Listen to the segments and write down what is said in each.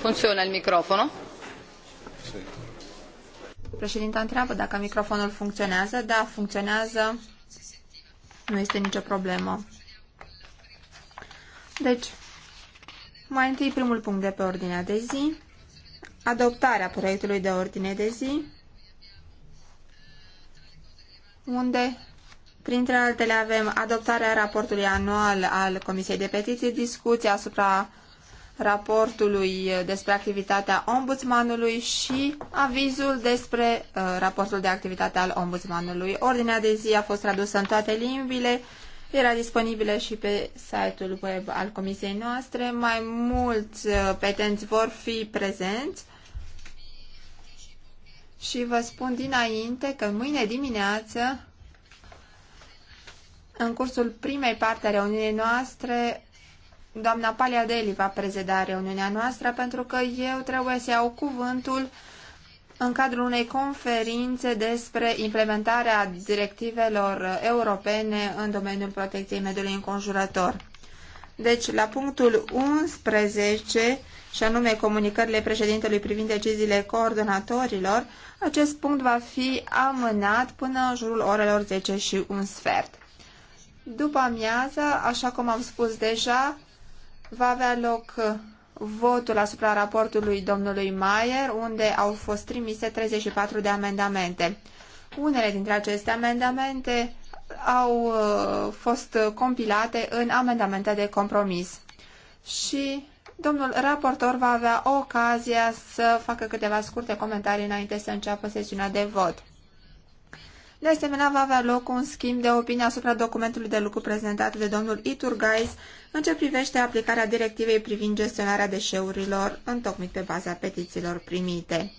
Funcționa il microfono? Președinta întreabă dacă microfonul funcționează. Da, funcționează. Nu este nicio problemă. Deci, mai întâi primul punct de pe ordinea de zi, adoptarea proiectului de ordine de zi, unde, printre altele, avem adoptarea raportului anual al Comisiei de Petiții, discuția asupra raportului despre activitatea ombudsmanului și avizul despre uh, raportul de activitate al ombudsmanului. Ordinea de zi a fost tradusă în toate limbile, era disponibilă și pe site-ul web al comisiei noastre. Mai mulți uh, petenți vor fi prezenți și vă spun dinainte că mâine dimineață, în cursul primei parte a reuniunii noastre, Doamna Paliadeli va prezeda reuniunea noastră pentru că eu trebuie să iau cuvântul în cadrul unei conferințe despre implementarea directivelor europene în domeniul protecției mediului înconjurător. Deci, la punctul 11, și anume comunicările președintelui privind deciziile coordonatorilor, acest punct va fi amânat până în jurul orelor 10 și un sfert. După amiază, așa cum am spus deja, va avea loc uh, votul asupra raportului domnului Mayer, unde au fost trimise 34 de amendamente. Unele dintre aceste amendamente au uh, fost compilate în amendamente de compromis. Și domnul raportor va avea ocazia să facă câteva scurte comentarii înainte să înceapă sesiunea de vot. De asemenea, va avea loc un schimb de opinie asupra documentului de lucru prezentat de domnul Iturgais în ce privește aplicarea directivei privind gestionarea deșeurilor întocmit pe baza petițiilor primite.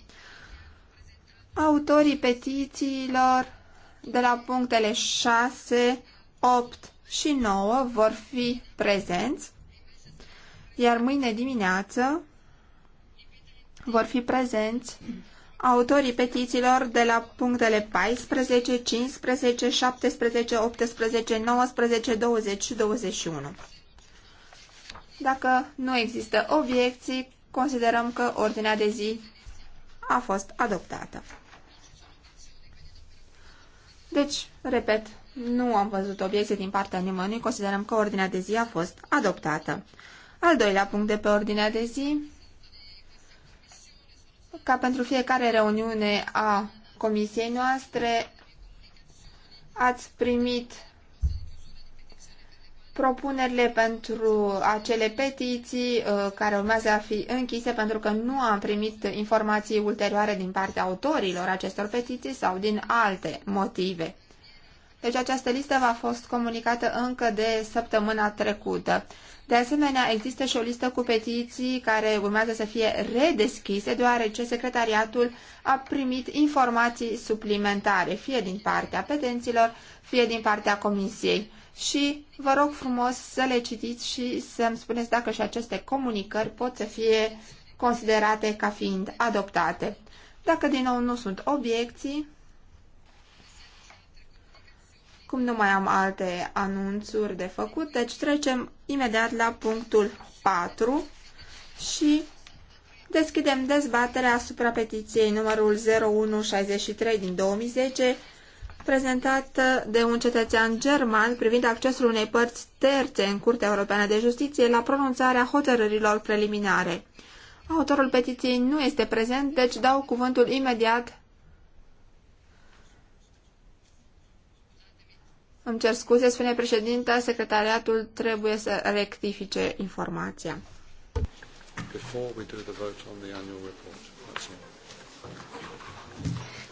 Autorii petițiilor de la punctele 6, 8 și 9 vor fi prezenți, iar mâine dimineață vor fi prezenți autorii petițiilor de la punctele 14, 15, 17, 18, 19, 20 și 21. Dacă nu există obiecții, considerăm că ordinea de zi a fost adoptată. Deci, repet, nu am văzut obiecții din partea nimănui, considerăm că ordinea de zi a fost adoptată. Al doilea punct de pe ordinea de zi ca pentru fiecare reuniune a comisiei noastre ați primit propunerile pentru acele petiții uh, care urmează a fi închise pentru că nu am primit informații ulterioare din partea autorilor acestor petiții sau din alte motive. Deci această listă v-a fost comunicată încă de săptămâna trecută. De asemenea, există și o listă cu petiții care urmează să fie redeschise, deoarece secretariatul a primit informații suplimentare, fie din partea petenților, fie din partea comisiei. Și vă rog frumos să le citiți și să-mi spuneți dacă și aceste comunicări pot să fie considerate ca fiind adoptate. Dacă din nou nu sunt obiecții, cum nu mai am alte anunțuri de făcut, deci trecem imediat la punctul 4 și deschidem dezbaterea asupra petiției numărul 0163 din 2010, prezentată de un cetățean german privind accesul unei părți terțe în Curtea Europeană de Justiție la pronunțarea hotărârilor preliminare. Autorul petiției nu este prezent, deci dau cuvântul imediat Îmi cer scuze, spune președinta, secretariatul trebuie să rectifice informația.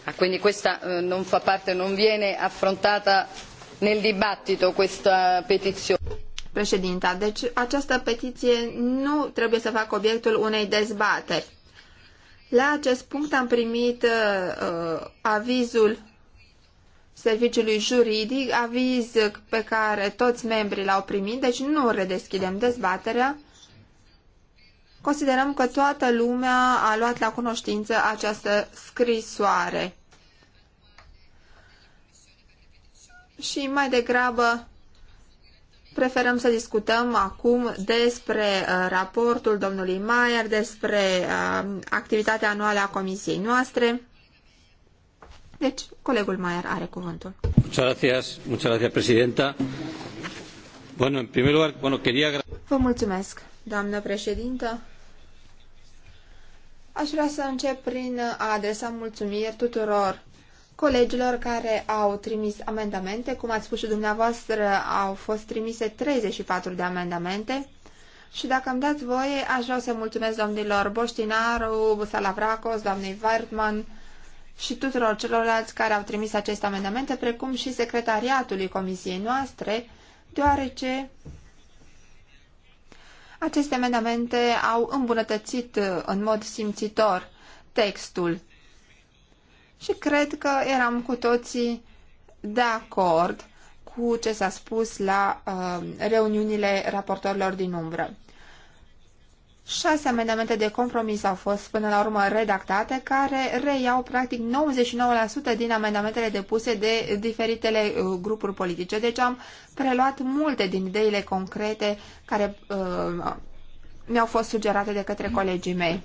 Ah, quindi questa eh, non fa parte, non viene affrontata nel dibattito questa petizione. Președinta, deci această petiție nu trebuie să facă obiectul unei dezbateri. La acest punct am primit uh, avizul serviciului juridic, aviz pe care toți membrii l-au primit, deci nu redeschidem dezbaterea. Considerăm că toată lumea a luat la cunoștință această scrisoare. Și mai degrabă preferăm să discutăm acum despre uh, raportul domnului Maier, despre uh, activitatea anuală a comisiei noastre. Deci, colegul Maier are cuvântul. Vă mulțumesc, doamnă președintă. Aș vrea să încep prin a adresa mulțumiri tuturor colegilor care au trimis amendamente. Cum ați spus și dumneavoastră, au fost trimise 34 de amendamente. Și dacă îmi dați voie, aș vrea să mulțumesc domnilor Boștinaru, Salavracos, doamnei Weidman, și tuturor celorlalți care au trimis aceste amendamente, precum și secretariatului comisiei noastre, deoarece aceste amendamente au îmbunătățit uh, în mod simțitor textul. Și cred că eram cu toții de acord cu ce s-a spus la uh, reuniunile raportorilor din umbră. Șase amendamente de compromis au fost până la urmă redactate, care reiau practic 99% din amendamentele depuse de diferitele uh, grupuri politice. Deci am preluat multe din ideile concrete care uh, mi-au fost sugerate de către colegii mei.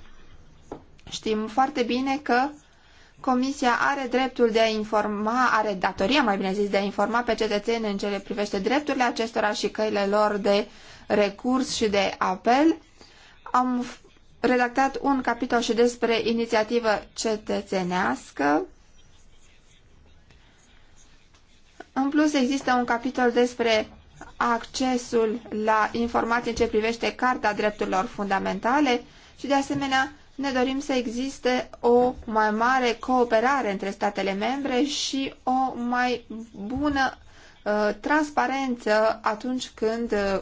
Știm foarte bine că Comisia are dreptul de a informa, are datoria, mai bine zis, de a informa pe cetățeni în ce le privește drepturile acestora și căile lor de recurs și de apel am redactat un capitol și despre inițiativă cetățenească. În plus, există un capitol despre accesul la informații în ce privește Carta Drepturilor Fundamentale și, de asemenea, ne dorim să existe o mai mare cooperare între statele membre și o mai bună uh, transparență atunci când uh,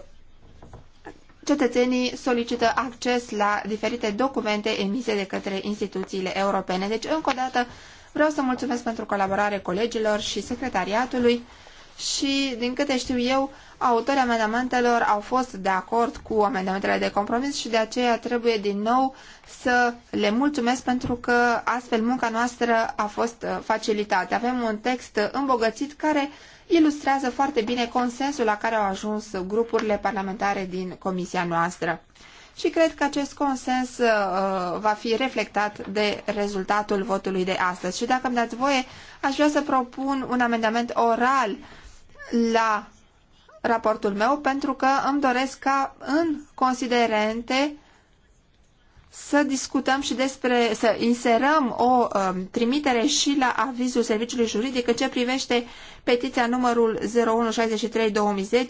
cetățenii solicită acces la diferite documente emise de către instituțiile europene. Deci, încă o dată, vreau să mulțumesc pentru colaborare colegilor și secretariatului și, din câte știu eu, autorii amendamentelor au fost de acord cu amendamentele de compromis și de aceea trebuie din nou să le mulțumesc pentru că astfel munca noastră a fost uh, facilitată. Avem un text îmbogățit care ilustrează foarte bine consensul la care au ajuns grupurile parlamentare din comisia noastră. Și cred că acest consens uh, va fi reflectat de rezultatul votului de astăzi. Și dacă îmi dați voie, aș vrea să propun un amendament oral la raportul meu, pentru că îmi doresc ca în considerente să discutăm și despre, să inserăm o um, trimitere și la avizul serviciului juridic în ce privește petiția numărul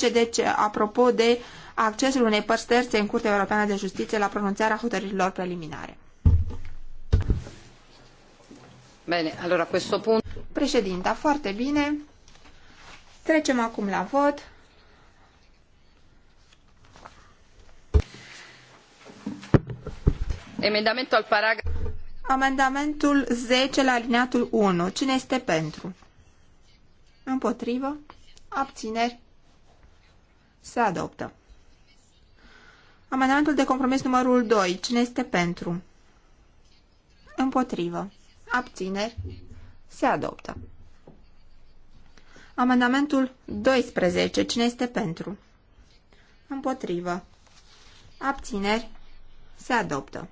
0163-2010, deci apropo de accesul unei părți terțe în Curtea Europeană de Justiție la pronunțarea hotărârilor preliminare. Bine, allora questo punto... Președinta, foarte bine. Trecem acum la vot. Amendamentul paragraf... Amendamentul 10 la alineatul 1. Cine este pentru? Împotrivă? Abțineri? Se adoptă. Amendamentul de compromis numărul 2. Cine este pentru? Împotrivă. Abțineri? Se adoptă. Amendamentul 12. Cine este pentru? Împotrivă. Abțineri? Se adoptă.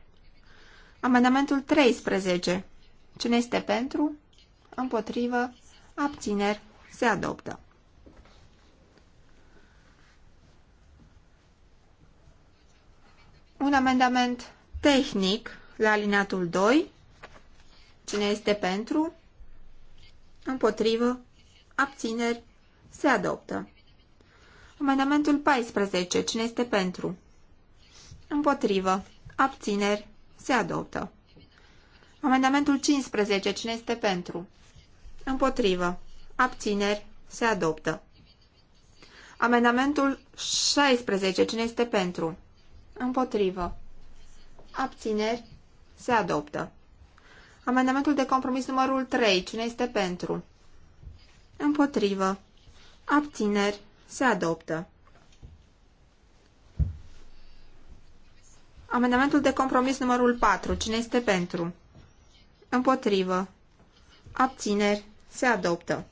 Amendamentul 13. Cine este pentru? Împotrivă? Abțineri? Se adoptă. Un amendament tehnic la alineatul 2. Cine este pentru? Împotrivă? Abțineri? Se adoptă. Amendamentul 14. Cine este pentru? Împotrivă. Abțineri. Se adoptă. Amendamentul 15. Cine este pentru? Împotrivă. Abțineri. Se adoptă. Amendamentul 16. Cine este pentru? Împotrivă. Abțineri. Se adoptă. Amendamentul de compromis numărul 3. Cine este pentru? Împotrivă. Abțineri. Se adoptă. Amendamentul de compromis numărul 4. Cine este pentru? Împotrivă. Abțineri. Se adoptă.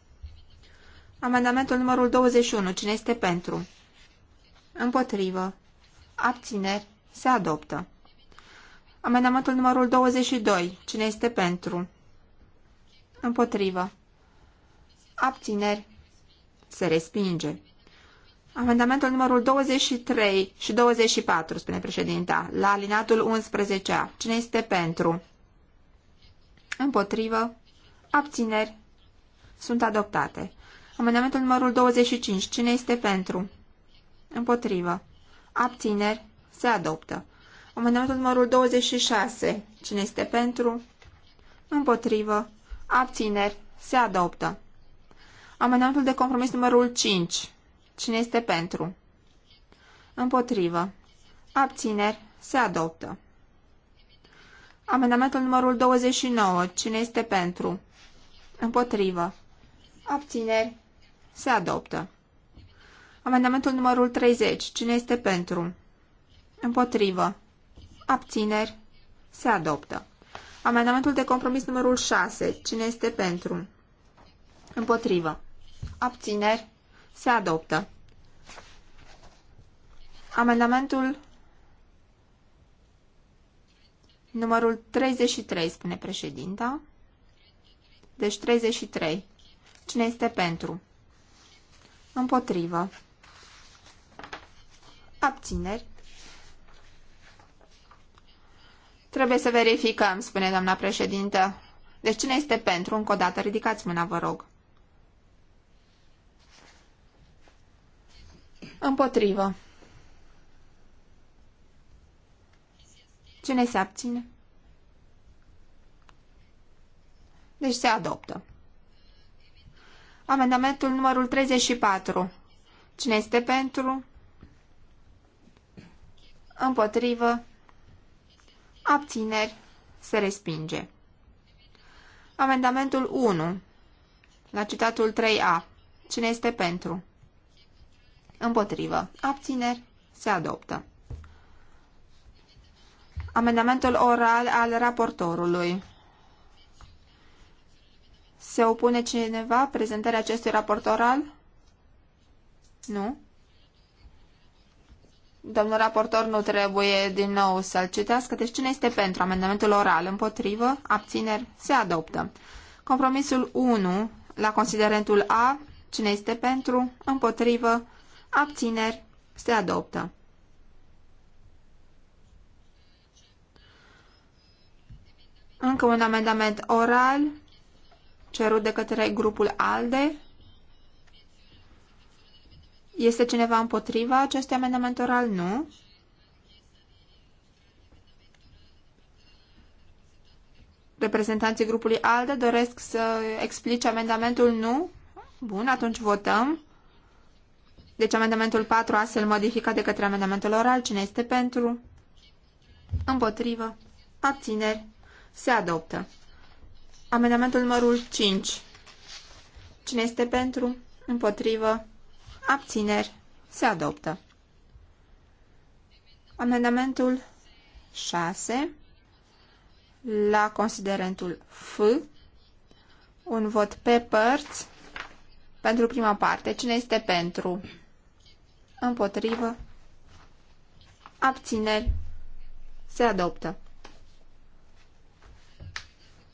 Amendamentul numărul 21. Cine este pentru? Împotrivă. Abțineri. Se adoptă. Amendamentul numărul 22. Cine este pentru? Împotrivă. Abțineri. Se respinge. Amendamentul numărul 23 și 24, spune președinta, la alinatul 11-a. Cine este pentru? Împotrivă. Abțineri. Sunt adoptate. Amendamentul numărul 25. Cine este pentru? Împotrivă. Abțineri. Se adoptă. Amendamentul numărul 26. Cine este pentru? Împotrivă. Abțineri. Se adoptă. Amendamentul de compromis numărul 5. Cine este pentru? Împotrivă. Abțineri. Se adoptă. Amendamentul numărul 29. Cine este pentru? Împotrivă. Abțineri. Se adoptă. Amendamentul numărul 30. Cine este pentru? Împotrivă. Abțineri. Se adoptă. Amendamentul de compromis numărul 6. Cine este pentru? Împotrivă. Abțineri. Se adoptă. Amendamentul numărul 33, spune președinta. Deci 33. Cine este pentru? Împotrivă. Abțineri. Trebuie să verificăm, spune doamna președintă. Deci cine este pentru? Încă o dată ridicați mâna, vă rog. Împotrivă. Cine se abține? Deci se adoptă. Amendamentul numărul 34. Cine este pentru? Împotrivă. Abțineri. Se respinge. Amendamentul 1. La citatul 3a. Cine este pentru? Împotrivă. Abțineri. Se adoptă. Amendamentul oral al raportorului. Se opune cineva prezentarea acestui raport oral? Nu? Domnul raportor nu trebuie din nou să-l citească. Deci cine este pentru amendamentul oral? Împotrivă? Abțineri? Se adoptă. Compromisul 1 la considerentul A. Cine este pentru? Împotrivă? Abțineri. Se adoptă. Încă un amendament oral cerut de către grupul ALDE. Este cineva împotriva acestui amendament oral? Nu. Reprezentanții grupului ALDE doresc să explice amendamentul? Nu. Bun, atunci votăm. Deci amendamentul 4 astfel modificat de către amendamentul oral. Cine este pentru? Împotrivă. Abțineri. Se adoptă. Amendamentul numărul 5. Cine este pentru? Împotrivă. Abțineri. Se adoptă. Amendamentul 6 la considerentul F un vot pe părți pentru prima parte. Cine este pentru? împotrivă, abțineri, se adoptă.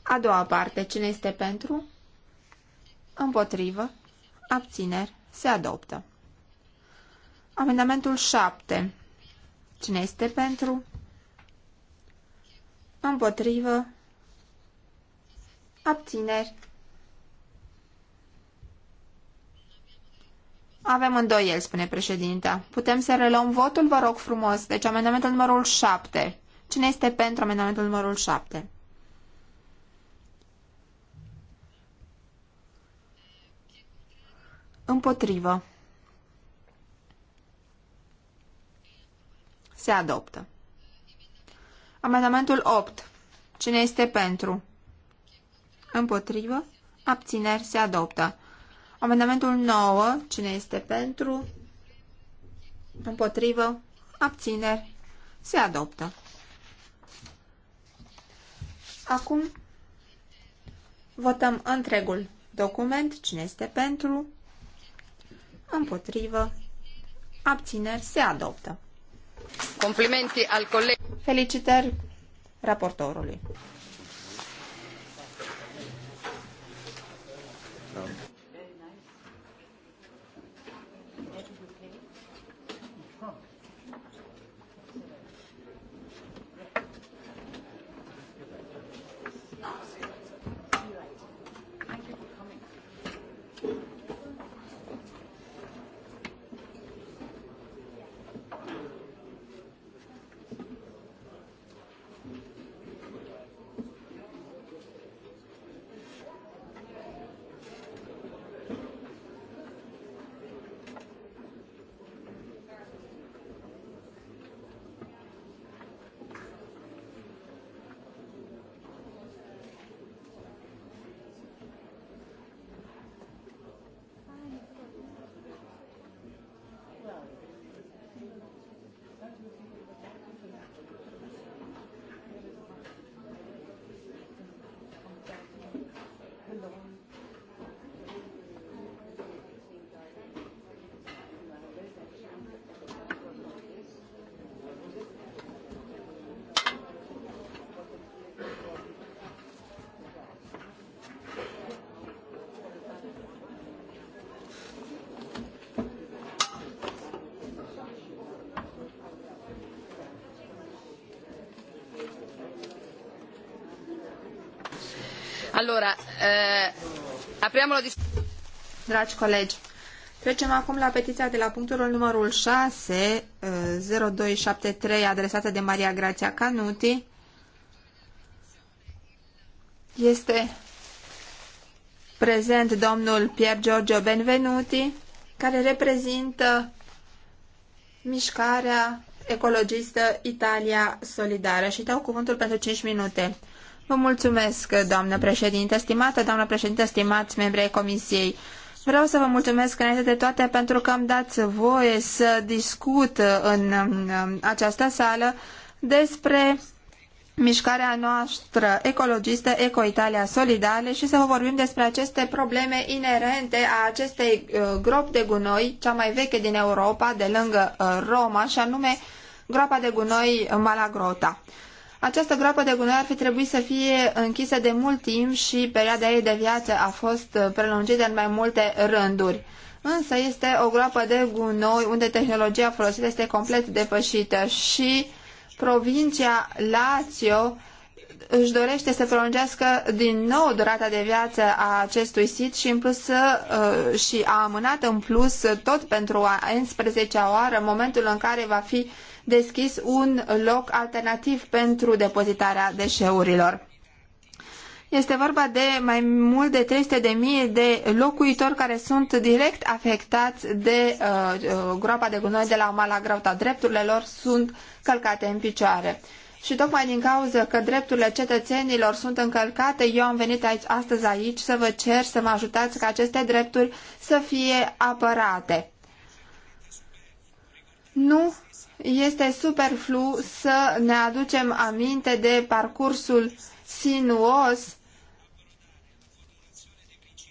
A doua parte, cine este pentru, împotrivă, abțineri, se adoptă. Amendamentul 7. Cine este pentru? Împotrivă. Abțineri. Avem îndoieli, spune președinta. Putem să reluăm votul, vă rog frumos. Deci amendamentul numărul 7. Cine este pentru amendamentul numărul 7? Împotrivă. Se adoptă. Amendamentul 8. Cine este pentru? Împotrivă. Abțineri se adoptă. Amendamentul 9, cine este pentru? Împotrivă? Abțineri? Se adoptă. Acum votăm întregul document, cine este pentru? Împotrivă? Abțineri? Se adoptă. Complimenti al coleg. Felicitări raportorului. Allora, eh, apriamo la Dragi colegi, trecem acum la petiția de la punctul numărul 6, 0273, eh, adresată de Maria Grația Canuti. Este prezent domnul Pier Giorgio Benvenuti, care reprezintă mișcarea ecologistă Italia Solidară și dau cuvântul pentru 5 minute. Vă mulțumesc, doamnă președinte, stimată doamnă președinte, stimați membri ai Comisiei. Vreau să vă mulțumesc înainte de toate pentru că îmi dați voie să discut în această sală despre mișcarea noastră ecologistă Eco Italia Solidale și să vă vorbim despre aceste probleme inerente a acestei uh, gropi de gunoi, cea mai veche din Europa, de lângă uh, Roma, și anume groapa de gunoi Malagrota. Această groapă de gunoi ar fi trebuit să fie închisă de mult timp și perioada ei de viață a fost prelungită în mai multe rânduri. Însă este o groapă de gunoi unde tehnologia folosită este complet depășită și provincia Lazio își dorește să prelungească din nou durata de viață a acestui sit și în plus și a amânat în plus tot pentru a 11-a oară momentul în care va fi deschis un loc alternativ pentru depozitarea deșeurilor. Este vorba de mai mult de 300.000 de, de locuitori care sunt direct afectați de uh, uh groapa de gunoi de la Omala Grauta. Drepturile lor sunt călcate în picioare. Și tocmai din cauza că drepturile cetățenilor sunt încălcate, eu am venit aici, astăzi aici să vă cer să mă ajutați ca aceste drepturi să fie apărate. Nu este superflu să ne aducem aminte de parcursul sinuos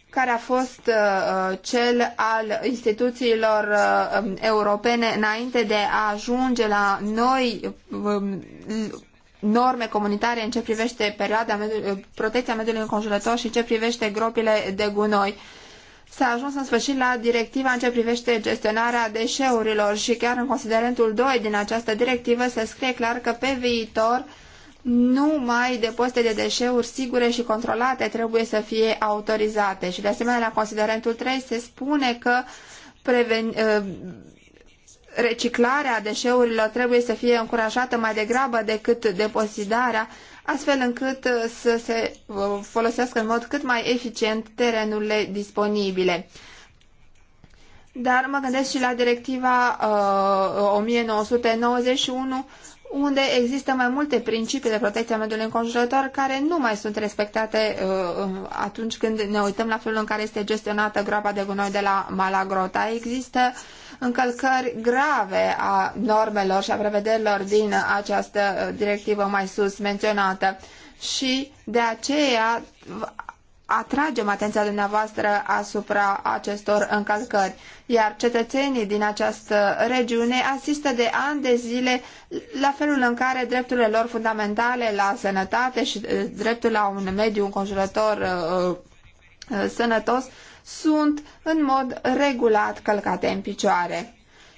care a fost uh, uh cel al instituțiilor uh, um, europene înainte de a ajunge la noi uh, norme comunitare în ce privește perioada mediului, uh, protecția mediului înconjurător și în ce privește gropile de gunoi. Uh, s-a ajuns în sfârșit la directiva în ce privește gestionarea deșeurilor și chiar în considerentul 2 din această directivă se scrie clar că pe viitor numai depozite de deșeuri sigure și controlate trebuie să fie autorizate și de asemenea la considerentul 3 se spune că preven... Ă, reciclarea deșeurilor trebuie să fie încurajată mai degrabă decât depozitarea astfel încât uh, să se uh, folosească în mod cât mai eficient terenurile disponibile. Dar mă gândesc și la directiva uh, 1991, unde există mai multe principii de protecție a mediului înconjurător care nu mai sunt respectate uh, atunci când ne uităm la felul în care este gestionată groapa de gunoi de la Malagrota. Există uh, încălcări grave a normelor și a prevederilor din această uh, directivă mai sus menționată și de aceea atragem atenția dumneavoastră asupra acestor încălcări, iar cetățenii din această regiune asistă de ani de zile la felul în care drepturile lor fundamentale la sănătate și uh, dreptul la un mediu înconjurător uh, sănătos sunt în mod regulat călcate în picioare.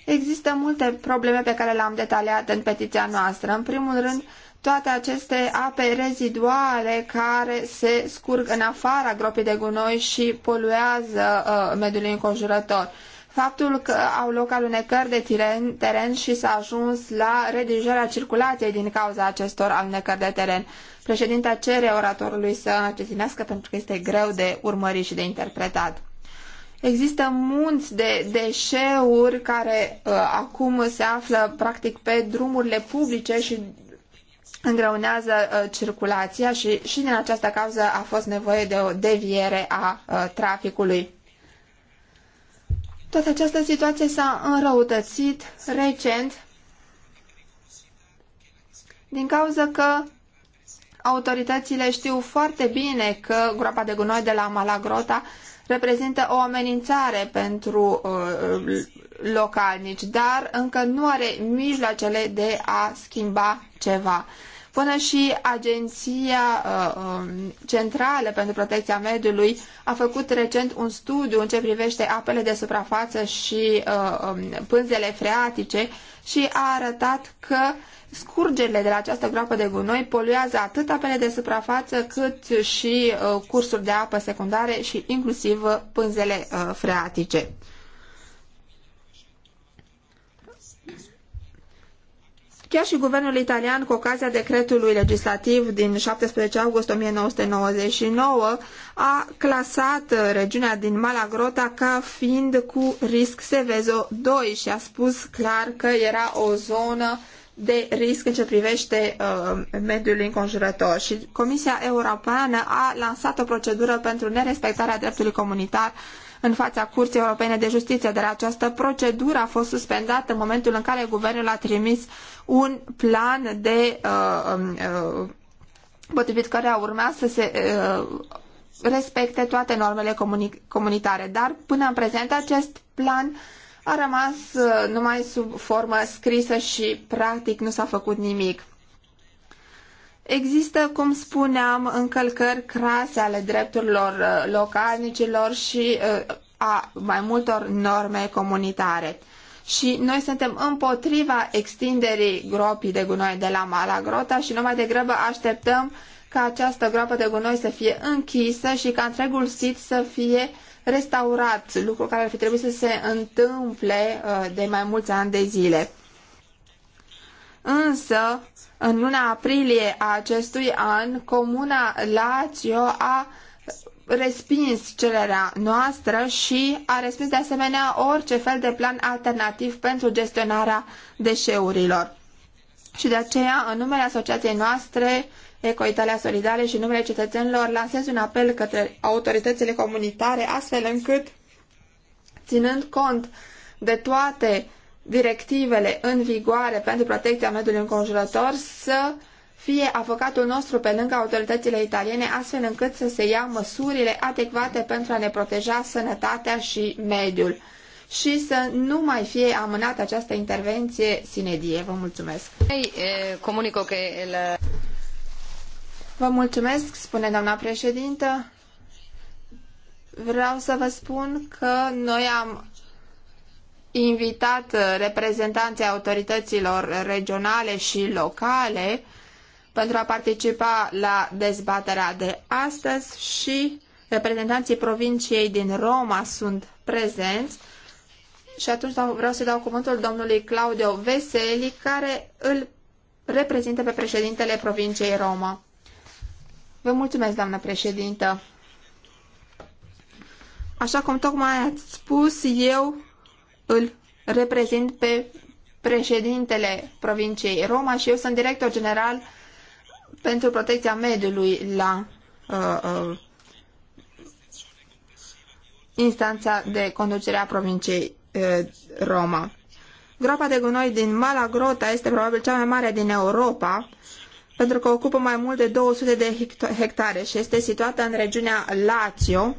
Există multe probleme pe care le-am detaliat în petiția noastră. În primul rând, toate aceste ape reziduale care se scurg în afara gropii de gunoi și poluează uh, mediul înconjurător. Faptul că au loc alunecări de teren, teren și s-a ajuns la redirigarea circulației din cauza acestor alunecări de teren. Președinta cere oratorului să citinească pentru că este greu de urmărit și de interpretat. Există munți de deșeuri care uh, acum se află practic pe drumurile publice și îngreunează uh, circulația și, și din această cauză a fost nevoie de o deviere a uh, traficului. Toată această situație s-a înrăutățit recent din cauza că autoritățile știu foarte bine că groapa de gunoi de la Malagrota reprezintă o amenințare pentru uh, localnici, dar încă nu are mijloacele de a schimba ceva. Până și Agenția uh, um, Centrală pentru Protecția Mediului a făcut recent un studiu în ce privește apele de suprafață și uh, um, pânzele freatice și a arătat că scurgerile de la această groapă de gunoi poluează atât apele de suprafață cât și uh, cursuri de apă secundare și inclusiv uh, pânzele uh, freatice. Chiar și guvernul italian, cu ocazia decretului legislativ din 17 august 1999, a clasat uh, regiunea din Malagrota ca fiind cu risc Seveso 2 și a spus clar că era o zonă de risc în ce privește uh, mediul înconjurător și Comisia Europeană a lansat o procedură pentru nerespectarea dreptului comunitar uh, în fața Curții Europene de Justiție, dar această procedură a fost suspendată în momentul în care guvernul a trimis un plan de uh, um, uh, potrivit căreia urma să se uh, respecte toate normele comuni comunitare. Dar până în prezent acest plan a rămas uh, numai sub formă scrisă și practic nu s-a făcut nimic. Există, cum spuneam, încălcări crase ale drepturilor uh, localnicilor și uh, a mai multor norme comunitare. Și noi suntem împotriva extinderii gropii de gunoi de la Malagrota și numai degrabă așteptăm ca această groapă de gunoi să fie închisă și ca întregul sit să fie restaurat, lucru care ar fi trebuit să se întâmple uh, de mai mulți ani de zile. Însă, în luna aprilie a acestui an, Comuna Lazio a respins cererea noastră și a respins de asemenea orice fel de plan alternativ pentru gestionarea deșeurilor. Și de aceea, în numele asociației noastre, Eco Italia Solidare și în numele cetățenilor, lansez un apel către autoritățile comunitare, astfel încât, ținând cont de toate directivele în vigoare pentru protecția mediului înconjurător să fie avocatul nostru pe lângă autoritățile italiene, astfel încât să se ia măsurile adecvate pentru a ne proteja sănătatea și mediul și să nu mai fie amânată această intervenție sinedie. Vă mulțumesc! că el... Vă mulțumesc, spune doamna președintă. Vreau să vă spun că noi am invitat uh, reprezentanții autorităților regionale și locale pentru a participa la dezbaterea de astăzi și reprezentanții provinciei din Roma sunt prezenți. Și atunci vreau să dau cuvântul domnului Claudio Veseli, care îl reprezintă pe președintele provinciei Roma. Vă mulțumesc, doamnă președintă. Așa cum tocmai ați spus, eu îl reprezint pe președintele provinciei Roma și eu sunt director general pentru protecția mediului la uh, uh, instanța de conducere a provinciei uh, Roma. Groapa de gunoi din Malagrota este probabil cea mai mare din Europa, pentru că ocupă mai mult de 200 de hectare și este situată în regiunea Lazio,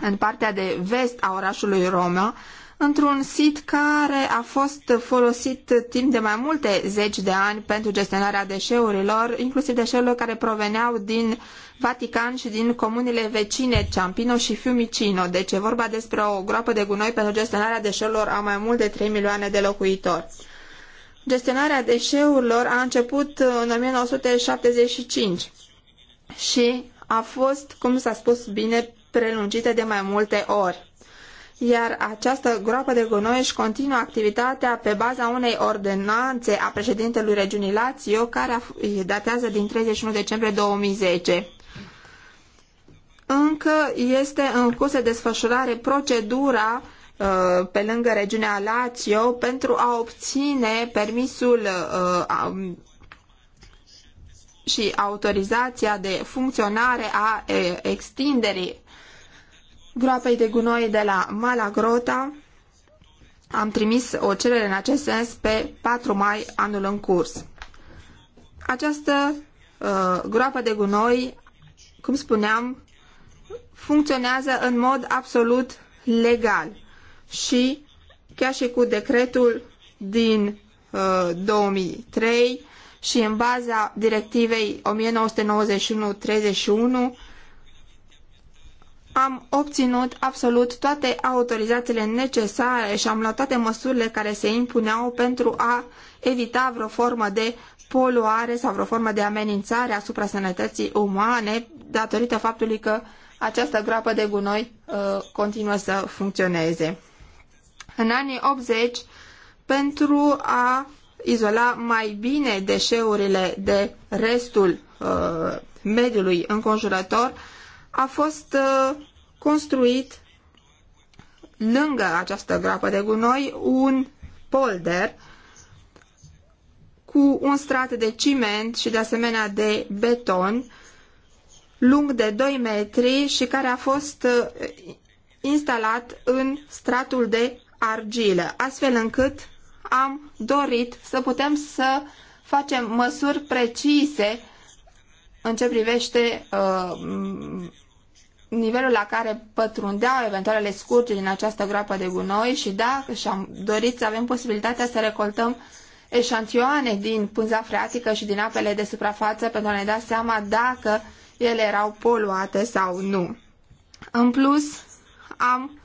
în partea de vest a orașului Roma, într-un sit care a fost folosit timp de mai multe zeci de ani pentru gestionarea deșeurilor, inclusiv deșeurilor care proveneau din Vatican și din comunile vecine Ciampino și Fiumicino. Deci e vorba despre o groapă de gunoi pentru gestionarea deșeurilor a mai mult de 3 milioane de locuitori. Gestionarea deșeurilor a început în 1975 și a fost, cum s-a spus bine, prelungită de mai multe ori iar această groapă de gunoi își continuă activitatea pe baza unei ordonanțe a președintelui regiunii Lazio, care datează din 31 decembrie 2010. Încă este în curs de desfășurare procedura uh, pe lângă regiunea Lazio pentru a obține permisul uh, și autorizația de funcționare a extinderii groapei de gunoi de la Malagrota. Am trimis o cerere în acest sens pe 4 mai anul în curs. Această uh, groapă de gunoi, cum spuneam, funcționează în mod absolut legal și chiar și cu decretul din uh, 2003 și în baza directivei 1991-31 am obținut absolut toate autorizațiile necesare și am luat toate măsurile care se impuneau pentru a evita vreo formă de poluare sau vreo formă de amenințare asupra sănătății umane datorită faptului că această groapă de gunoi uh, continuă să funcționeze. În anii 80, pentru a izola mai bine deșeurile de restul uh, mediului înconjurător, a fost uh, construit lângă această groapă de gunoi un polder cu un strat de ciment și de asemenea de beton lung de 2 metri și care a fost uh, instalat în stratul de argilă, astfel încât am dorit să putem să facem măsuri precise în ce privește uh, nivelul la care pătrundeau eventualele scurgeri din această groapă de gunoi și dacă și-am dorit să avem posibilitatea să recoltăm eșantioane din pânza freatică și din apele de suprafață pentru a ne da seama dacă ele erau poluate sau nu. În plus, am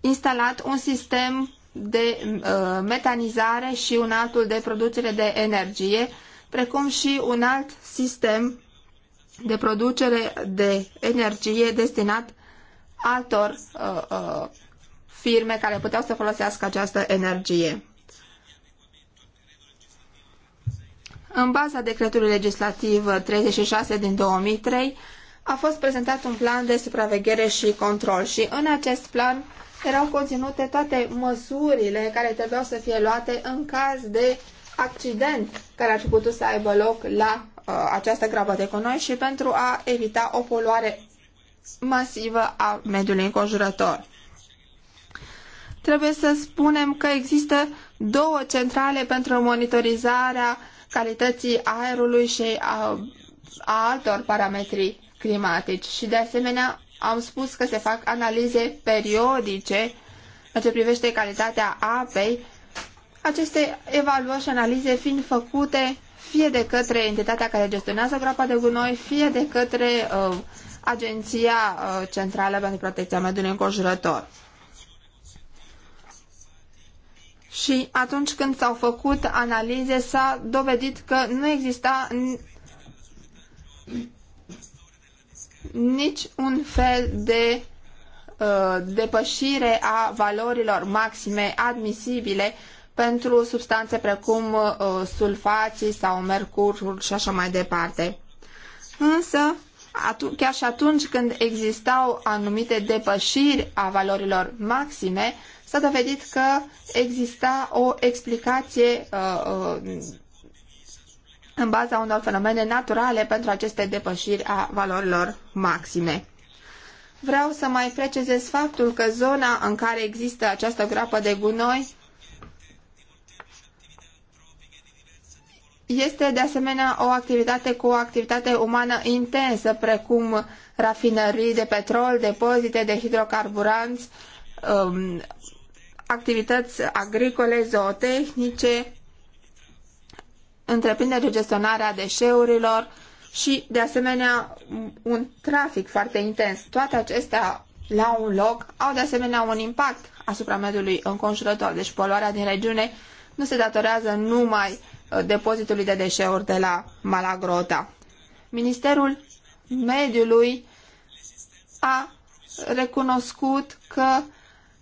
instalat un sistem de uh, metanizare și un altul de producere de energie, precum și un alt sistem de producere de energie destinat altor uh, uh, firme care puteau să folosească această energie. În baza decretului legislativ 36 din 2003 a fost prezentat un plan de supraveghere și control și în acest plan erau conținute toate măsurile care trebuiau să fie luate în caz de accident care ar fi putut să aibă loc la Uh, această grabă de gunoi și pentru a evita o poluare masivă a mediului înconjurător. Trebuie să spunem că există două centrale pentru monitorizarea calității aerului și a, a altor parametri climatici și de asemenea am spus că se fac analize periodice în ce privește calitatea apei, aceste evaluări și analize fiind făcute fie de către entitatea care gestionează groapa de gunoi, fie de către uh, Agenția uh, Centrală pentru Protecția Mediului Înconjurător. Și atunci când s-au făcut analize, s-a dovedit că nu exista nici un fel de uh, depășire a valorilor maxime admisibile pentru substanțe precum uh, sulfații sau mercurul și așa mai departe. Însă, chiar și atunci când existau anumite depășiri a valorilor maxime, s-a dovedit că exista o explicație uh, uh, în baza unor fenomene naturale pentru aceste depășiri a valorilor maxime. Vreau să mai precizez faptul că zona în care există această groapă de gunoi Este de asemenea o activitate cu o activitate umană intensă, precum rafinării de petrol, depozite de hidrocarburanți, um, activități agricole, zootehnice, întreprinderi de gestionare a deșeurilor și, de asemenea, un trafic foarte intens. Toate acestea la un loc au, de asemenea, un impact asupra mediului înconjurător. Deci poluarea din regiune nu se datorează numai depozitului de deșeuri de la Malagrota. Ministerul Mediului a recunoscut că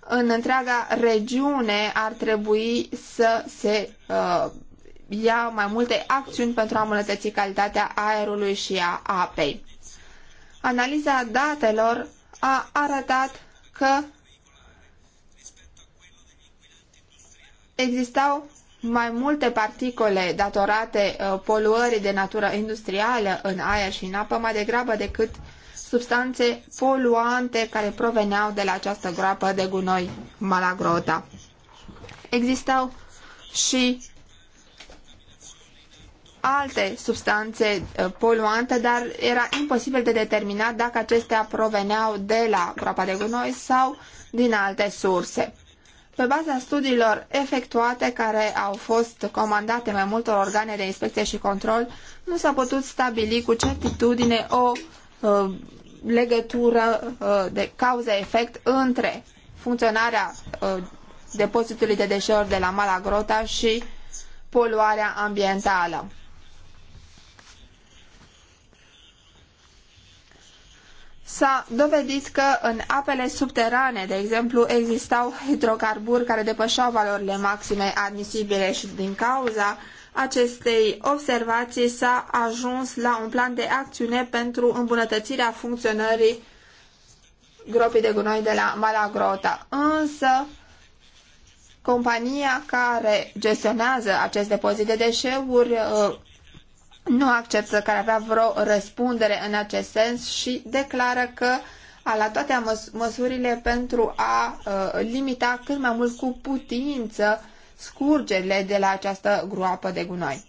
în întreaga regiune ar trebui să se uh, ia mai multe acțiuni pentru a îmbunătăți calitatea aerului și a apei. Analiza datelor a arătat că existau mai multe particole datorate uh, poluării de natură industrială în aer și în apă mai degrabă decât substanțe poluante care proveneau de la această groapă de gunoi Malagrota. Existau și alte substanțe uh, poluante, dar era imposibil de determinat dacă acestea proveneau de la groapa de gunoi sau din alte surse. Pe baza studiilor efectuate care au fost comandate mai multor organe de inspecție și control, nu s-a putut stabili cu certitudine o uh, legătură uh, de cauză-efect între funcționarea uh, depozitului de deșeuri de la Malagrota și poluarea ambientală. S-a dovedit că în apele subterane, de exemplu, existau hidrocarburi care depășeau valorile maxime admisibile și din cauza acestei observații s-a ajuns la un plan de acțiune pentru îmbunătățirea funcționării gropii de gunoi de la Malagrota. Însă, compania care gestionează acest depozit de deșeuri uh, nu acceptă că ar avea vreo răspundere în acest sens și declară că a luat toate măs măsurile pentru a uh, limita cât mai mult cu putință scurgerile de la această groapă de gunoi.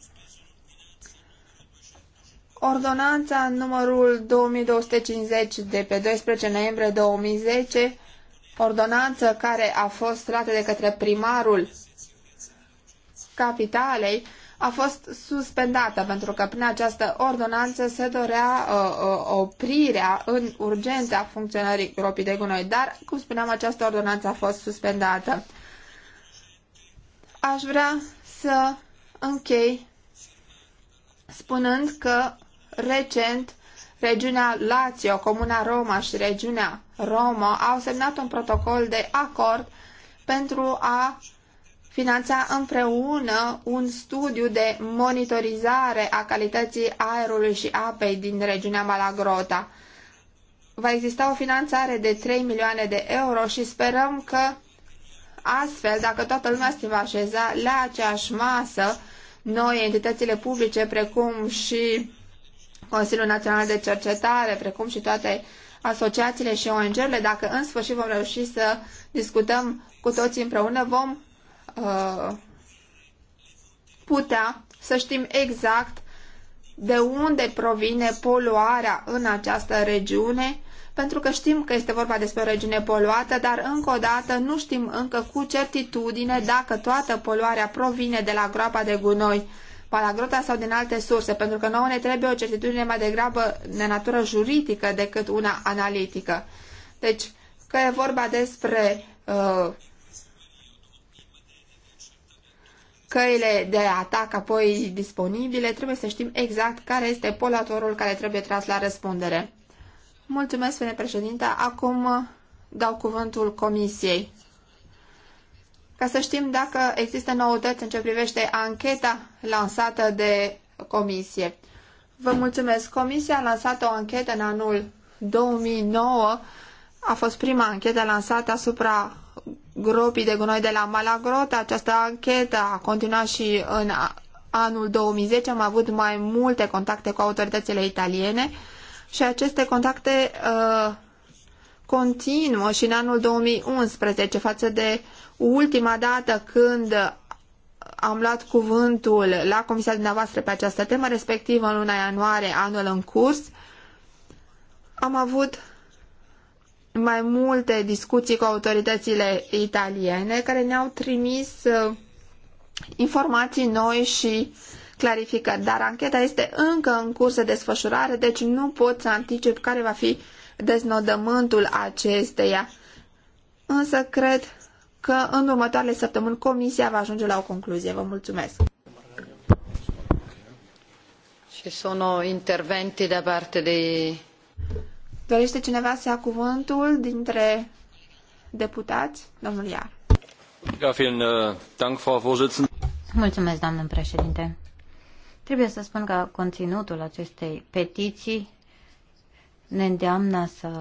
Ordonanța numărul 2250 de pe 12 noiembrie 2010, ordonanță care a fost luată de către primarul capitalei, a fost suspendată pentru că prin această ordonanță se dorea uh, uh oprirea în urgență a funcționării gropii de gunoi, dar, cum spuneam, această ordonanță a fost suspendată. Aș vrea să închei spunând că recent regiunea Lazio, comuna Roma și regiunea Roma au semnat un protocol de acord pentru a finanța împreună un studiu de monitorizare a calității aerului și apei din regiunea Malagrota. Va exista o finanțare de 3 milioane de euro și sperăm că astfel, dacă toată lumea se va așeza la aceeași masă, noi, entitățile publice, precum și Consiliul Național de Cercetare, precum și toate asociațiile și ONG-urile, dacă în sfârșit vom reuși să discutăm cu toții împreună, vom Uh, putea să știm exact de unde provine poluarea în această regiune, pentru că știm că este vorba despre o regiune poluată, dar încă o dată nu știm încă cu certitudine dacă toată poluarea provine de la groapa de gunoi, palagrota sau din alte surse, pentru că nouă ne trebuie o certitudine mai degrabă de natură juridică decât una analitică. Deci, că e vorba despre uh, căile de atac apoi disponibile, trebuie să știm exact care este polatorul care trebuie tras la răspundere. Mulțumesc, fene președinte. Acum uh, dau cuvântul comisiei. Ca să știm dacă există noutăți în ce privește ancheta lansată de comisie. Vă mulțumesc. Comisia a lansat o anchetă în anul 2009. A fost prima anchetă lansată asupra gropii de gunoi de la Malagrota. Această anchetă a continuat și în anul 2010. Am avut mai multe contacte cu autoritățile italiene și aceste contacte uh, continuă și în anul 2011 față de ultima dată când am luat cuvântul la comisia dumneavoastră pe această temă, respectiv în luna ianuarie anul în curs. Am avut mai multe discuții cu autoritățile italiene care ne-au trimis uh, informații noi și clarificări, dar ancheta este încă în curs de desfășurare, deci nu pot să anticip care va fi deznodământul acesteia. Însă cred că în următoarele săptămâni comisia va ajunge la o concluzie. Vă mulțumesc! Ci sono interventi da parte dei Dorește cineva să ia cuvântul dintre deputați? Domnul Iar. Uh, Mulțumesc, doamnă președinte. Trebuie să spun că conținutul acestei petiții ne îndeamnă să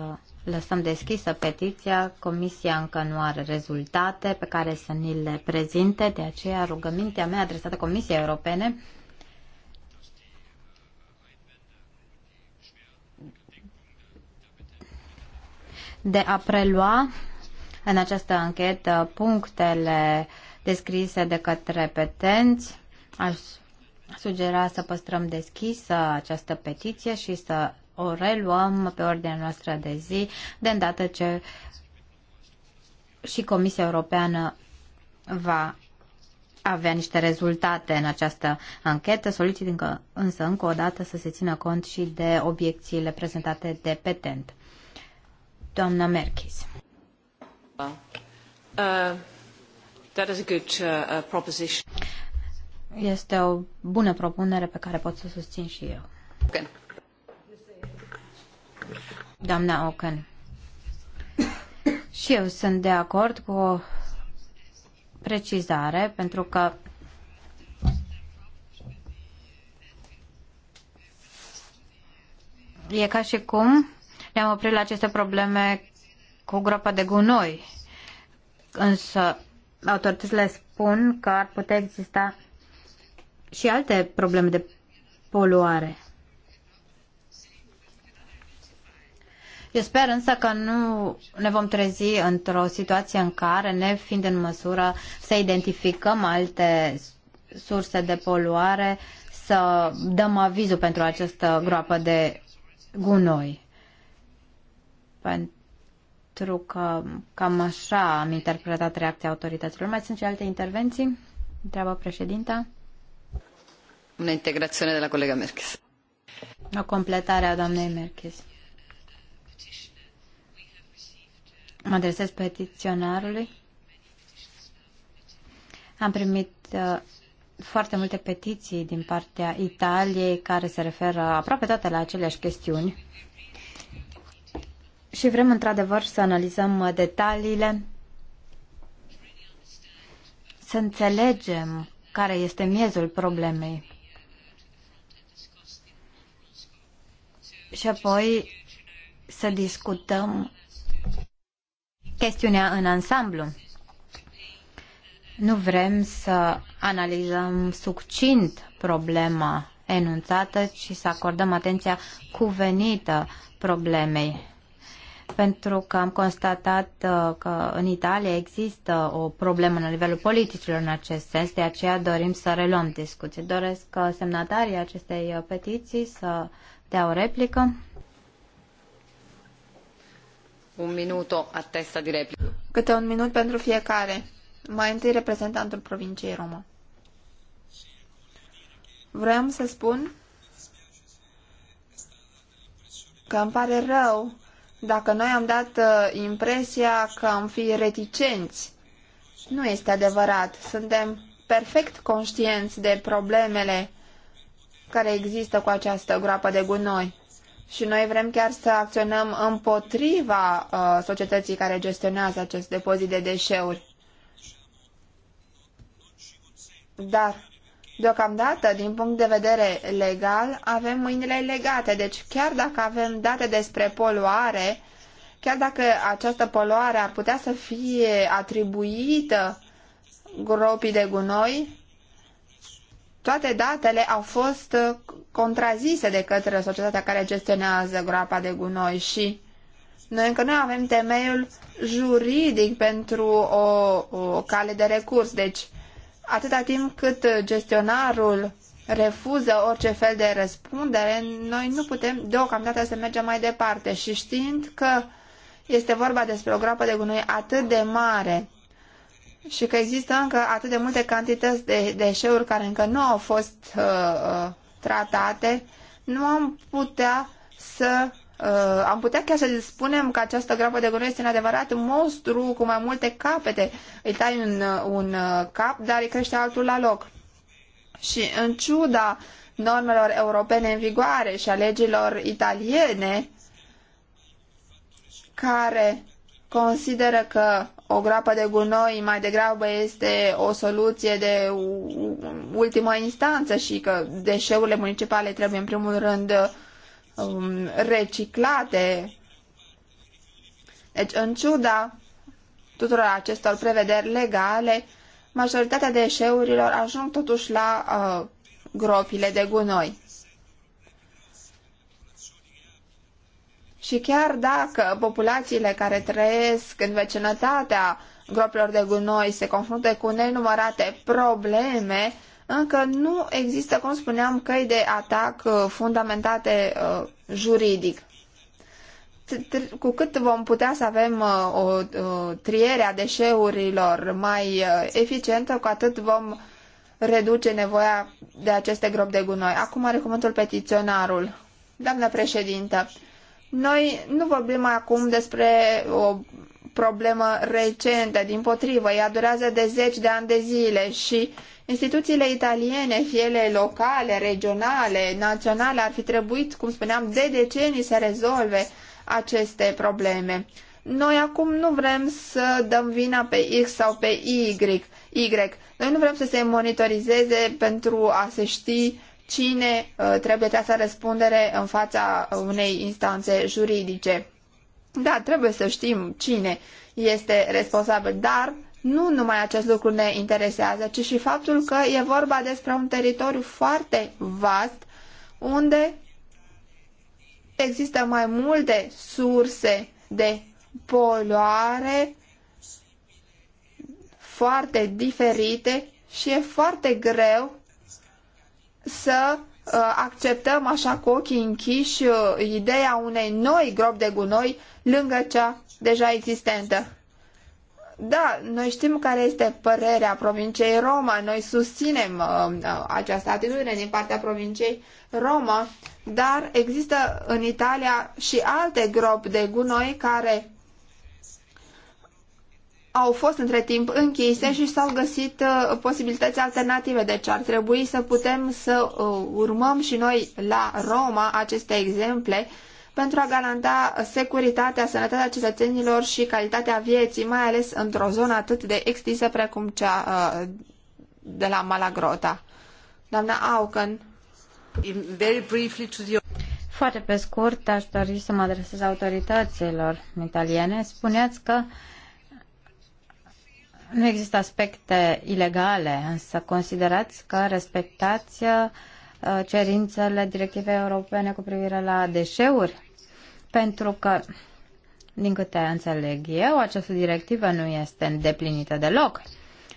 lăsăm deschisă petiția. Comisia încă nu are rezultate pe care să ni le prezinte, de aceea rugămintea mea adresată Comisiei Europene de a prelua în această anchetă punctele descrise de către petenți. Aș sugera să păstrăm deschisă această petiție și să o reluăm pe ordinea noastră de zi, de îndată ce și Comisia Europeană va avea niște rezultate în această anchetă. Solicit încă, însă încă o dată să se țină cont și de obiecțiile prezentate de petent. Doamna Merkis. Uh, uh, uh, este o bună propunere pe care pot să o susțin și eu. Okay. Doamna Ocan. Și eu sunt de acord cu o precizare, pentru că e ca și cum ne-am oprit la aceste probleme cu groapa de gunoi. Însă autoritățile spun că ar putea exista și alte probleme de poluare. Eu sper însă că nu ne vom trezi într-o situație în care, ne fiind în măsură să identificăm alte surse de poluare, să dăm avizul pentru această groapă de gunoi pentru că cam așa am interpretat reacția autorităților. Mai sunt și alte intervenții? Întreabă președinta. Una integrație de la colega Merkes. O completare a doamnei Merkes. Mă adresez petiționarului. Am primit uh, foarte multe petiții din partea Italiei care se referă aproape toate la aceleași chestiuni și vrem într-adevăr să analizăm uh, detaliile, să înțelegem care este miezul problemei. Și apoi să discutăm chestiunea în ansamblu. Nu vrem să analizăm succint problema enunțată, ci să acordăm atenția cuvenită problemei pentru că am constatat uh, că în Italia există o problemă la nivelul politicilor în acest sens, de aceea dorim să reluăm discuții. Doresc uh, semnatarii acestei uh, petiții să dea o replică. Un minut a testa de replică. Câte un minut pentru fiecare. Mai întâi reprezentantul provinciei Roma. Vreau să spun că îmi pare rău dacă noi am dat uh, impresia că am fi reticenți. Nu este adevărat. Suntem perfect conștienți de problemele care există cu această groapă de gunoi. Și noi vrem chiar să acționăm împotriva uh, societății care gestionează acest depozit de deșeuri. Dar Deocamdată, din punct de vedere legal, avem mâinile legate, deci chiar dacă avem date despre poluare, chiar dacă această poluare ar putea să fie atribuită gropii de gunoi, toate datele au fost contrazise de către societatea care gestionează groapa de gunoi și noi încă nu avem temeiul juridic pentru o, o cale de recurs, deci atâta timp cât gestionarul refuză orice fel de răspundere, noi nu putem deocamdată să mergem mai departe și știind că este vorba despre o groapă de gunoi atât de mare și că există încă atât de multe cantități de deșeuri care încă nu au fost uh, uh tratate, nu am putea să Uh, am putea chiar să spunem că această groapă de gunoi este un adevărat monstru cu mai multe capete. Îi tai un, uh, un uh, cap, dar îi crește altul la loc. Și în ciuda normelor europene în vigoare și a legilor italiene, care consideră că o groapă de gunoi mai degrabă este o soluție de ultimă instanță și că deșeurile municipale trebuie în primul rând um, reciclate. Deci, în ciuda tuturor acestor prevederi legale, majoritatea deșeurilor ajung totuși la uh, gropile de gunoi. Și chiar dacă populațiile care trăiesc în vecinătatea gropilor de gunoi se confruntă cu nenumărate probleme, încă nu există, cum spuneam, căi de atac uh, fundamentate uh, juridic. Cu cât vom putea să avem uh, o triere a deșeurilor mai eficientă, cu atât vom reduce nevoia de aceste gropi de gunoi. Acum are cuvântul petiționarul. Doamnă președintă, noi nu vorbim acum despre o problemă recentă, din potrivă, ea durează de zeci de ani de zile și instituțiile italiene, fie ele locale, regionale, naționale, ar fi trebuit, cum spuneam, de decenii să rezolve aceste probleme. Noi acum nu vrem să dăm vina pe X sau pe Y. y. Noi nu vrem să se monitorizeze pentru a se ști cine uh, trebuie trasă răspundere în fața unei instanțe juridice. Da, trebuie să știm cine este responsabil, dar nu numai acest lucru ne interesează, ci și faptul că e vorba despre un teritoriu foarte vast unde există mai multe surse de poluare foarte diferite și e foarte greu să uh, acceptăm așa cu ochii închiși uh, ideea unei noi gropi de gunoi lângă cea deja existentă. Da, noi știm care este părerea provinciei Roma, noi susținem uh, uh, această atitudine din partea provinciei Roma, dar există în Italia și alte gropi de gunoi care au fost între timp închise și s-au găsit uh, posibilități alternative. Deci ar trebui să putem să uh, urmăm și noi la Roma aceste exemple uh, pentru a garanta securitatea, sănătatea cetățenilor și calitatea vieții, mai ales într-o zonă atât de extinsă precum cea uh, de la Malagrota. Doamna Auken. Foarte pe scurt, aș dori să mă adresez autorităților italiene. Spuneați că nu există aspecte ilegale, însă considerați că respectați uh, cerințele directivei europene cu privire la deșeuri? pentru că, din câte înțeleg eu, această directivă nu este îndeplinită deloc.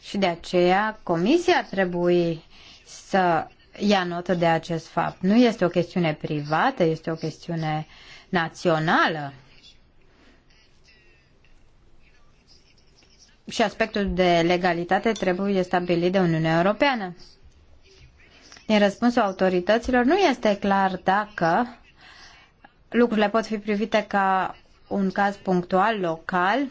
Și de aceea Comisia trebuie să ia notă de acest fapt. Nu este o chestiune privată, este o chestiune națională. Și aspectul de legalitate trebuie stabilit de Uniunea Europeană. Din răspunsul autorităților nu este clar dacă lucrurile pot fi privite ca un caz punctual, local.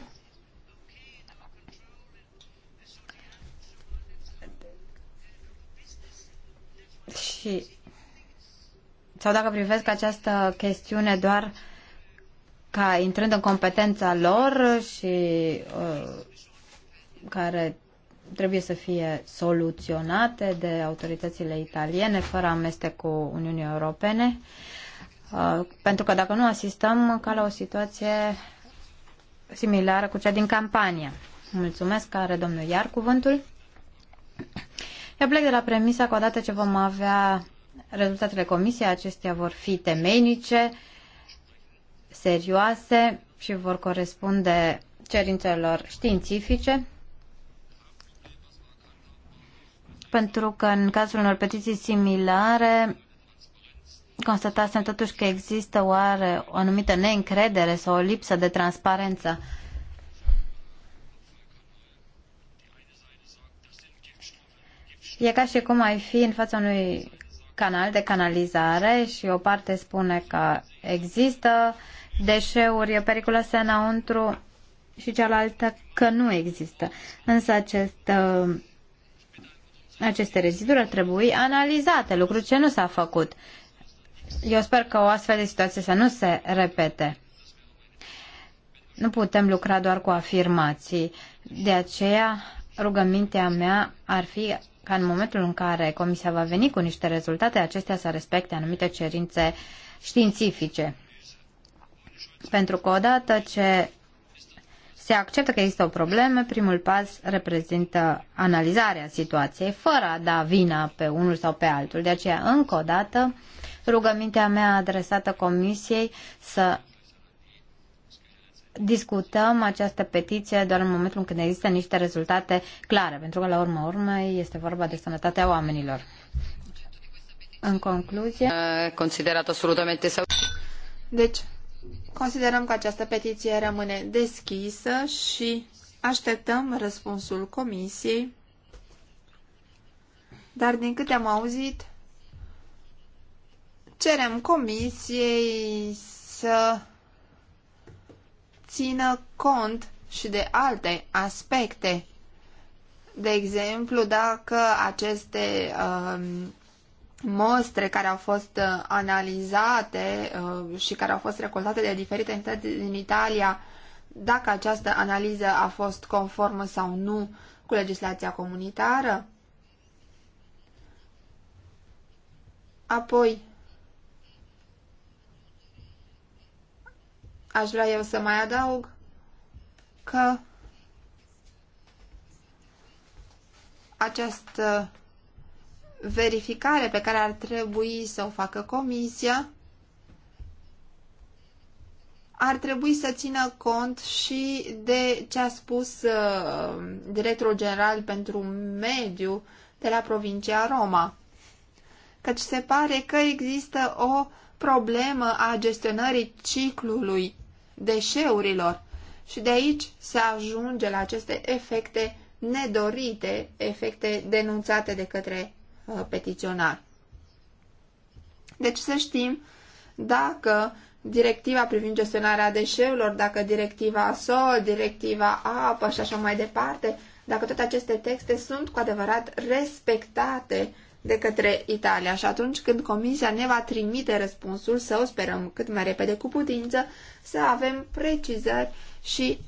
Și sau dacă privesc această chestiune doar ca intrând în competența lor și uh, care trebuie să fie soluționate de autoritățile italiene fără amestec cu Uniunii Europene. Uh, pentru că dacă nu asistăm ca la o situație similară cu cea din campanie Mulțumesc, care domnul Iar cuvântul. Eu plec de la premisa că odată ce vom avea rezultatele comisiei, acestea vor fi temeinice, serioase și vor corespunde cerințelor științifice, pentru că în cazul unor petiții similare constatasem totuși că există oare o anumită neîncredere sau o lipsă de transparență. E ca și cum ai fi în fața unui canal de canalizare și o parte spune că există deșeuri periculoase înăuntru și cealaltă că nu există. Însă acest, uh, aceste reziduri ar trebui analizate, lucru ce nu s-a făcut eu sper că o astfel de situație să nu se repete. Nu putem lucra doar cu afirmații. De aceea, rugămintea mea ar fi ca în momentul în care Comisia va veni cu niște rezultate, acestea să respecte anumite cerințe științifice. Pentru că odată ce se acceptă că există o problemă, primul pas reprezintă analizarea situației, fără a da vina pe unul sau pe altul. De aceea, încă o dată, Rugămintea mea adresată Comisiei să discutăm această petiție doar în momentul când există niște rezultate clare, pentru că la urma urmei este vorba de sănătatea oamenilor. În concluzie, uh, considerat absolutamente sau. Deci, considerăm că această petiție rămâne deschisă și așteptăm răspunsul comisiei. Dar din câte am auzit, cerem comisiei să țină cont și de alte aspecte. De exemplu, dacă aceste uh, mostre care au fost uh, analizate uh, și care au fost recoltate de diferite entități din Italia, dacă această analiză a fost conformă sau nu cu legislația comunitară. Apoi, aș vrea eu să mai adaug că această verificare pe care ar trebui să o facă comisia ar trebui să țină cont și de ce a spus uh, directorul general pentru mediu de la provincia Roma. Căci se pare că există o problemă a gestionării ciclului deșeurilor. Și de aici se ajunge la aceste efecte nedorite, efecte denunțate de către uh, petiționar. Deci să știm dacă directiva privind gestionarea deșeurilor, dacă directiva sol, directiva apă și așa mai departe, dacă toate aceste texte sunt cu adevărat respectate de către Italia și atunci când Comisia ne va trimite răspunsul o sperăm cât mai repede cu putință, să avem precizări și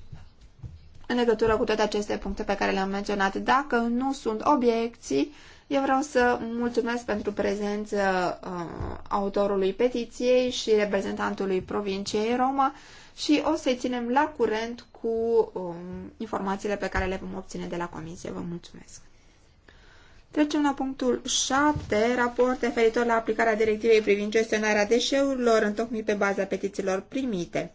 în legătură cu toate aceste puncte pe care le-am menționat. Dacă nu sunt obiecții, eu vreau să mulțumesc pentru prezență uh, autorului petiției și reprezentantului provinciei Roma și o să-i ținem la curent cu um, informațiile pe care le vom obține de la comisie. Vă mulțumesc! Trecem la punctul 7, raport referitor la aplicarea directivei privind gestionarea deșeurilor întocmit pe baza petițiilor primite.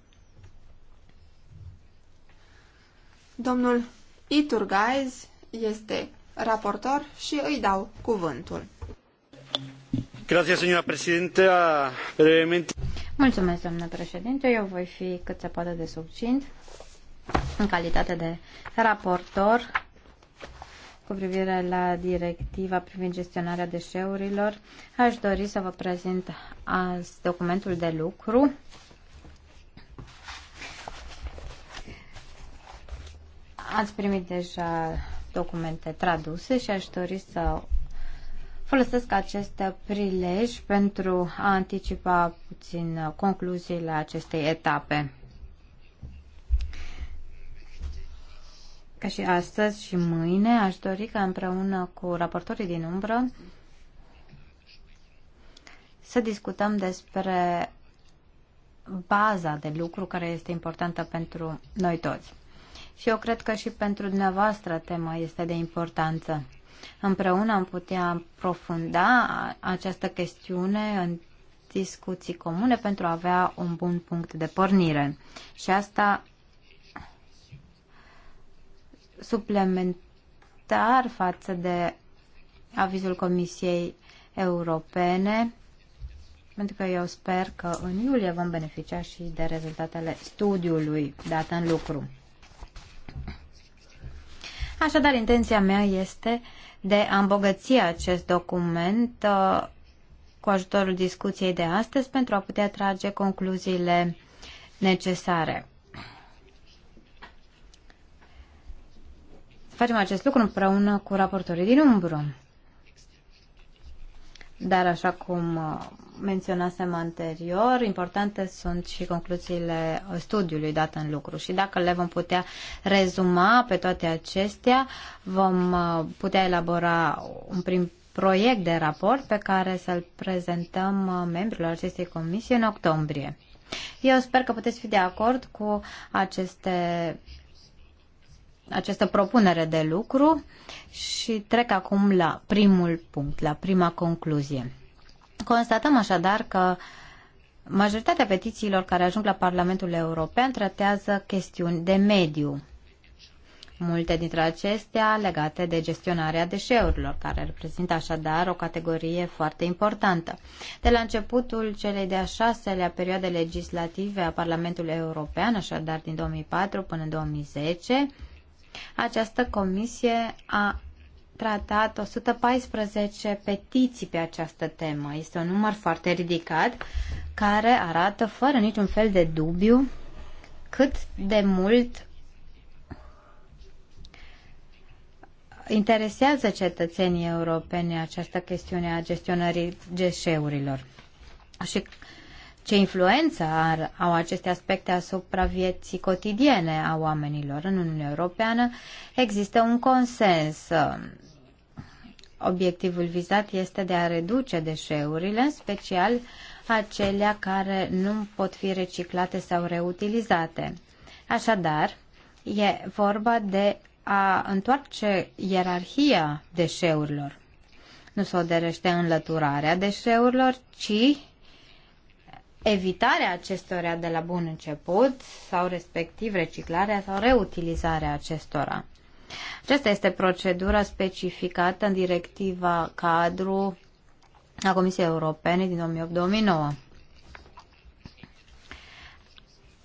Domnul Iturgaiz este raportor și îi dau cuvântul. Grazie, signora Brevemente. Mulțumesc, doamnă președinte. Eu voi fi cât se poate de succint în calitate de raportor cu privire la directiva privind gestionarea deșeurilor, aș dori să vă prezint azi documentul de lucru. Ați primit deja documente traduse și aș dori să folosesc acest prilej pentru a anticipa puțin concluziile acestei etape. ca și astăzi și mâine, aș dori ca împreună cu raportorii din umbră să discutăm despre baza de lucru care este importantă pentru noi toți. Și eu cred că și pentru dumneavoastră tema este de importanță. Împreună am putea aprofunda această chestiune în discuții comune pentru a avea un bun punct de pornire. Și asta suplimentar față de avizul Comisiei Europene, pentru că eu sper că în iulie vom beneficia și de rezultatele studiului dat în lucru. Așadar, intenția mea este de a îmbogăți acest document uh, cu ajutorul discuției de astăzi pentru a putea trage concluziile necesare. Facem acest lucru împreună cu raportorii din umbră. Dar, așa cum uh, menționasem anterior, importante sunt și concluziile studiului dat în lucru și dacă le vom putea rezuma pe toate acestea, vom uh, putea elabora un prim proiect de raport pe care să-l prezentăm uh, membrilor acestei comisii în octombrie. Eu sper că puteți fi de acord cu aceste această propunere de lucru și trec acum la primul punct, la prima concluzie. Constatăm așadar că majoritatea petițiilor care ajung la Parlamentul European tratează chestiuni de mediu. Multe dintre acestea legate de gestionarea deșeurilor, care reprezintă așadar o categorie foarte importantă. De la începutul celei de-a șaselea perioade legislative a Parlamentului European, așadar din 2004 până în 2010, această comisie a tratat 114 petiții pe această temă. Este un număr foarte ridicat care arată fără niciun fel de dubiu cât de mult interesează cetățenii europeni această chestiune a gestionării deșeurilor. Și ce influență ar, au aceste aspecte asupra vieții cotidiene a oamenilor. În Uniunea Europeană există un consens. Obiectivul vizat este de a reduce deșeurile, în special acelea care nu pot fi reciclate sau reutilizate. Așadar, e vorba de a întoarce ierarhia deșeurilor. Nu se oderește înlăturarea deșeurilor, ci evitarea acestora de la bun început sau respectiv reciclarea sau reutilizarea acestora. Aceasta este procedura specificată în directiva cadru a Comisiei Europene din 2008-2009.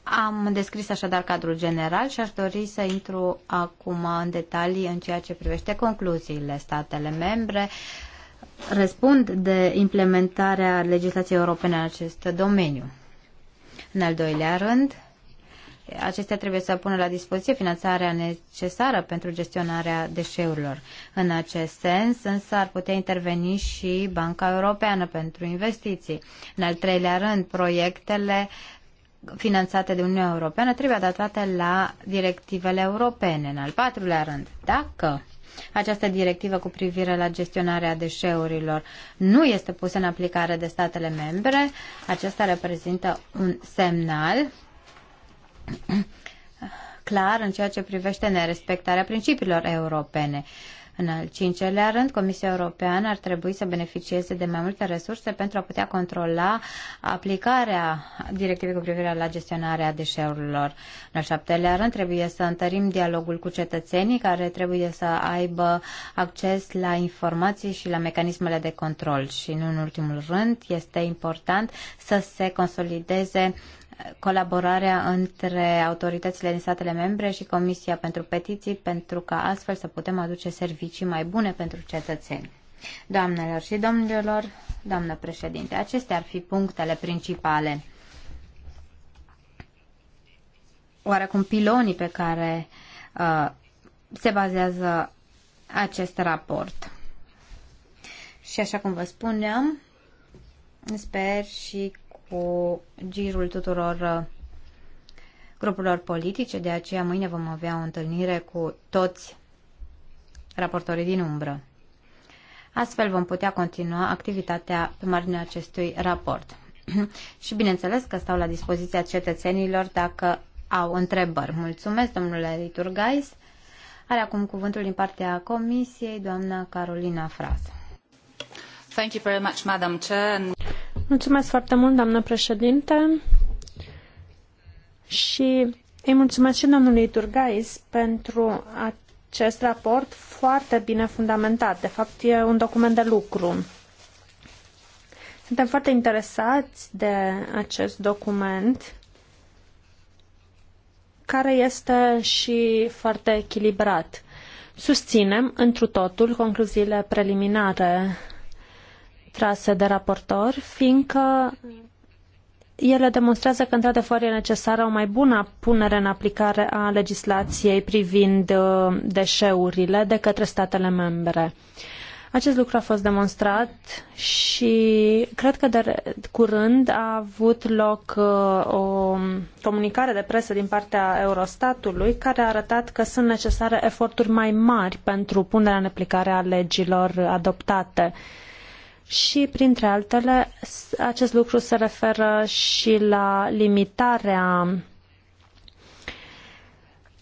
Am descris așadar cadrul general și aș dori să intru acum în detalii în ceea ce privește concluziile. Statele membre uh, răspund de implementarea legislației europene în acest domeniu. În al doilea rând, acestea trebuie să pună la dispoziție finanțarea necesară pentru gestionarea deșeurilor. În acest sens, însă, ar putea interveni și Banca Europeană pentru investiții. În al treilea rând, proiectele finanțate de Uniunea Europeană trebuie adaptate la directivele europene. În al patrulea rând, dacă această directivă cu privire la gestionarea deșeurilor nu este pusă în aplicare de statele membre. Acesta reprezintă un semnal clar în ceea ce privește nerespectarea principiilor europene. Uh, în al cincelea rând, Comisia Europeană ar trebui să beneficieze de mai multe resurse pentru a putea controla aplicarea directivei cu privire la gestionarea deșeurilor. În al șaptelea rând, trebuie să întărim dialogul cu cetățenii care trebuie să aibă acces la informații și la mecanismele de control. Și nu în ultimul rând, este important să se consolideze colaborarea între autoritățile din statele membre și Comisia pentru Petiții pentru ca astfel să putem aduce servicii mai bune pentru cetățeni. Doamnelor și domnilor, doamnă președinte, acestea ar fi punctele principale. Oarecum pilonii pe care uh, se bazează acest raport. Și așa cum vă spuneam, sper și cu girul tuturor uh, grupurilor politice, de aceea mâine vom avea o întâlnire cu toți raportorii din umbră. Astfel vom putea continua activitatea pe marginea acestui raport. și bineînțeles că stau la dispoziția cetățenilor dacă au întrebări. Mulțumesc, domnule Liturgais. Are acum cuvântul din partea Comisiei, doamna Carolina Fras. Thank you very much, Madam Chair. Mulțumesc foarte mult, doamnă președinte. Și îi mulțumesc și domnului Turgais pentru acest raport foarte bine fundamentat. De fapt, e un document de lucru. Suntem foarte interesați de acest document care este și foarte echilibrat. Susținem întru totul concluziile preliminare trase de raportor, fiindcă ele demonstrează că, într-adevăr, e necesară o mai bună punere în aplicare a legislației privind uh, deșeurile de către statele membre. Acest lucru a fost demonstrat și cred că de curând a avut loc uh, o comunicare de presă din partea Eurostatului care a arătat că sunt necesare eforturi mai mari pentru punerea în aplicare a legilor adoptate. Uh, și, printre altele, acest lucru se referă și la limitarea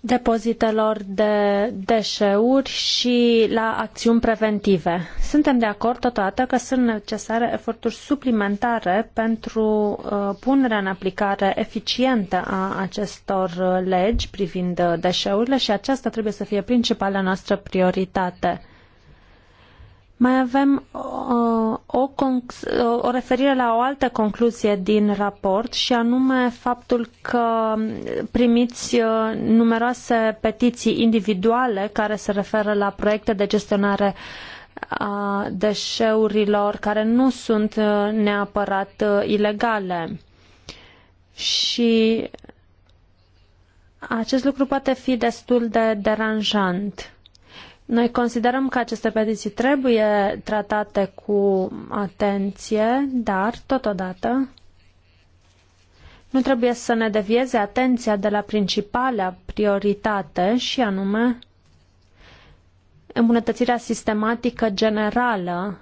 depozitelor de deșeuri și la acțiuni preventive. Suntem de acord totodată că sunt necesare eforturi suplimentare pentru uh, punerea în aplicare eficientă a acestor uh, legi privind uh, deșeurile și aceasta trebuie să fie principala noastră prioritate. Mai avem uh, o, uh, o referire la o altă concluzie din raport și anume faptul că primiți uh, numeroase petiții individuale care se referă la proiecte de gestionare a deșeurilor care nu sunt uh, neapărat uh, ilegale. Și acest lucru poate fi destul de deranjant. Noi considerăm că aceste petiții trebuie tratate cu atenție, dar, totodată, nu trebuie să ne devieze atenția de la principala prioritate și anume îmbunătățirea sistematică generală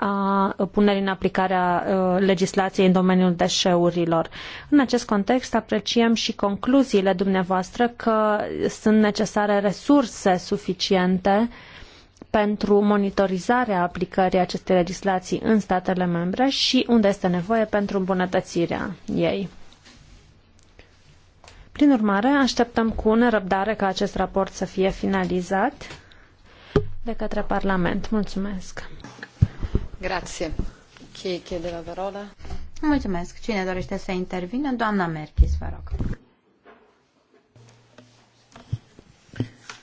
a punerii în aplicare a uh, legislației în domeniul deșeurilor. În acest context apreciem și concluziile dumneavoastră că sunt necesare resurse suficiente pentru monitorizarea aplicării acestei legislații în statele membre și unde este nevoie pentru îmbunătățirea ei. Prin urmare, așteptăm cu nerăbdare ca acest raport să fie finalizat de către Parlament. Mulțumesc! Grazie. Chi chiede la parola? Mulțumesc. Cine dorește să intervină? Doamna Merchis, vă rog.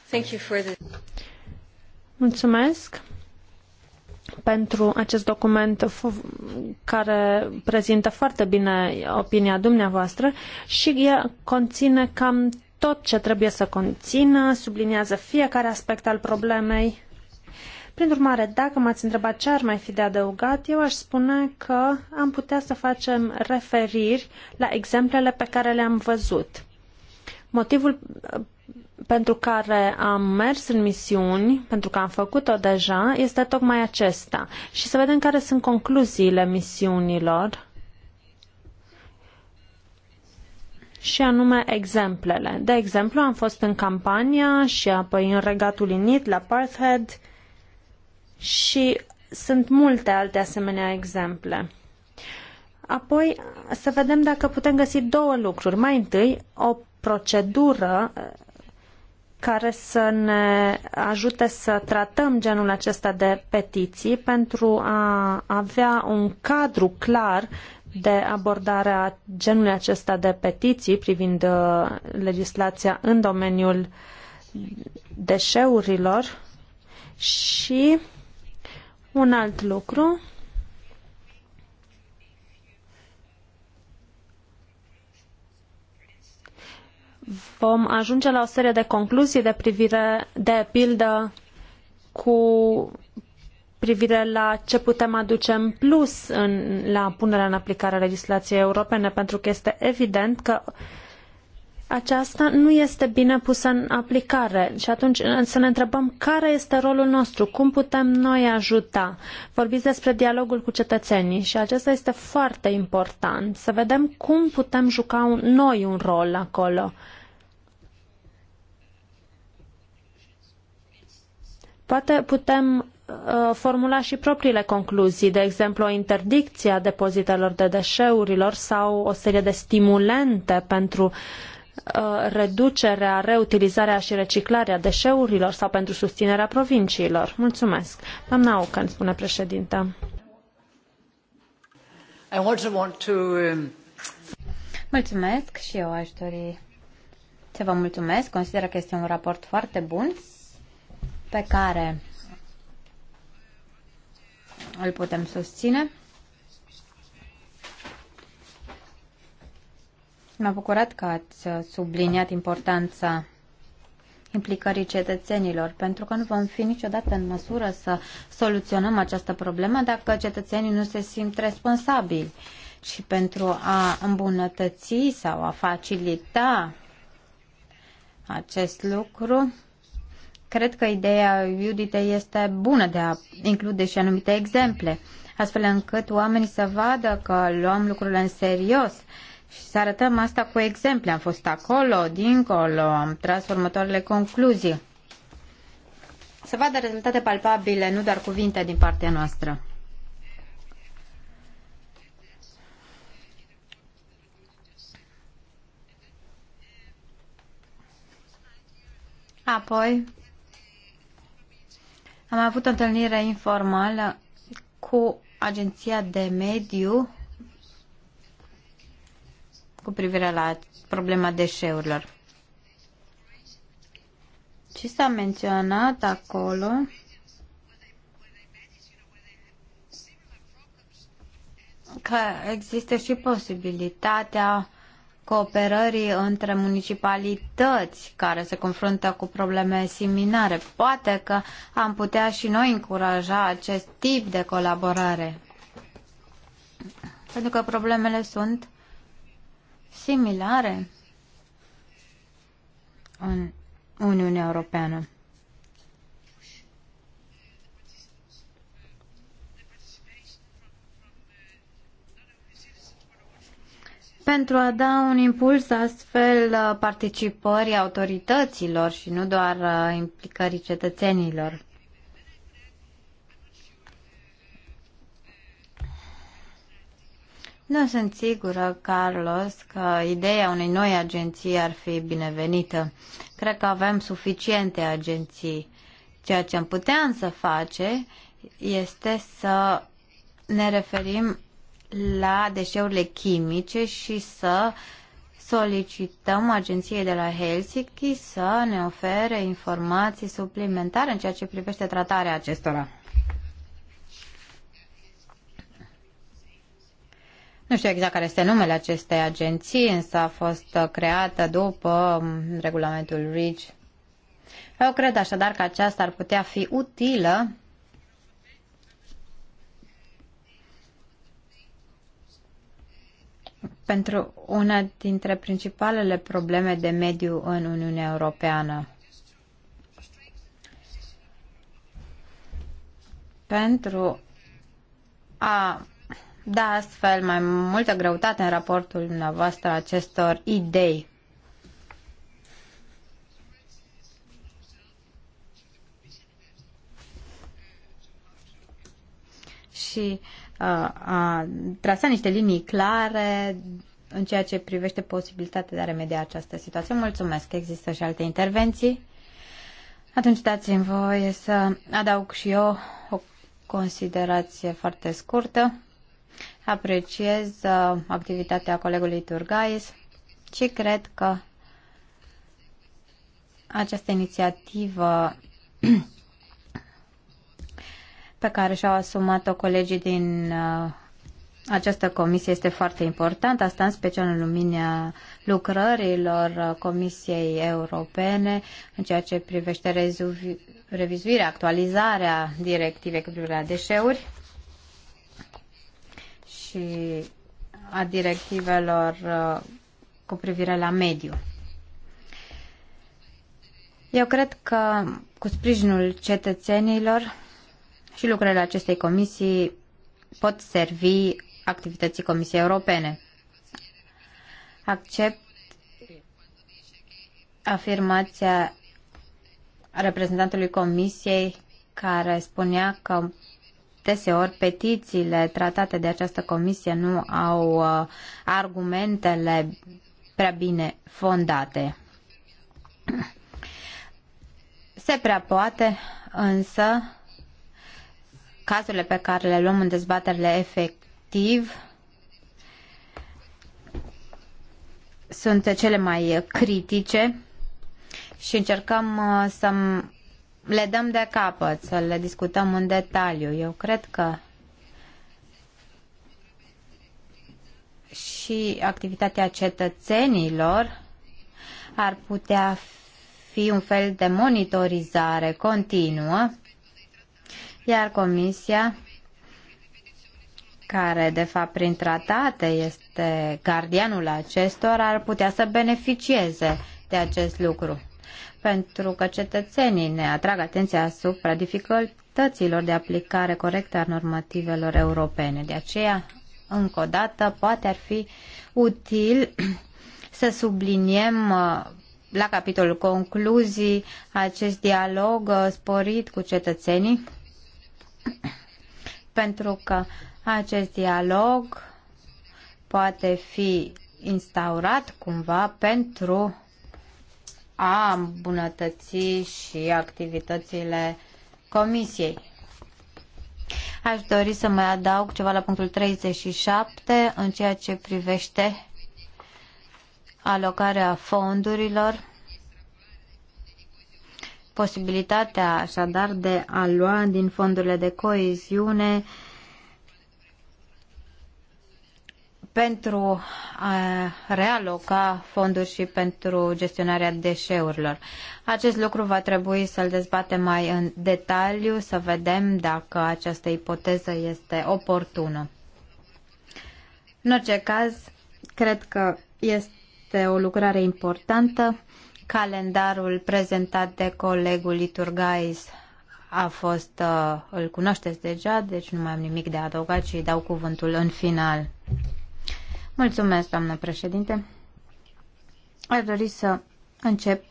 Thank you for the... Mulțumesc pentru acest document care prezintă foarte bine opinia dumneavoastră și conține cam tot ce trebuie să conțină, subliniază fiecare aspect al problemei prin urmare, dacă m-ați întrebat ce ar mai fi de adăugat, eu aș spune că am putea să facem referiri la exemplele pe care le-am văzut. Motivul uh, pentru care am mers în misiuni, pentru că am făcut-o deja, este tocmai acesta. Și să vedem care sunt concluziile misiunilor și anume exemplele. De exemplu, am fost în campania și apoi în Regatul Unit, la Parthead, și sunt multe alte asemenea exemple. Apoi să vedem dacă putem găsi două lucruri. Mai întâi, o procedură eh, care să ne ajute să tratăm genul acesta de petiții pentru a avea un cadru clar de abordare a genului acesta de petiții privind eh, legislația în domeniul deșeurilor și un alt lucru. Vom ajunge la o serie de concluzii de privire, de pildă cu privire la ce putem aduce în plus în, la punerea în aplicare a legislației europene, pentru că este evident că uh, aceasta nu este bine pusă în aplicare și atunci să ne întrebăm care este rolul nostru, cum putem noi ajuta. Vorbiți despre dialogul cu cetățenii și acesta este foarte important, să vedem cum putem juca un, noi un rol acolo. Poate putem uh, formula și propriile concluzii, de exemplu o interdicție a depozitelor de deșeurilor sau o serie de stimulente pentru uh, Uh, reducerea, reutilizarea și reciclarea deșeurilor sau pentru susținerea provinciilor. Mulțumesc. Doamna Ocan, spune președinta. To... Um, mulțumesc și eu aș dori să vă mulțumesc. Consider că este un raport foarte bun pe care îl putem susține. M-a bucurat că ați uh, subliniat importanța implicării cetățenilor, pentru că nu vom fi niciodată în măsură să soluționăm această problemă dacă cetățenii nu se simt responsabili. Și pentru a îmbunătăți sau a facilita acest lucru, cred că ideea Iudite este bună de a include și anumite exemple, astfel încât oamenii să vadă că luăm lucrurile în serios și să arătăm asta cu exemple. Am fost acolo, dincolo, am tras următoarele concluzii. Să vadă rezultate palpabile, nu doar cuvinte din partea noastră. Apoi am avut o întâlnire informală cu Agenția de Mediu cu privire la problema deșeurilor. Și s-a menționat acolo că există și posibilitatea cooperării între municipalități care se confruntă cu probleme similare. Poate că am putea și noi încuraja acest tip de colaborare. Pentru că problemele sunt similare în Uniunea Europeană. pentru a da un impuls astfel uh, participării autorităților și nu doar uh, implicării cetățenilor. Nu sunt sigură, Carlos, că ideea unei noi agenții ar fi binevenită. Cred că avem suficiente agenții. Ceea ce am putea să face este să ne referim la deșeurile chimice și să solicităm agenției de la Helsinki să ne ofere informații suplimentare în ceea ce privește tratarea acestora. Nu știu exact care este numele acestei agenții, însă a fost creată după um, regulamentul REACH. Eu cred așadar că aceasta ar putea fi utilă pentru una dintre principalele probleme de mediu în Uniunea Europeană. Pentru a da astfel mai multă greutate în raportul dumneavoastră acestor idei. Și uh, a trasa niște linii clare în ceea ce privește posibilitatea de a remedia această situație. Mulțumesc că există și alte intervenții. Atunci dați-mi voie să adaug și eu o considerație foarte scurtă. Apreciez uh, activitatea colegului Turgais și cred că această inițiativă pe care și-au asumat-o colegii din uh, această comisie este foarte importantă, asta în special în lumina lucrărilor uh, Comisiei Europene în ceea ce privește revizuirea, actualizarea directivei cu privire la deșeuri și a directivelor uh, cu privire la mediu. Eu cred că cu sprijinul cetățenilor și lucrările acestei comisii pot servi activității Comisiei Europene. Accept afirmația reprezentantului Comisiei care spunea că deseori petițiile tratate de această comisie nu au uh, argumentele prea bine fondate. Se prea poate, însă, cazurile pe care le luăm în dezbaterile efectiv sunt cele mai critice și încercăm uh, să le dăm de capăt, să le discutăm în detaliu. Eu cred că și activitatea cetățenilor ar putea fi un fel de monitorizare continuă, iar Comisia, care de fapt prin tratate este gardianul acestor, ar putea să beneficieze de acest lucru pentru că cetățenii ne atrag atenția asupra dificultăților de aplicare corectă a normativelor europene. De aceea, încă o dată, poate ar fi util să subliniem uh, la capitolul concluzii acest dialog uh, sporit cu cetățenii, pentru că acest dialog poate fi instaurat cumva pentru a îmbunătăți și activitățile comisiei. Aș dori să mai adaug ceva la punctul 37 în ceea ce privește alocarea fondurilor, posibilitatea așadar de a lua din fondurile de coeziune pentru a realoca fonduri și pentru gestionarea deșeurilor. Acest lucru va trebui să-l dezbatem mai în detaliu, să vedem dacă această ipoteză este oportună. În orice caz, cred că este o lucrare importantă. Calendarul prezentat de colegul Iturgais a fost, uh, îl cunoașteți deja, deci nu mai am nimic de adăugat și îi dau cuvântul în final. Mulțumesc, doamnă președinte. Aș dori să încep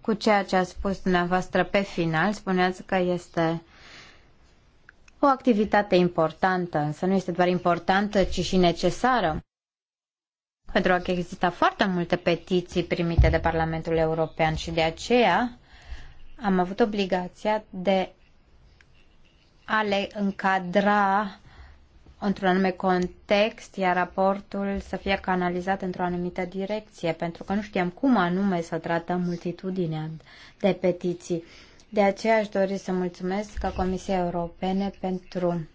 cu ceea ce a spus dumneavoastră pe final. Spuneați că este o activitate importantă, însă nu este doar importantă, ci și necesară. Pentru că există foarte multe petiții primite de Parlamentul European și de aceea am avut obligația de a le încadra într-un anume context, iar raportul să fie canalizat într-o anumită direcție, pentru că nu știam cum anume să tratăm multitudinea de petiții. De aceea aș dori să mulțumesc ca Comisia Europene pentru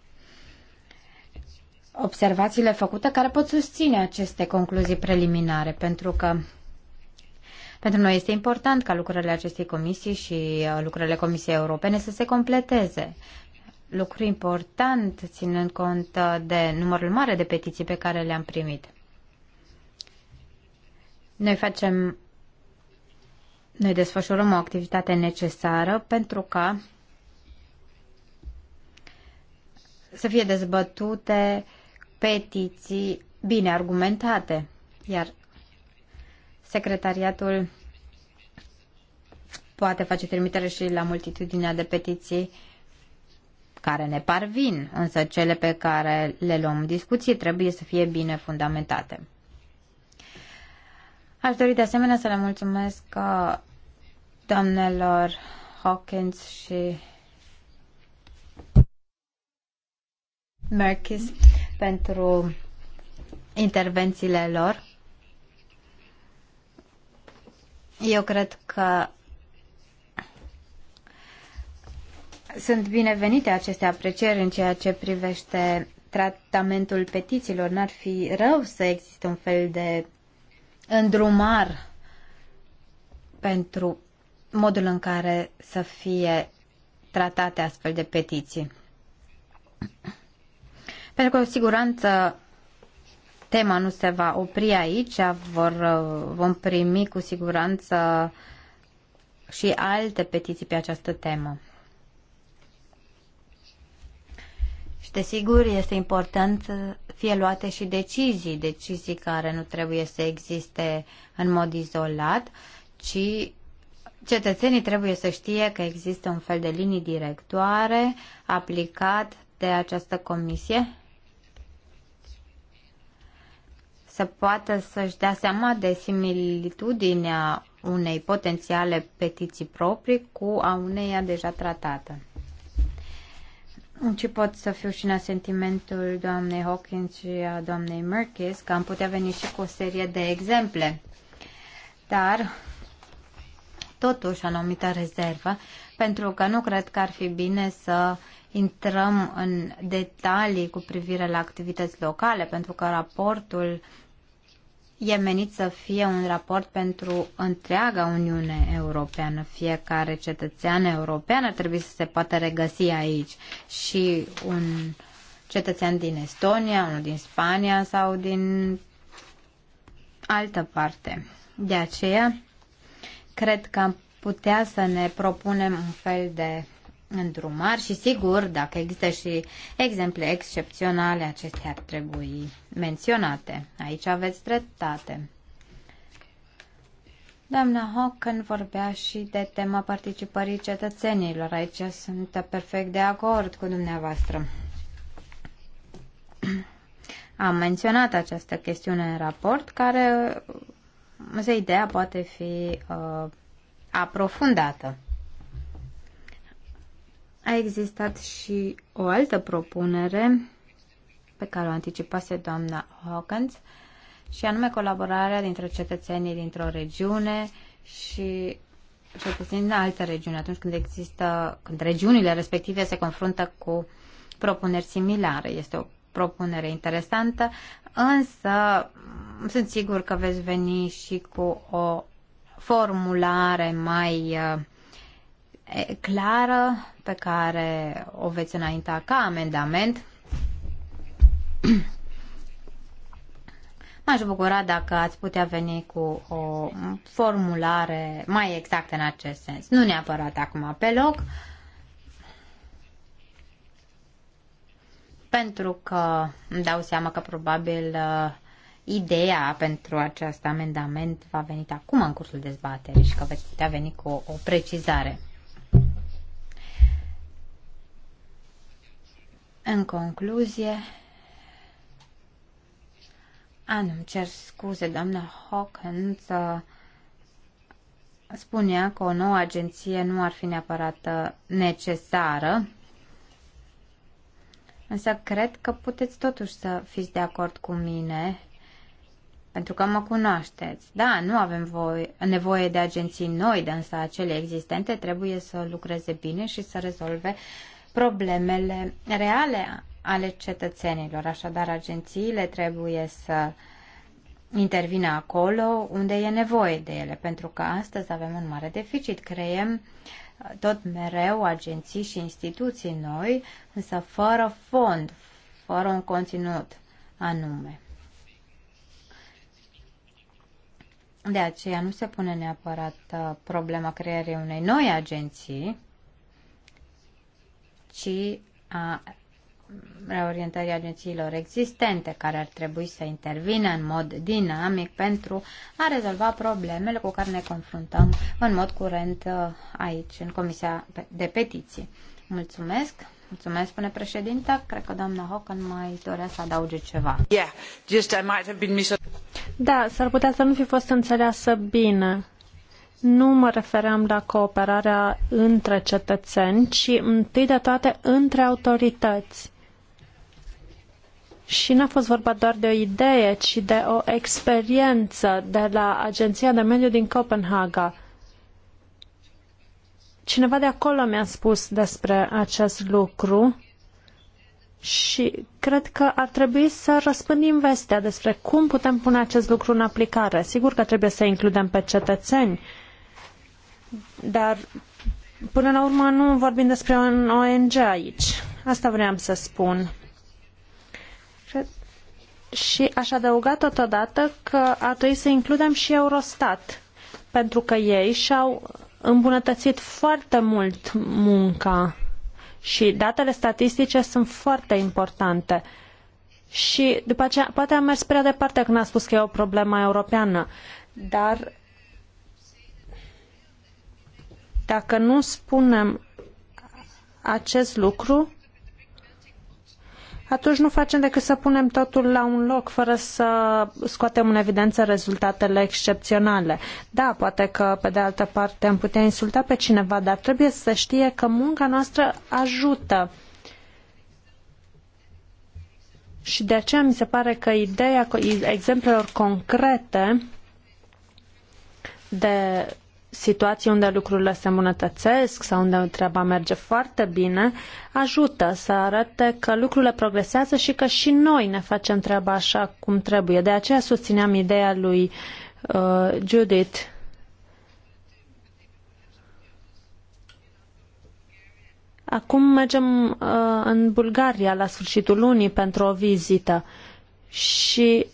observațiile făcute care pot susține aceste concluzii preliminare, pentru că pentru noi este important ca lucrările acestei comisii și uh, lucrările Comisiei Europene să se completeze lucru important, ținând cont uh, de numărul mare de petiții pe care le-am primit. Noi facem, noi desfășurăm o activitate necesară pentru ca să fie dezbătute petiții bine argumentate, iar secretariatul poate face trimitere și la multitudinea de petiții uh, care ne parvin, însă cele pe care le luăm în discuție trebuie să fie bine fundamentate. Aș dori de asemenea să le mulțumesc uh, doamnelor Hawkins și Merkis pentru intervențiile lor. Eu cred că sunt binevenite aceste aprecieri în ceea ce privește tratamentul petițiilor. N-ar fi rău să existe un fel de îndrumar pentru modul în care să fie tratate astfel de petiții. Pentru că, cu siguranță, tema nu se va opri aici, vor, vom primi cu siguranță și alte petiții pe această temă. Și deci, desigur este important fie luate și decizii, decizii care nu trebuie să existe în mod izolat, ci cetățenii trebuie să știe că există un fel de linii directoare aplicat de această comisie să poată să-și dea seama de similitudinea unei potențiale petiții proprii cu a uneia deja tratată. Ce pot să fiu și în asentimentul doamnei Hawkins și a doamnei Merkis, că am putea veni și cu o serie de exemple. Dar, totuși, anumită rezervă, pentru că nu cred că ar fi bine să intrăm în detalii cu privire la activități locale, pentru că raportul e menit să fie un raport pentru întreaga Uniune Europeană. Fiecare cetățean european ar trebui să se poată regăsi aici și un cetățean din Estonia, unul din Spania sau din altă parte. De aceea, cred că am putea să ne propunem un fel de îndrumari și sigur, dacă există și exemple excepționale, acestea ar trebui menționate. Aici aveți dreptate. Doamna Hocken vorbea și de tema participării cetățenilor. Aici sunt perfect de acord cu dumneavoastră. Am menționat această chestiune în raport, care, însă, ideea poate fi uh, aprofundată. A existat și o altă propunere pe care o anticipase doamna Hawkins și anume colaborarea dintre cetățenii dintr-o regiune și cetățenii din altă regiune atunci când există, când regiunile respective se confruntă cu propuneri similare. Este o propunere interesantă, însă sunt sigur că veți veni și cu o formulare mai uh, clară pe care o veți înainta ca amendament. M-aș bucura dacă ați putea veni cu o formulare mai exactă în acest sens. Nu neapărat acum pe loc, pentru că îmi dau seama că probabil uh, ideea pentru acest amendament va veni acum în cursul dezbaterii și că veți putea veni cu o, o precizare. În concluzie, a, nu, cer scuze, doamna Hawkins spunea că o nouă agenție nu ar fi neapărat uh, necesară, însă cred că puteți totuși să fiți de acord cu mine, pentru că mă cunoașteți. Da, nu avem voie, nevoie de agenții noi, însă acele existente trebuie să lucreze bine și să rezolve uh, problemele reale ale cetățenilor. Așadar, agențiile trebuie să intervină acolo unde e nevoie de ele, pentru că astăzi avem un mare deficit. Creiem tot mereu agenții și instituții noi, însă fără fond, fără un conținut anume. De aceea nu se pune neapărat uh, problema creării unei noi agenții, ci a reorientării agențiilor existente care ar trebui să intervină în mod dinamic pentru a rezolva problemele cu care ne confruntăm în mod curent uh, aici, în Comisia de Petiții. Mulțumesc! Mulțumesc, spune președinta. Cred că doamna Hocan mai dorea să adauge ceva. Yeah, just I might have been mis- da, s-ar putea să nu fi fost înțeleasă bine nu mă refeream la cooperarea între cetățeni, ci întâi de toate între autorități. Și n-a fost vorba doar de o idee, ci de o experiență de la Agenția de Mediu din Copenhaga. Cineva de acolo mi-a spus despre acest lucru și cred că ar trebui să răspândim vestea despre cum putem pune acest lucru în aplicare. Sigur că trebuie să includem pe cetățeni, dar până la urmă nu vorbim despre un ONG aici. Asta vreau să spun. Cred... Și aș adăuga totodată că ar trebui să includem și Eurostat, pentru că ei și-au îmbunătățit foarte mult munca și datele statistice sunt foarte importante. Și după aceea, poate am mers prea departe când am spus că e o problemă europeană, dar dacă nu spunem acest lucru, atunci nu facem decât să punem totul la un loc, fără să scoatem în evidență rezultatele excepționale. Da, poate că, pe de altă parte, am putea insulta pe cineva, dar trebuie să știe că munca noastră ajută. Și de aceea mi se pare că ideea exemplelor concrete de situații unde lucrurile se îmbunătățesc sau unde treaba merge foarte bine, ajută să arate că lucrurile progresează și că și noi ne facem treaba așa cum trebuie. De aceea susțineam ideea lui uh, Judith Acum mergem uh, în Bulgaria la sfârșitul lunii pentru o vizită și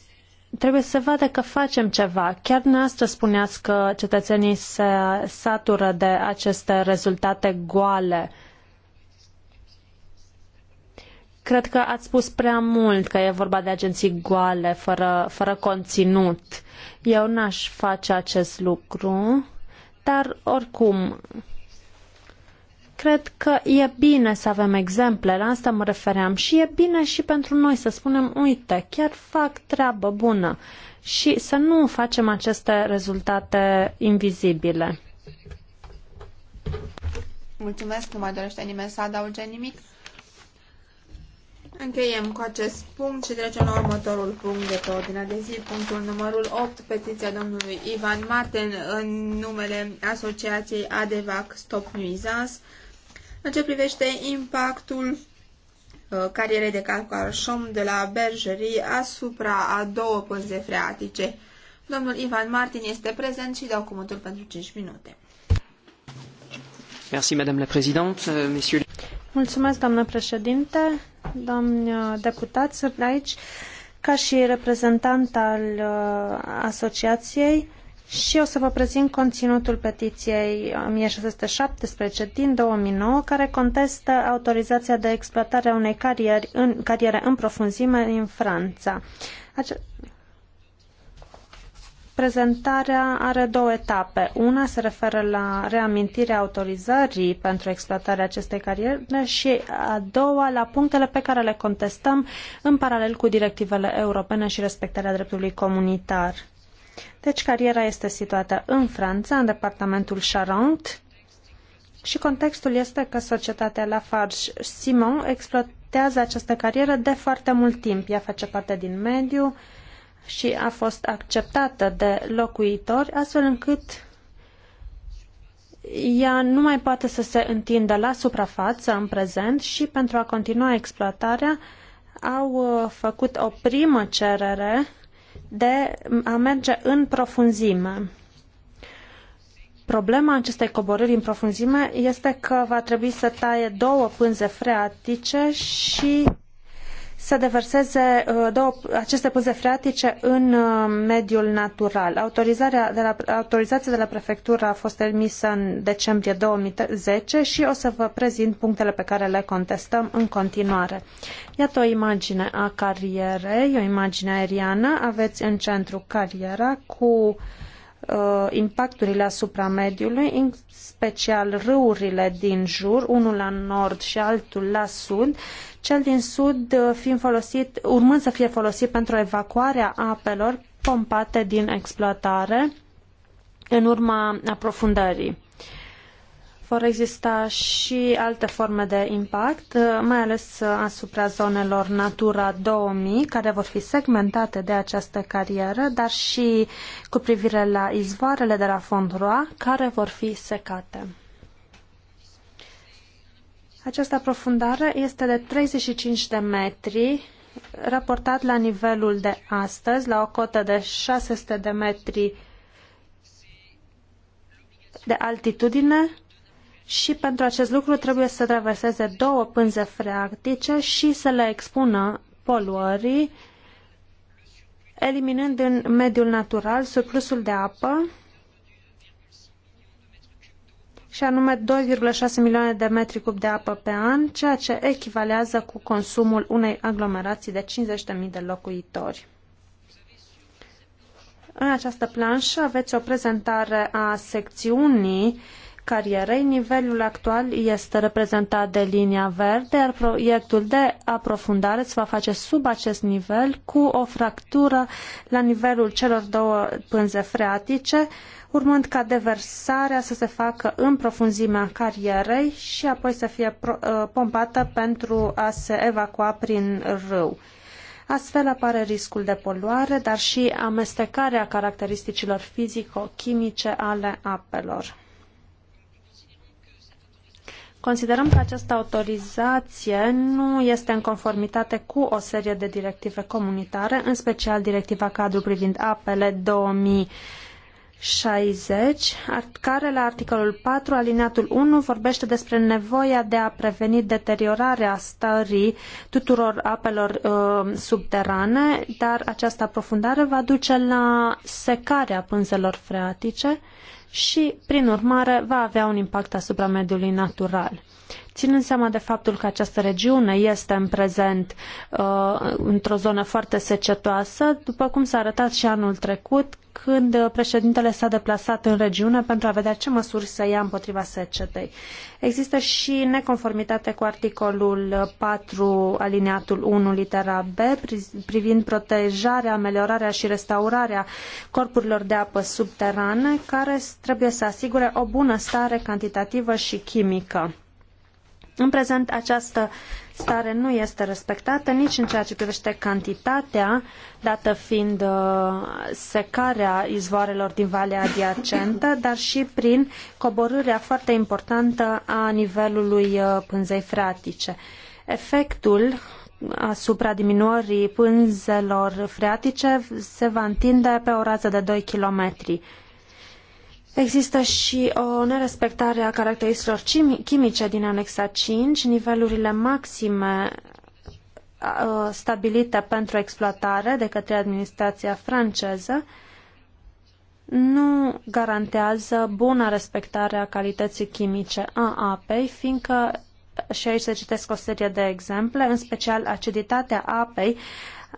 trebuie să vadă că facem ceva. Chiar dumneavoastră spuneați că cetățenii se satură de aceste rezultate goale. Cred că ați spus prea mult că e vorba de agenții goale, fără, fără conținut. Eu n-aș face acest lucru, dar oricum, cred că e bine să avem exemple, la asta mă refeream și e bine și pentru noi să spunem, uite, chiar fac treabă bună și să nu facem aceste rezultate invizibile. Mulțumesc, nu mai dorește nimeni să adauge nimic. Încheiem cu acest punct și trecem la următorul punct de pe ordinea de zi, punctul numărul 8, petiția domnului Ivan Martin în numele Asociației ADVAC Stop Nuisance în ce privește impactul uh, carierei de calcarșom de la Bergerie asupra a două pânze freatice. Domnul Ivan Martin este prezent și dau cuvântul pentru 5 minute. Merci, Madame la Présidente, euh, Monsieur. Mulțumesc, doamnă președinte, domni deputat, sunt aici ca și reprezentant al uh, asociației și o să vă prezint conținutul petiției 1617 din 2009, care contestă autorizația de exploatare a unei cariere în, cariere în profunzime în Franța. Ace- Prezentarea are două etape. Una se referă la reamintirea autorizării pentru exploatarea acestei cariere și a doua la punctele pe care le contestăm în paralel cu directivele europene și respectarea dreptului comunitar. Deci cariera este situată în Franța, în departamentul Charente, și contextul este că societatea Lafarge Simon exploatează această carieră de foarte mult timp. Ea face parte din mediu și a fost acceptată de locuitori, astfel încât ea nu mai poate să se întindă la suprafață în prezent și pentru a continua exploatarea au uh, făcut o primă cerere de a merge în profunzime. Problema acestei coborâri în profunzime este că va trebui să taie două pânze freatice și să deverseze uh, două, aceste pânze freatice în uh, mediul natural. Autorizarea de la, autorizația de la prefectură a fost emisă în decembrie 2010 și o să vă prezint punctele pe care le contestăm în continuare. Iată o imagine a carierei, o imagine aeriană. Aveți în centru cariera cu uh, impacturile asupra mediului, în special râurile din jur, unul la nord și altul la sud, cel din sud uh, fiind folosit, urmând să fie folosit pentru evacuarea apelor pompate din exploatare în urma aprofundării. Vor exista și alte forme de impact, uh, mai ales uh, asupra zonelor Natura 2000, care vor fi segmentate de această carieră, dar și cu privire la izvoarele de la Fondroa, care vor fi secate. Această aprofundare este de 35 de metri, raportat la nivelul de astăzi, la o cotă de 600 de metri de altitudine și pentru acest lucru trebuie să traverseze două pânze freactice și să le expună poluării, eliminând în mediul natural surplusul de apă și anume 2,6 milioane de metri cub de apă pe an, ceea ce echivalează cu consumul unei aglomerații de 50.000 de locuitori. În această planșă aveți o prezentare a secțiunii uh, carierei. Nivelul actual este reprezentat de linia verde, iar proiectul de aprofundare se va face sub acest nivel cu o fractură la nivelul celor două pânze freatice, urmând ca deversarea să se facă în profunzimea carierei și apoi să fie uh, pompată pentru a se evacua prin râu. Astfel apare riscul de poluare, dar și amestecarea caracteristicilor fizico-chimice ale apelor. Considerăm că această autorizație nu este în conformitate cu o serie de directive comunitare, în special directiva cadru privind apele 2000 60, care la articolul 4, alineatul 1, vorbește despre nevoia de a preveni deteriorarea stării tuturor apelor uh, subterane, dar această aprofundare va duce la secarea pânzelor freatice și, prin urmare, va avea un impact asupra mediului natural. Ținând seama de faptul că această regiune este în prezent uh, într-o zonă foarte secetoasă, după cum s-a arătat și anul trecut, când președintele s-a deplasat în regiune pentru a vedea ce măsuri să ia împotriva secetei. Există și neconformitate cu articolul 4 aliniatul 1 litera B privind protejarea, ameliorarea și restaurarea corpurilor de apă subterane care trebuie să asigure o bună stare cantitativă și chimică. În prezent, această stare nu este respectată nici în ceea ce privește cantitatea, dată fiind uh, secarea izvoarelor din valea adiacentă, dar și prin coborârea foarte importantă a nivelului uh, pânzei freatice. Efectul uh, asupra diminuării pânzelor freatice se va întinde pe o rază de 2 kilometri. Există și o nerespectare a caracteristicilor chimice din anexa 5, nivelurile maxime stabilite pentru exploatare de către administrația franceză nu garantează buna respectare a calității chimice a apei, fiindcă, și aici se citesc o serie de exemple, în special aciditatea apei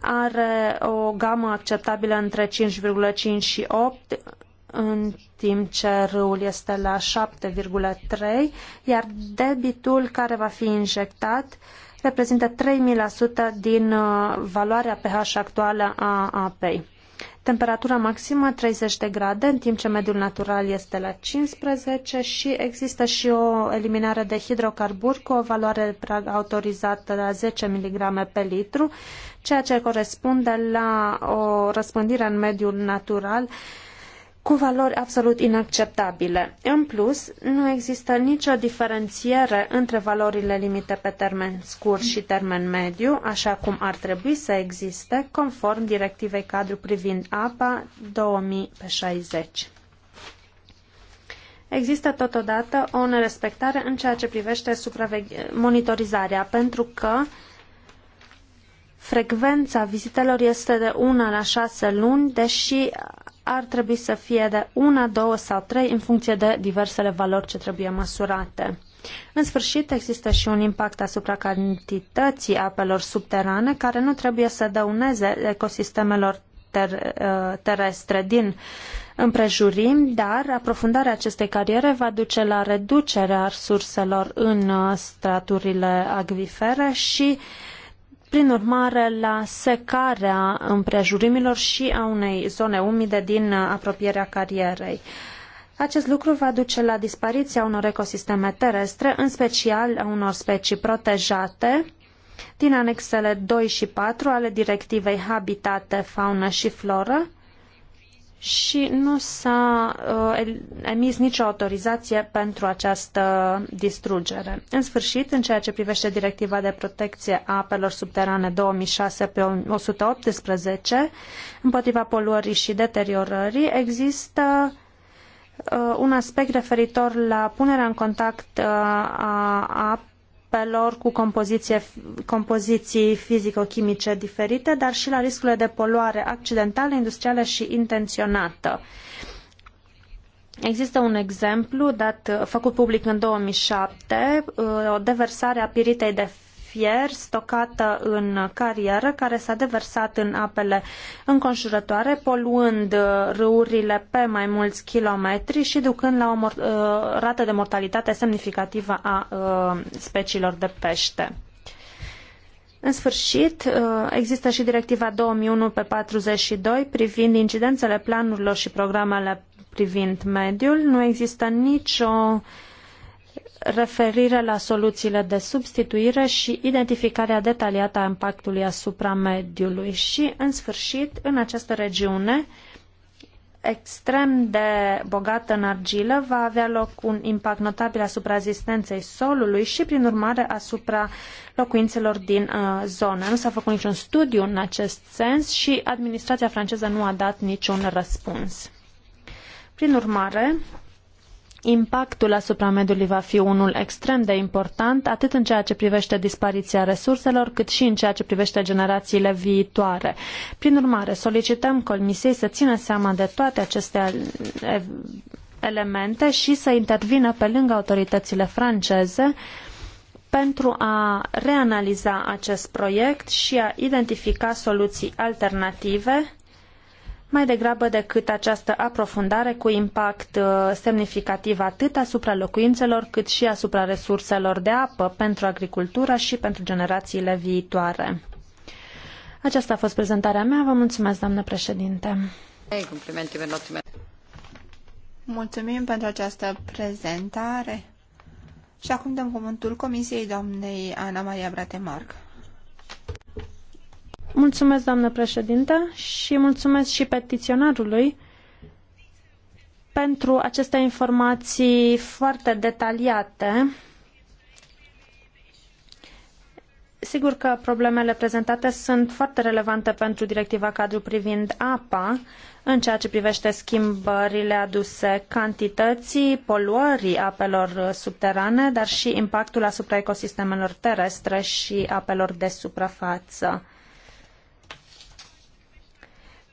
are o gamă acceptabilă între 5,5 și 8, în timp ce râul este la 7,3, iar debitul care va fi injectat reprezintă 3000% din uh, valoarea pH actuală a apei. Temperatura maximă 30 de grade, în timp ce mediul natural este la 15 și există și o eliminare de hidrocarburi cu o valoare autorizată la 10 mg pe litru, ceea ce corespunde la o răspândire în mediul natural uh, cu valori absolut inacceptabile. În plus, nu există nicio diferențiere între valorile limite pe termen scurt și termen mediu, așa cum ar trebui să existe, conform directivei cadru privind apa 2060. Există totodată o nerespectare în ceea ce privește monitorizarea, pentru că frecvența vizitelor este de una la șase luni, deși ar trebui să fie de una, două sau trei în funcție de diversele valori ce trebuie măsurate. În sfârșit, există și un impact asupra cantității apelor subterane care nu trebuie să dăuneze ecosistemelor ter- uh, terestre din împrejurim, dar aprofundarea acestei cariere va duce la reducerea surselor în uh, straturile acvifere și uh, prin urmare la secarea împrejurimilor și a unei zone umide din apropierea carierei. Acest lucru va duce la dispariția unor ecosisteme terestre, în special a unor specii protejate, din anexele 2 și 4 ale directivei Habitate, Faună și Floră, și nu s-a uh, emis nicio autorizație pentru această distrugere. În sfârșit, în ceea ce privește directiva de protecție a apelor subterane 2006 pe 118, împotriva poluării și deteriorării, există uh, un aspect referitor la punerea în contact uh, a apelor apelor cu compoziție, compoziții fizico-chimice diferite, dar și la riscurile de poluare accidentală, industrială și intenționată. Există un exemplu dat, făcut public în 2007, uh, o deversare a piritei de fier stocată în carieră care s-a deversat în apele înconjurătoare, poluând râurile pe mai mulți kilometri și ducând la o uh, rată de mortalitate semnificativă a uh, speciilor de pește. În sfârșit, uh, există și directiva 2001 pe 42 privind incidențele planurilor și programele privind mediul. Nu există nicio referire la soluțiile de substituire și identificarea detaliată a impactului asupra mediului. Și, în sfârșit, în această regiune extrem de bogată în argilă va avea loc un impact notabil asupra rezistenței solului și, prin urmare, asupra locuințelor din uh, zonă. Nu s-a făcut niciun studiu în acest sens și administrația franceză nu a dat niciun răspuns. Prin urmare, impactul asupra mediului va fi unul extrem de important, atât în ceea ce privește dispariția resurselor, cât și în ceea ce privește generațiile viitoare. Prin urmare, solicităm Comisiei să țină seama de toate aceste elemente și să intervină pe lângă autoritățile franceze pentru a reanaliza acest proiect și a identifica soluții alternative mai degrabă decât această aprofundare cu impact uh, semnificativ atât asupra locuințelor cât și asupra resurselor de apă pentru agricultură și pentru generațiile viitoare. Aceasta a fost prezentarea mea. Vă mulțumesc, doamnă președinte. Mulțumim pentru această prezentare. Și acum dăm cuvântul Comisiei doamnei Ana Maria Bratemarc. Mulțumesc, doamnă președintă, și mulțumesc și petiționarului pentru aceste informații foarte detaliate. Sigur că problemele prezentate sunt foarte relevante pentru directiva cadru privind apa în ceea ce privește schimbările aduse cantității, poluării apelor subterane, dar și impactul asupra ecosistemelor terestre și apelor de suprafață.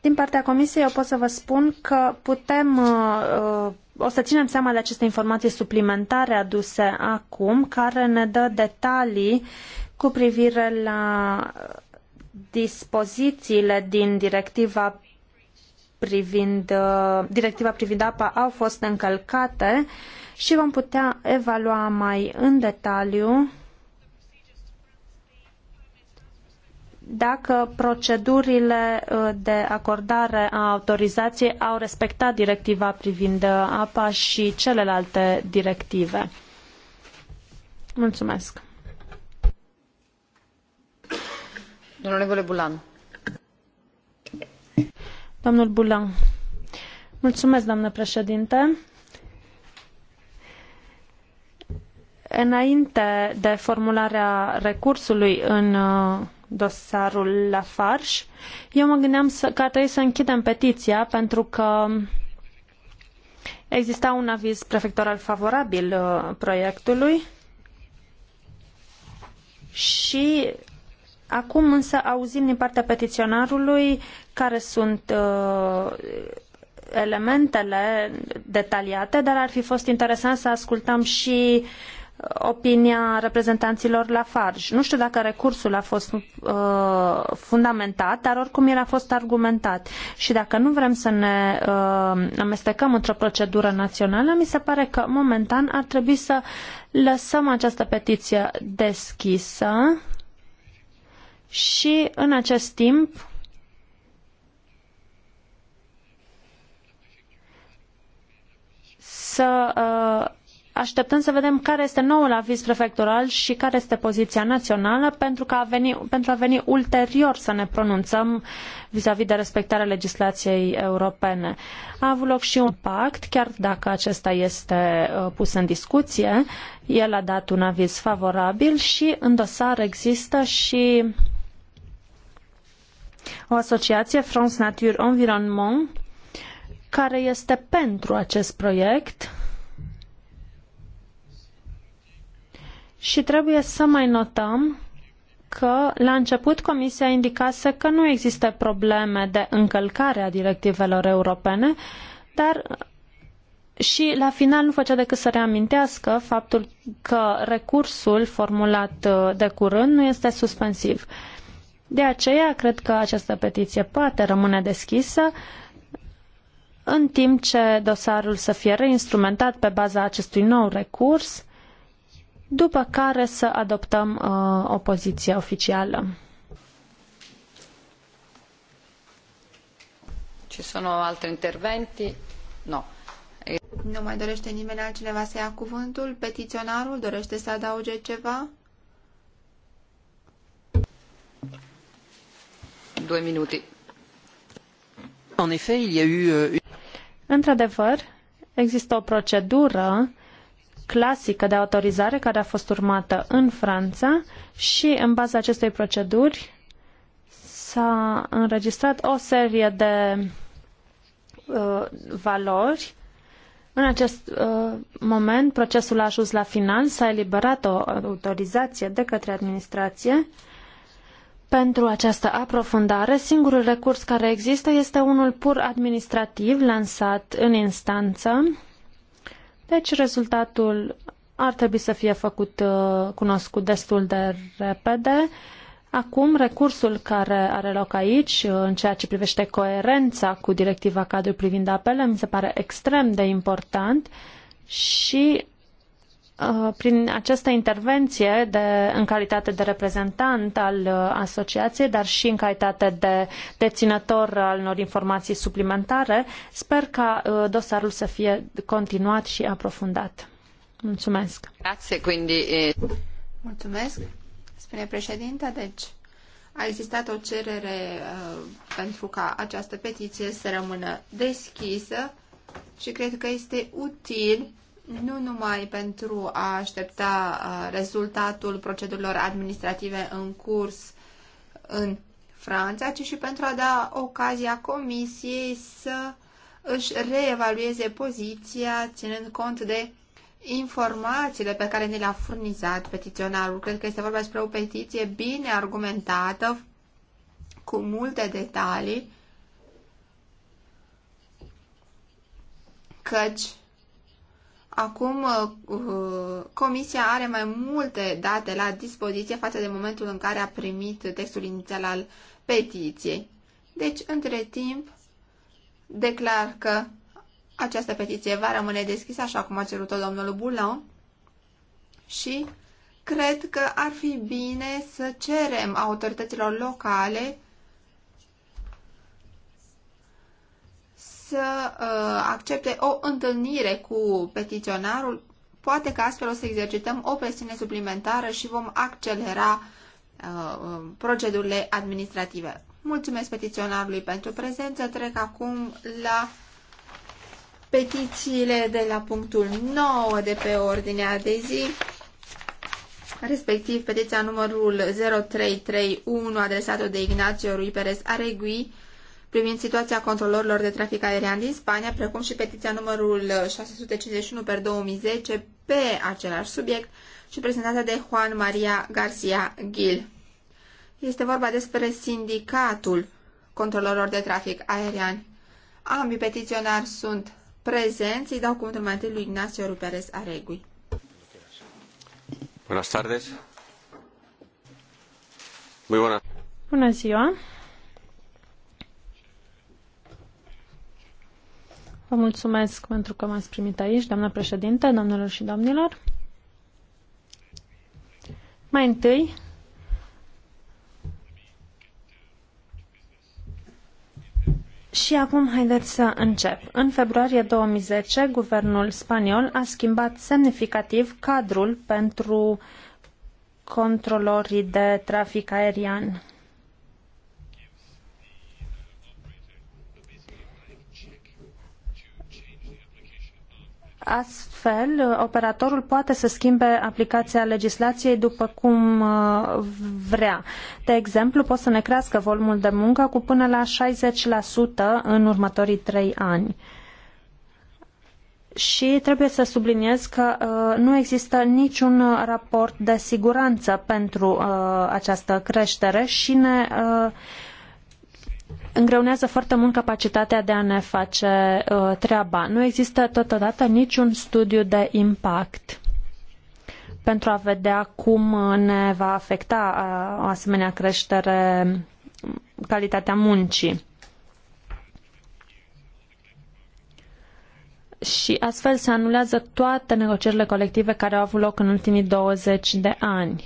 Din partea Comisiei eu pot să vă spun că putem, uh, o să ținem seama de aceste informații suplimentare aduse acum, care ne dă detalii cu privire la dispozițiile din directiva privind, uh, directiva privind apa au fost încălcate și vom putea evalua mai în detaliu dacă procedurile uh, de acordare a autorizației au respectat directiva privind uh, apa și celelalte directive. Mulțumesc. Domnule Bulan. Domnul Bulan. Mulțumesc, doamnă președinte. Înainte de formularea recursului în uh, dosarul la farș. eu mă gândeam să, că ar trebui să închidem petiția pentru că exista un aviz prefectoral favorabil uh, proiectului și acum însă auzim din partea petiționarului care sunt uh, elementele detaliate, dar ar fi fost interesant să ascultăm și uh, opinia reprezentanților Lafarge. Nu știu dacă recursul a fost uh, fundamentat, dar oricum el a fost argumentat. Și dacă nu vrem să ne uh, amestecăm într-o procedură națională, mi se pare că momentan ar trebui să lăsăm această petiție deschisă și în acest timp să uh, așteptăm să vedem care este noul aviz prefectural și care este poziția națională pentru, a veni, pentru a veni ulterior să ne pronunțăm vis-a-vis -vis de respectarea legislației europene. A avut loc și un pact, chiar dacă acesta este uh, pus în discuție, el a dat un aviz favorabil și în dosar există și o asociație, France Nature Environnement, care este pentru acest proiect Și trebuie să mai notăm că la început Comisia indicase că nu există probleme de încălcare a directivelor europene, dar și la final nu făcea decât să reamintească faptul că recursul formulat uh, de curând nu este suspensiv. De aceea, cred că această petiție poate rămâne deschisă în timp ce dosarul să fie reinstrumentat pe baza acestui nou recurs după care să adoptăm uh, o poziție oficială. Ci sunt altri interventi? No. Nu mai dorește nimeni altcineva să ia cuvântul? Petiționarul dorește să adauge ceva? Două minute. În efect, il y a eu... Euh, Într-adevăr, există o procedură clasică de autorizare care a fost urmată în Franța și în baza acestei proceduri s-a înregistrat o serie de uh, valori. În acest uh, moment, procesul a ajuns la final, s-a eliberat o autorizație de către administrație pentru această aprofundare, singurul recurs care există este unul pur administrativ lansat în instanță deci rezultatul ar trebui să fie făcut uh, cunoscut destul de repede. Acum, recursul care are loc aici, uh, în ceea ce privește coerența cu directiva cadru privind apele, mi se pare extrem de important și Uh, prin această intervenție de, în calitate de reprezentant al uh, asociației, dar și în calitate de deținător al unor informații suplimentare, sper ca uh, dosarul să fie continuat și aprofundat. Mulțumesc. Grazie, quindi, Mulțumesc. Spune președinte, deci a existat o cerere uh, pentru ca această petiție să rămână deschisă și cred că este util nu numai pentru a aștepta uh, rezultatul procedurilor administrative în curs în Franța, ci și pentru a da ocazia Comisiei să își reevalueze poziția, ținând cont de informațiile pe care ne le-a furnizat petiționarul. Cred că este vorba despre o petiție bine argumentată, cu multe detalii, căci Acum, uh, uh, Comisia are mai multe date la dispoziție față de momentul în care a primit textul inițial al petiției. Deci, între timp, declar că această petiție va rămâne deschisă, așa cum a cerut-o domnul Boulon, și cred că ar fi bine să cerem autorităților locale să uh, accepte o întâlnire cu petiționarul, poate că astfel o să exercităm o presiune suplimentară și vom accelera uh, uh, procedurile administrative. Mulțumesc petiționarului pentru prezență. Trec acum la petițiile de la punctul 9 de pe ordinea de zi, respectiv petiția numărul 0331 adresată de Ignacio Rui Perez Aregui privind situația controlorilor de trafic aerian din Spania, precum și petiția numărul 651 uh, per 2010 pe același subiect și prezentată de Juan Maria Garcia Gil. Este vorba despre sindicatul controlorilor de trafic aerian. Ambii petiționari sunt prezenți. Îi dau cuvântul mai întâi lui Ignacio Ruperes Aregui. Buenas tardes. Muy buenas. Bună ziua. Vă mulțumesc pentru că m-ați primit aici, doamna președinte, doamnelor și domnilor. Mai întâi, Și acum haideți să încep. În februarie 2010, guvernul spaniol a schimbat semnificativ cadrul pentru controlorii de trafic aerian. Astfel, operatorul poate să schimbe aplicația legislației după cum uh, vrea. De exemplu, poate să ne crească volumul de muncă cu până la 60% în următorii trei ani. Și trebuie să subliniez că uh, nu există niciun raport de siguranță pentru uh, această creștere și ne uh, îngreunează foarte mult capacitatea de a ne face uh, treaba. Nu există totodată niciun studiu de impact pentru a vedea cum uh, ne va afecta uh, o asemenea creștere calitatea muncii. Și astfel se anulează toate negocierile colective care au avut loc în ultimii 20 de ani.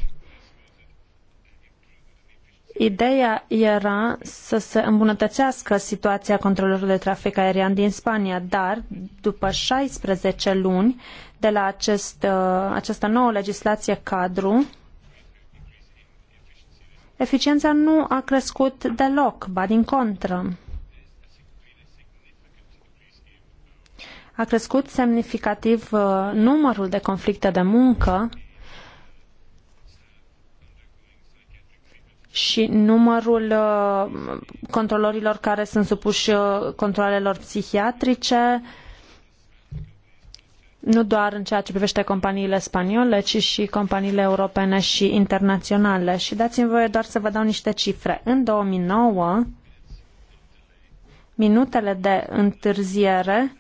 Ideea era să se îmbunătățească situația controlorilor de trafic aerian din Spania, dar după 16 luni de la acest, uh, această nouă legislație cadru, eficiența nu a crescut deloc, ba din contră. A crescut semnificativ uh, numărul de conflicte de muncă și numărul uh, controlorilor care sunt supuși uh, controlelor psihiatrice, nu doar în ceea ce privește companiile spaniole, ci și companiile europene și internaționale. Și dați-mi voie doar să vă dau niște cifre. În 2009, minutele de întârziere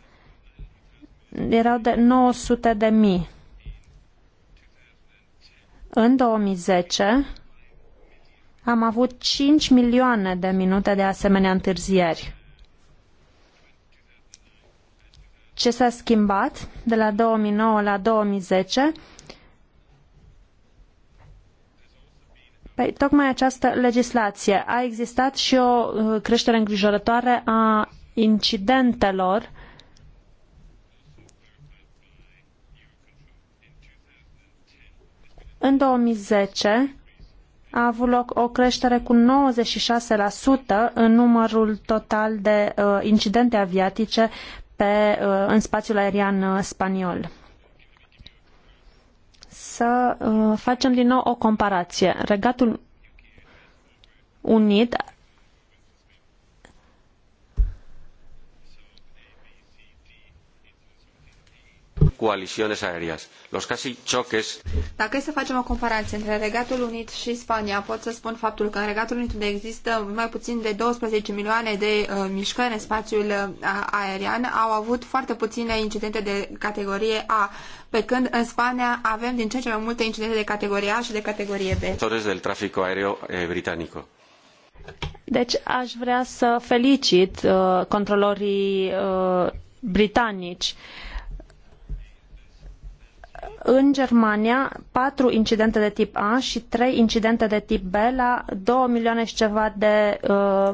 erau de 900 de mii. În 2010, am avut 5 milioane de minute de asemenea întârzieri. Ce s-a schimbat de la 2009 la 2010? Păi, tocmai această legislație. A existat și o uh, creștere îngrijorătoare a incidentelor în 2010 a avut loc o creștere cu 96% în numărul total de uh, incidente aviatice pe, uh, în spațiul aerian uh, spaniol. Să uh, facem din nou o comparație. Regatul Unit coaliciones aéreas, los casi choques. Dacă e să facem o comparație între Regatul Unit și Spania, pot să spun faptul că în Regatul Unit unde există mai puțin de 12 milioane de uh, mișcări în spațiul uh, aerian, au avut foarte puține incidente de categorie A, pe când în Spania avem din ce în ce mai multe incidente de categorie A și de categorie B. del tráfico aéreo eh, británico. Deci aș vrea să felicit uh, controlorii uh, britanici. Uh, în Germania patru incidente de tip A și trei incidente de tip B la 2 milioane și ceva de uh,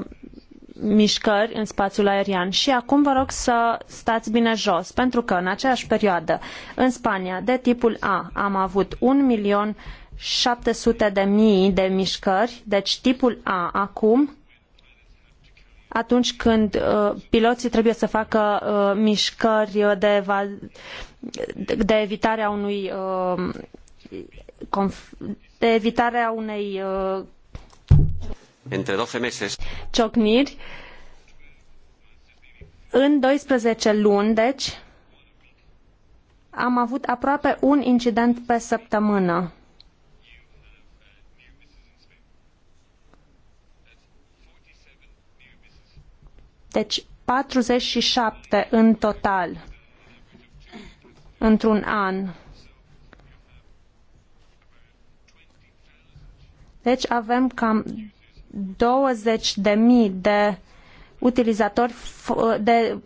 mișcări în spațiul aerian. Și acum vă rog să stați bine jos, pentru că în aceeași perioadă, în Spania, de tipul A, am avut 1 milion 700 de mii de mișcări, deci tipul A acum, atunci când uh, piloții trebuie să facă uh, mișcări de evad- de evitarea unui uh, de evitarea unei uh, între 12 meses ciocniri în 12 luni, deci am avut aproape un incident pe săptămână. Deci 47 în total într-un an. Deci avem cam 20.000 de mii de utilizatori de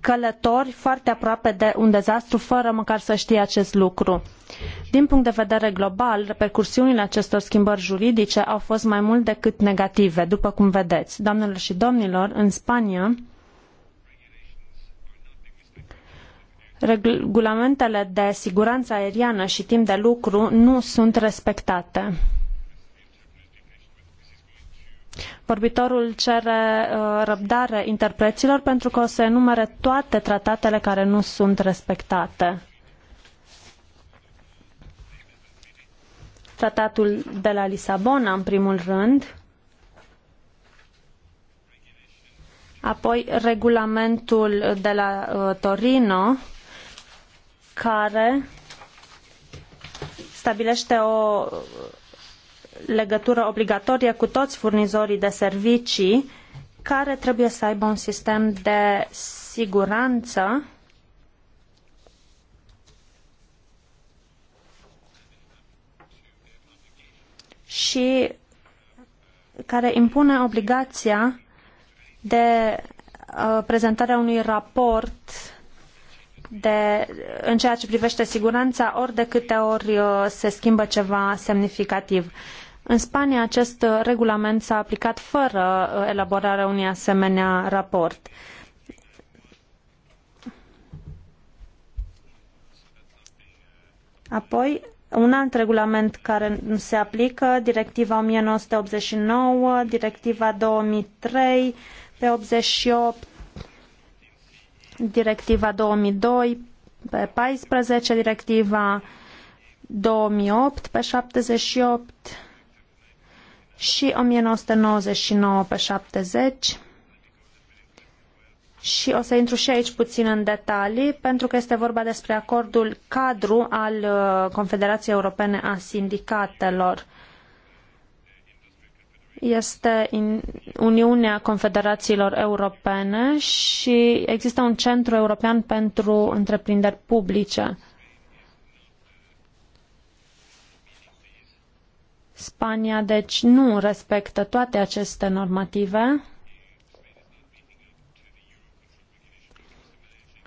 călători foarte aproape de un dezastru fără măcar să știe acest lucru. Din punct de vedere global, repercursiunile acestor schimbări juridice au fost mai mult decât negative, după cum vedeți. Doamnelor și domnilor, în Spania, regulamentele de siguranță aeriană și timp de lucru nu sunt respectate. Vorbitorul cere uh, răbdare interpreților pentru că o să enumere toate tratatele care nu sunt respectate. Tratatul de la Lisabona, în primul rând, apoi regulamentul de la uh, Torino, care stabilește o legătură obligatorie cu toți furnizorii de servicii care trebuie să aibă un sistem de siguranță și care impune obligația de uh, prezentarea unui raport de, în ceea ce privește siguranța, ori de câte ori uh, se schimbă ceva semnificativ. În Spania acest uh, regulament s-a aplicat fără uh, elaborarea unui asemenea raport. Apoi, un alt regulament care se aplică, directiva 1989, directiva 2003 pe 88, directiva 2002 pe 14, directiva 2008 pe 78 și 1999 pe 70. Și o să intru și aici puțin în detalii, pentru că este vorba despre acordul cadru al uh, Confederației Europene a Sindicatelor este Uniunea Confederațiilor Europene și există un centru european pentru întreprinderi publice. Spania, deci, nu respectă toate aceste normative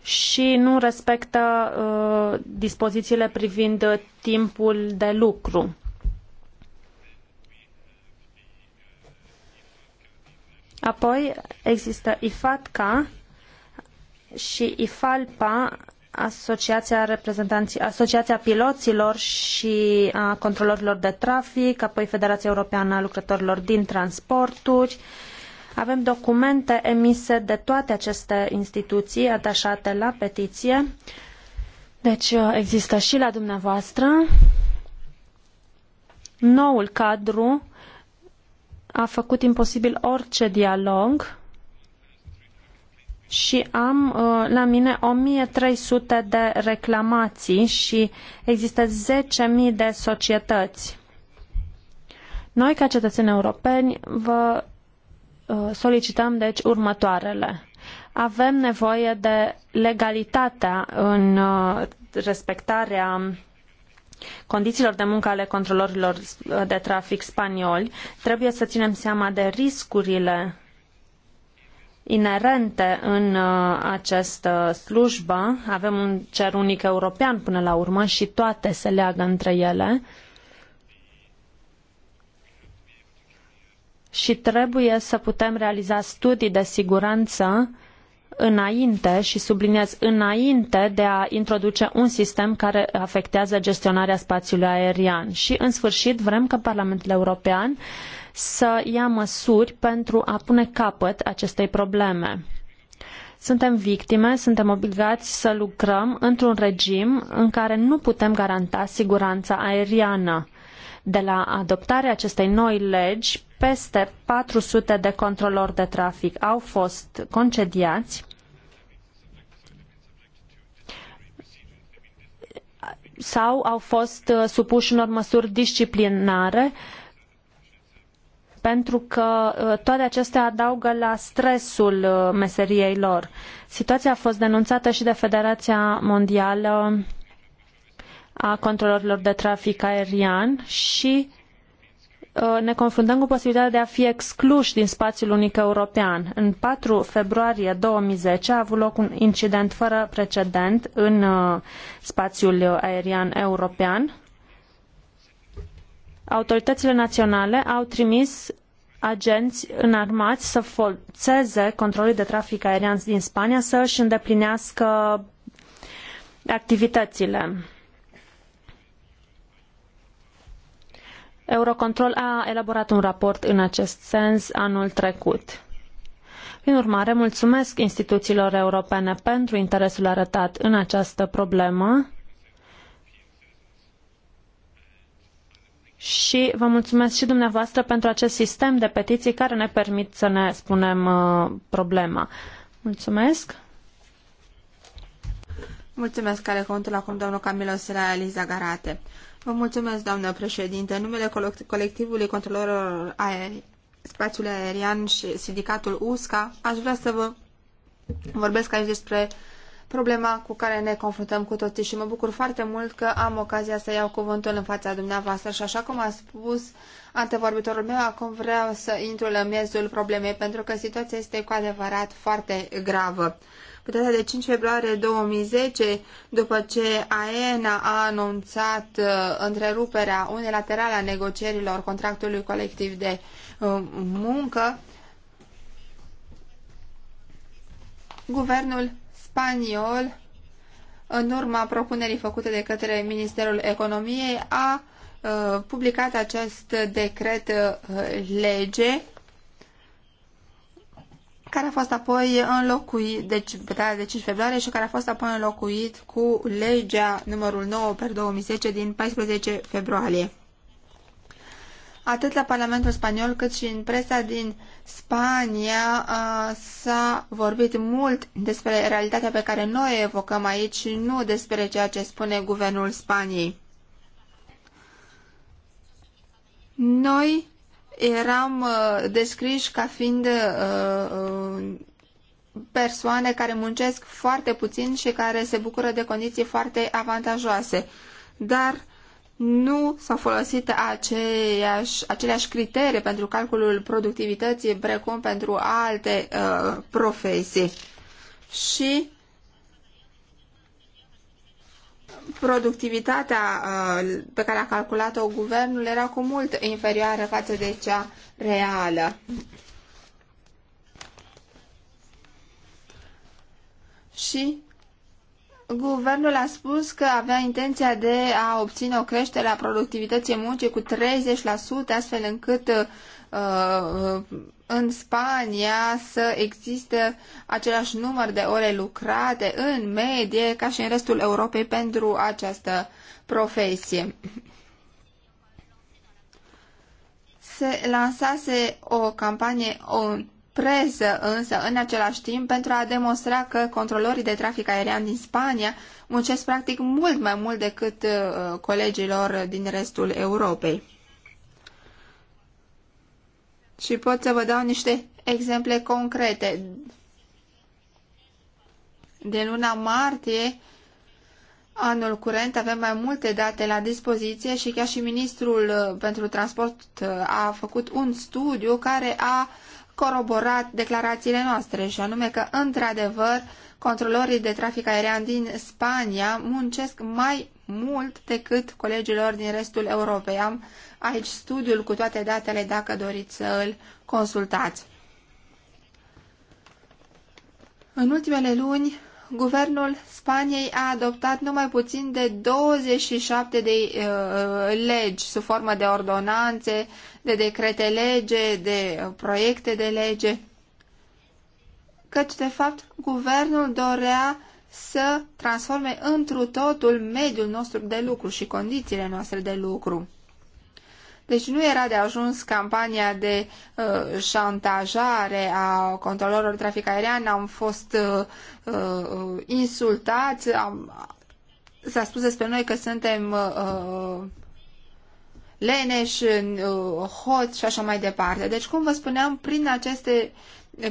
și nu respectă uh, dispozițiile privind timpul de lucru. Apoi există IFATCA și IFALPA, Asociația, Reprezentanții, Asociația Piloților și a Controlorilor de Trafic, apoi Federația Europeană a Lucrătorilor din Transporturi. Avem documente emise de toate aceste instituții atașate la petiție. Deci uh, există și la dumneavoastră noul cadru a făcut imposibil orice dialog și am uh, la mine 1300 de reclamații și există 10.000 de societăți. Noi, ca cetățeni europeni, vă uh, solicităm deci următoarele. Avem nevoie de legalitatea în uh, respectarea condițiilor de muncă ale controlorilor de trafic spanioli, trebuie să ținem seama de riscurile inerente în uh, această slujbă. Avem un cer unic european până la urmă și toate se leagă între ele. Și trebuie să putem realiza studii de siguranță înainte și subliniez înainte de a introduce un sistem care afectează gestionarea spațiului aerian. Și în sfârșit vrem ca Parlamentul European să ia măsuri pentru a pune capăt acestei probleme. Suntem victime, suntem obligați să lucrăm într-un regim în care nu putem garanta siguranța aeriană. De la adoptarea acestei noi legi peste 400 de controlori de trafic au fost concediați. sau au fost uh, supuși unor măsuri disciplinare pentru că uh, toate acestea adaugă la stresul uh, meseriei lor. Situația a fost denunțată și de Federația Mondială a Controlorilor de Trafic Aerian și Uh, ne confruntăm cu posibilitatea de a fi excluși din spațiul unic european. În 4 februarie 2010 a avut loc un incident fără precedent în uh, spațiul aerian european. Autoritățile naționale au trimis agenți înarmați să forțeze controlul de trafic aerian din Spania să își îndeplinească activitățile. Eurocontrol a elaborat un raport în acest sens anul trecut. Prin urmare, mulțumesc instituțiilor europene pentru interesul arătat în această problemă și vă mulțumesc și dumneavoastră pentru acest sistem de petiții care ne permit să ne spunem uh, problema. Mulțumesc! Mulțumesc, care contul acum domnul Camilo Sela Eliza Garate. Vă mulțumesc, doamnă președinte. În numele colectivului controlorilor aeri, spațiului aerian și sindicatul USCA, aș vrea să vă vorbesc aici despre problema cu care ne confruntăm cu toții și mă bucur foarte mult că am ocazia să iau cuvântul în fața dumneavoastră și așa cum a spus antevorbitorul meu, acum vreau să intru la miezul problemei pentru că situația este cu adevărat foarte gravă cu data de 5 februarie 2010, după ce AENA a anunțat uh, întreruperea unilaterală a negocierilor contractului colectiv de uh, muncă, guvernul spaniol, în urma propunerii făcute de către Ministerul Economiei, a uh, publicat acest decret uh, lege care a fost apoi înlocuit, deci pe data de 5 februarie și care a fost apoi înlocuit cu legea numărul 9 per 2010 din 14 februarie. Atât la Parlamentul Spaniol cât și în presa din Spania s-a vorbit mult despre realitatea pe care noi o evocăm aici și nu despre ceea ce spune guvernul Spaniei. Noi eram uh, descriși ca fiind uh, uh, persoane care muncesc foarte puțin și care se bucură de condiții foarte avantajoase. Dar nu s-au folosit aceleași, aceleași criterii pentru calculul productivității precum pentru alte uh, profesii. Și productivitatea uh, pe care a calculat-o guvernul era cu mult inferioară față de cea reală. Și guvernul a spus că avea intenția de a obține o creștere a productivității muncii cu 30%, astfel încât uh, uh în Spania să existe același număr de ore lucrate în medie ca și în restul Europei pentru această profesie. Se lansase o campanie o presă însă în același timp pentru a demonstra că controlorii de trafic aerian din Spania muncesc practic mult mai mult decât uh, colegilor din restul Europei și pot să vă dau niște exemple concrete. De luna martie, anul curent, avem mai multe date la dispoziție și chiar și Ministrul uh, pentru Transport uh, a făcut un studiu care a coroborat declarațiile noastre și anume că, într-adevăr, controlorii de trafic aerian din Spania muncesc mai mult decât colegilor din restul Europei. Am aici studiul cu toate datele dacă doriți să îl consultați. În ultimele luni, guvernul Spaniei a adoptat numai puțin de 27 de uh, legi sub formă de ordonanțe, de decrete lege, de uh, proiecte de lege, căci de fapt guvernul dorea să transforme întru totul mediul nostru de lucru și condițiile noastre de lucru. Deci nu era de ajuns campania de uh, șantajare a controlorilor trafic aerian, am fost uh, uh, insultați, am, s-a spus despre noi că suntem uh, uh leneși, uh, hoți și așa mai departe. Deci, cum vă spuneam, prin aceste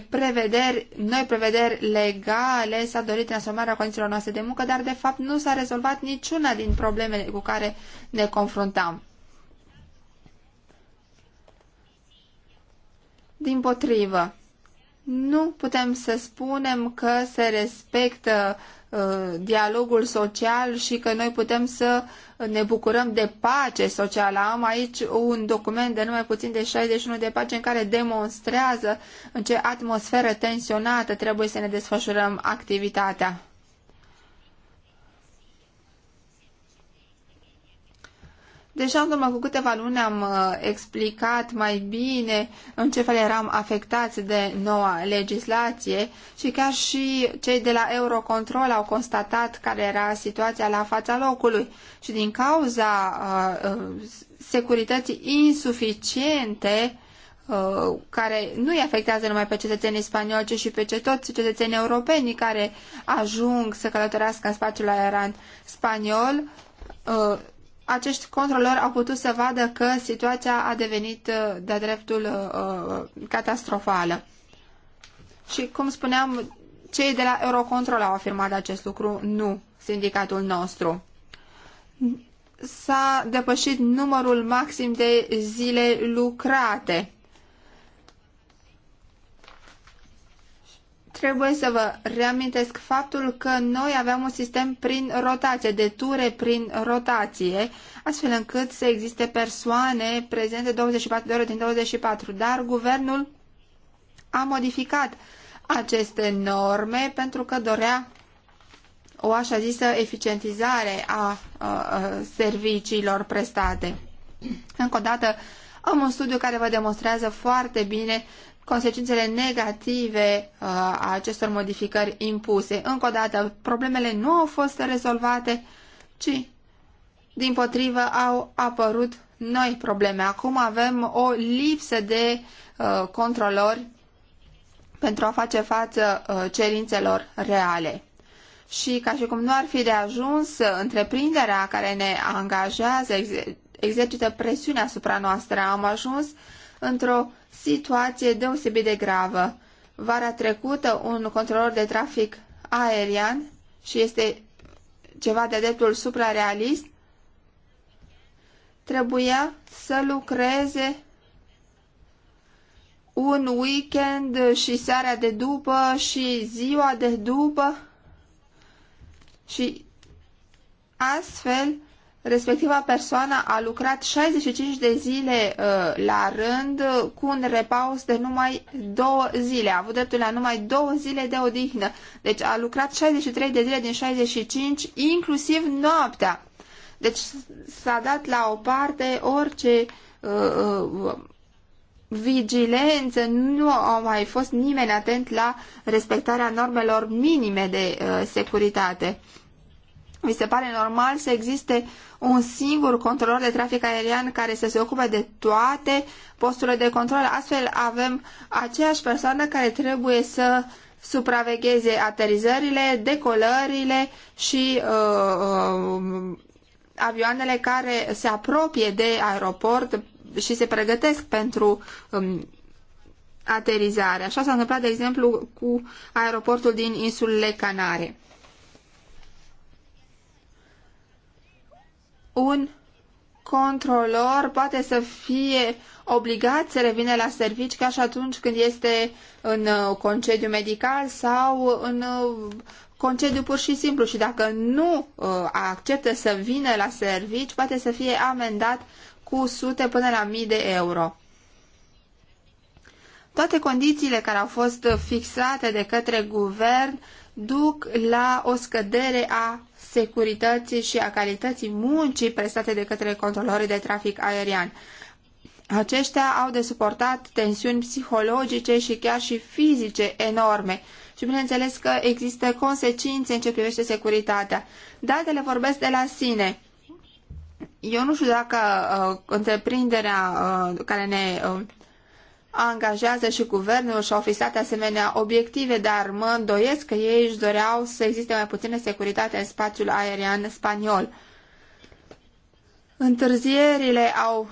prevederi, noi prevederi legale s-a dorit transformarea condițiilor noastre de muncă, dar de fapt nu s-a rezolvat niciuna din problemele cu care ne confruntam. Din potrivă, nu putem să spunem că se respectă uh, Uh, dialogul social și că noi putem să ne bucurăm de pace socială. Am aici un document de numai puțin de 61 de pagini care demonstrează în ce atmosferă tensionată trebuie să ne desfășurăm activitatea. Deja în urmă cu câteva luni am uh, explicat mai bine în ce fel eram afectați de noua legislație și chiar și cei de la Eurocontrol au constatat care era situația la fața locului și din cauza uh, uh securității insuficiente uh, care nu îi afectează numai pe cetățenii spanioli, ci și pe toți cetățenii europeni care ajung să călătorească în spațiul aeran spaniol, acești controlori au putut să vadă că situația a devenit uh, de dreptul uh, uh, catastrofală. Și, cum spuneam, cei de la Eurocontrol au afirmat acest lucru, nu sindicatul nostru. S-a depășit numărul maxim de zile lucrate trebuie să vă reamintesc faptul că noi aveam un sistem prin rotație, de ture prin rotație, astfel încât să existe persoane prezente 24 de ore din 24, dar guvernul a modificat aceste norme pentru că dorea o așa zisă eficientizare a, a, a serviciilor prestate. Încă o dată, am un studiu care vă demonstrează foarte bine consecințele negative uh, a acestor modificări impuse. Încă o dată, problemele nu au fost rezolvate, ci, din potrivă, au apărut noi probleme. Acum avem o lipsă de uh, controlori pentru a face față uh, cerințelor reale. Și ca și cum nu ar fi de ajuns, întreprinderea care ne angajează exer exercită presiunea asupra noastră. Am ajuns într-o situație deosebit de gravă. Vara trecută, un controlor de trafic aerian, și este ceva de dreptul suprarealist, trebuia să lucreze un weekend și seara de după și ziua de după și astfel respectiva persoană a lucrat 65 de zile uh, la rând cu un repaus de numai două zile. A avut dreptul la numai două zile de odihnă. Deci a lucrat 63 de zile din 65, inclusiv noaptea. Deci s-a dat la o parte orice uh, uh, vigilență, nu a mai fost nimeni atent la respectarea normelor minime de uh, securitate. Mi se pare normal să existe un singur controlor de trafic aerian care să se ocupe de toate posturile de control? Astfel avem aceeași persoană care trebuie să supravegheze aterizările, decolările și uh, uh, avioanele care se apropie de aeroport și se pregătesc pentru um, aterizare. Așa s-a întâmplat, de exemplu, cu aeroportul din insulele Canare. un controlor poate să fie obligat să revină la servici ca și atunci când este în uh, concediu medical sau în uh, concediu pur și simplu și dacă nu uh, acceptă să vină la servici, poate să fie amendat cu sute până la mii de euro. Toate condițiile care au fost fixate de către guvern duc la o scădere a securității și a calității muncii prestate de către controlorii de trafic aerian. Aceștia au de suportat tensiuni psihologice și chiar și fizice enorme și bineînțeles că există consecințe în ce privește securitatea. Datele vorbesc de la sine. Eu nu știu dacă uh, întreprinderea uh, care ne uh, angajează și guvernul și-au fixat asemenea obiective, dar mă îndoiesc că ei își doreau să existe mai puțină securitate în spațiul aerian spaniol. Întârzierile au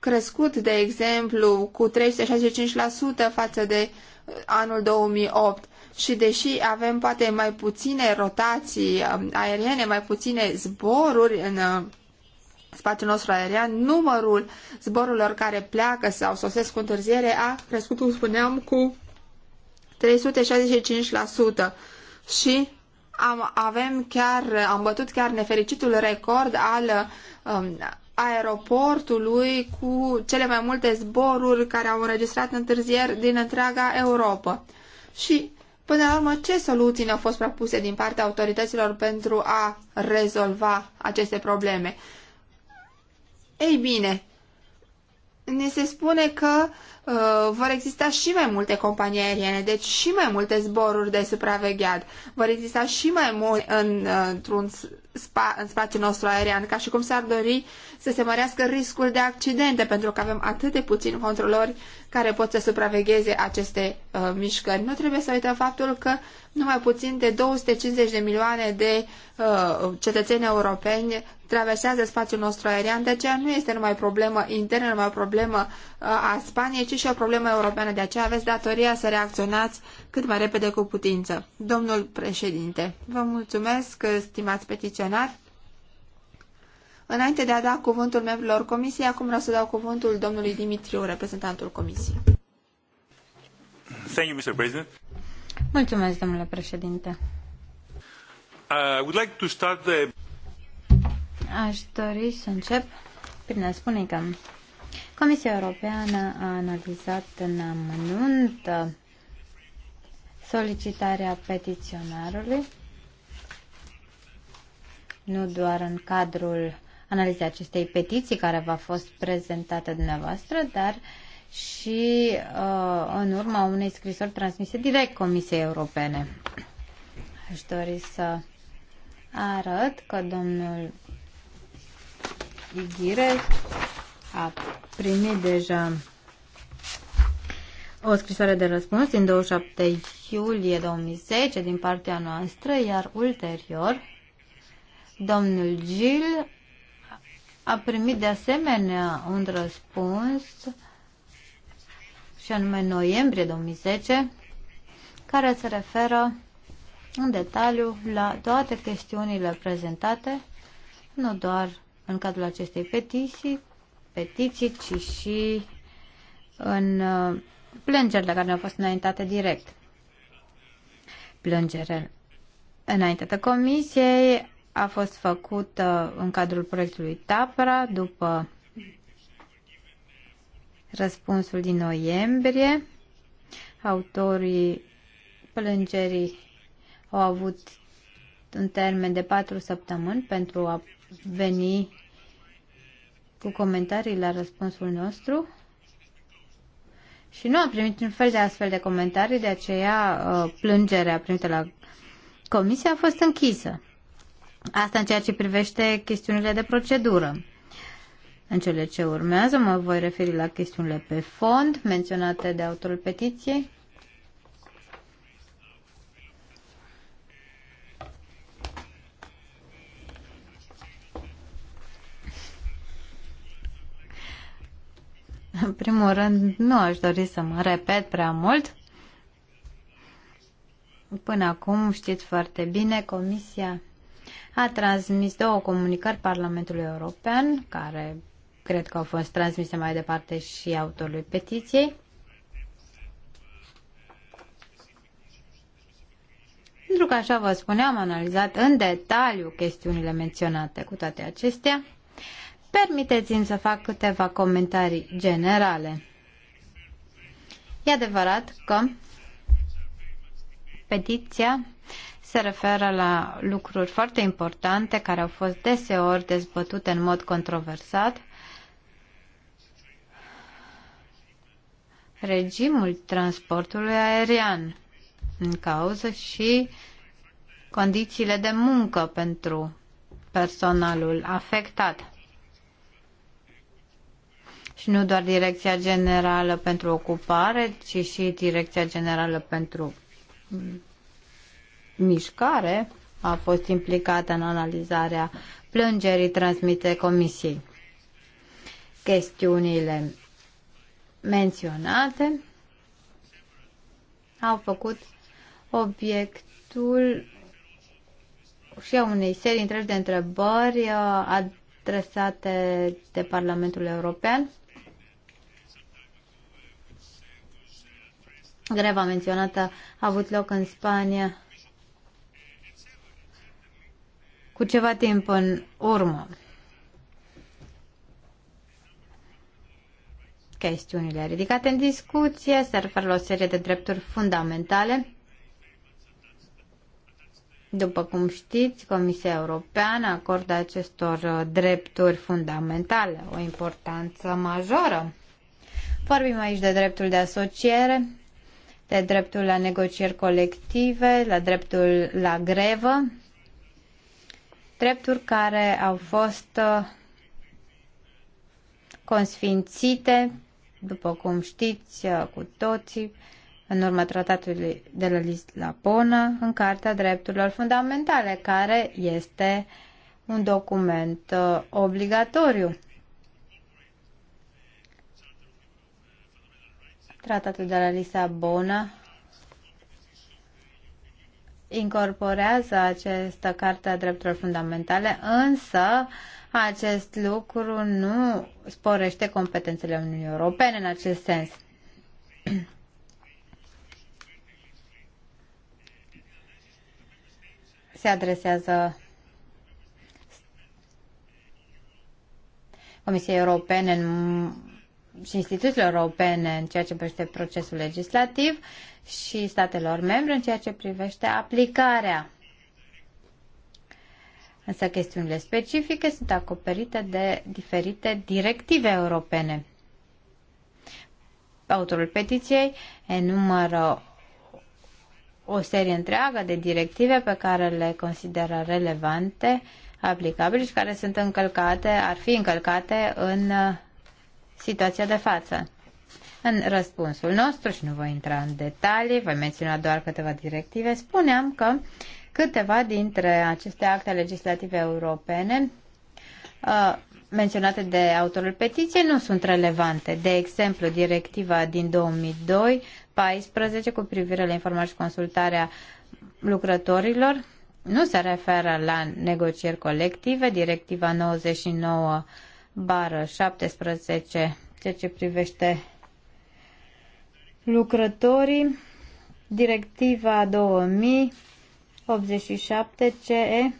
crescut, de exemplu, cu 365% față de uh, anul 2008 și deși avem poate mai puține rotații um, aeriene, mai puține zboruri în uh, spațiul nostru aerian, numărul zborurilor care pleacă sau sosesc cu întârziere a crescut, cum spuneam, cu 365% și am, avem chiar, am bătut chiar nefericitul record al um, aeroportului cu cele mai multe zboruri care au înregistrat întârzieri din întreaga Europa. Și, până la urmă, ce soluții ne-au fost propuse din partea autorităților pentru a rezolva aceste probleme? Ei bine, ne se spune că uh, vor exista și mai multe companii aeriene, deci și mai multe zboruri de supravegheat, vor exista și mai multe în, uh, într-un spa, în spațiul nostru aerian, ca și cum s-ar dori să se mărească riscul de accidente, pentru că avem atât de puțini controlori care pot să supravegheze aceste uh, mișcări. Nu trebuie să uităm faptul că numai puțin de 250 de milioane de uh, cetățeni europeni traversează spațiul nostru aerian, de aceea nu este numai problemă internă, numai o problemă uh, a Spaniei, ci și o problemă europeană. De aceea aveți datoria să reacționați uh, cât mai repede cu putință. Domnul președinte, vă mulțumesc, stimați peticionar. Înainte de a da cuvântul membrilor comisiei, acum vreau să dau cuvântul domnului Dimitriu, reprezentantul comisiei. Thank you, Mr. President. Mulțumesc, domnule președinte. Uh, I would like to start the... Aș dori să încep prin a spune că Comisia Europeană a analizat în amănunt solicitarea petiționarului, nu doar în cadrul analizei acestei petiții care v-a fost prezentată dumneavoastră, dar și uh, în urma unei scrisori transmise direct Comisiei Europene. Aș dori să arăt că domnul Ighire a primit deja o scrisoare de răspuns din 27 iulie 2010 din partea noastră, iar ulterior domnul Gil a primit de asemenea un răspuns și anume noiembrie 2010 care se referă în detaliu la toate chestiunile prezentate, nu doar în cadrul acestei petiții, petiții, ci și în uh, plângerile care ne-au fost înaintate direct plângere. Înaintată comisiei a fost făcută uh, în cadrul proiectului TAPRA după răspunsul din noiembrie. Autorii plângerii au avut în termen de patru săptămâni pentru a veni cu comentarii la răspunsul nostru. Și nu a primit un fel de astfel de comentarii, de aceea uh, plângerea primită la comisie a fost închisă. Asta în ceea ce privește chestiunile de procedură. În cele ce urmează mă voi referi la chestiunile pe fond menționate de autorul petiției. În primul rând, nu aș dori să mă repet prea mult. Până acum, știți foarte bine, Comisia a transmis două comunicări Parlamentului European, care cred că au fost transmise mai departe și autorului petiției. Pentru că, așa vă spuneam, am analizat în detaliu chestiunile menționate cu toate acestea. Permiteți-mi să fac câteva comentarii generale. E adevărat că petiția se referă la lucruri foarte importante care au fost deseori dezbătute în mod controversat. Regimul transportului aerian în cauză și condițiile de muncă pentru personalul afectat și nu doar Direcția Generală pentru Ocupare, ci și Direcția Generală pentru Mișcare a fost implicată în analizarea plângerii transmite Comisiei. Chestiunile menționate au făcut obiectul și a unei serii întregi de întrebări uh, adresate de Parlamentul European Greva menționată a avut loc în Spania cu ceva timp în urmă. Chestiunile ridicate în discuție se referă la o serie de drepturi fundamentale. După cum știți, Comisia Europeană acordă acestor uh, drepturi fundamentale o importanță majoră. Vorbim aici de dreptul de asociere, de dreptul la negocieri colective, la dreptul la grevă, drepturi care au fost uh, consfințite, după cum știți uh, cu toții, în urma tratatului de la Lisabona, în Carta Drepturilor Fundamentale, care este un document uh, obligatoriu Tratatul de la Lisabona incorporează această carte a drepturilor fundamentale, însă acest lucru nu sporește competențele Uniunii Europene în acest sens. Se adresează Comisiei Europene în și instituțiilor europene în ceea ce privește procesul legislativ și statelor membre în ceea ce privește aplicarea. Însă chestiunile specifice sunt acoperite de diferite directive europene. Autorul petiției enumără o serie întreagă de directive pe care le consideră relevante, aplicabile și care sunt încălcate, ar fi încălcate în situația de față. În răspunsul nostru, și nu voi intra în detalii, voi menționa doar câteva directive, spuneam că câteva dintre aceste acte legislative europene uh, menționate de autorul petiției nu sunt relevante. De exemplu, directiva din 2002 14 cu privire la informare și consultarea lucrătorilor nu se referă la negocieri colective. Directiva 99 bară 17, ceea ce privește lucrătorii, directiva 2087 CE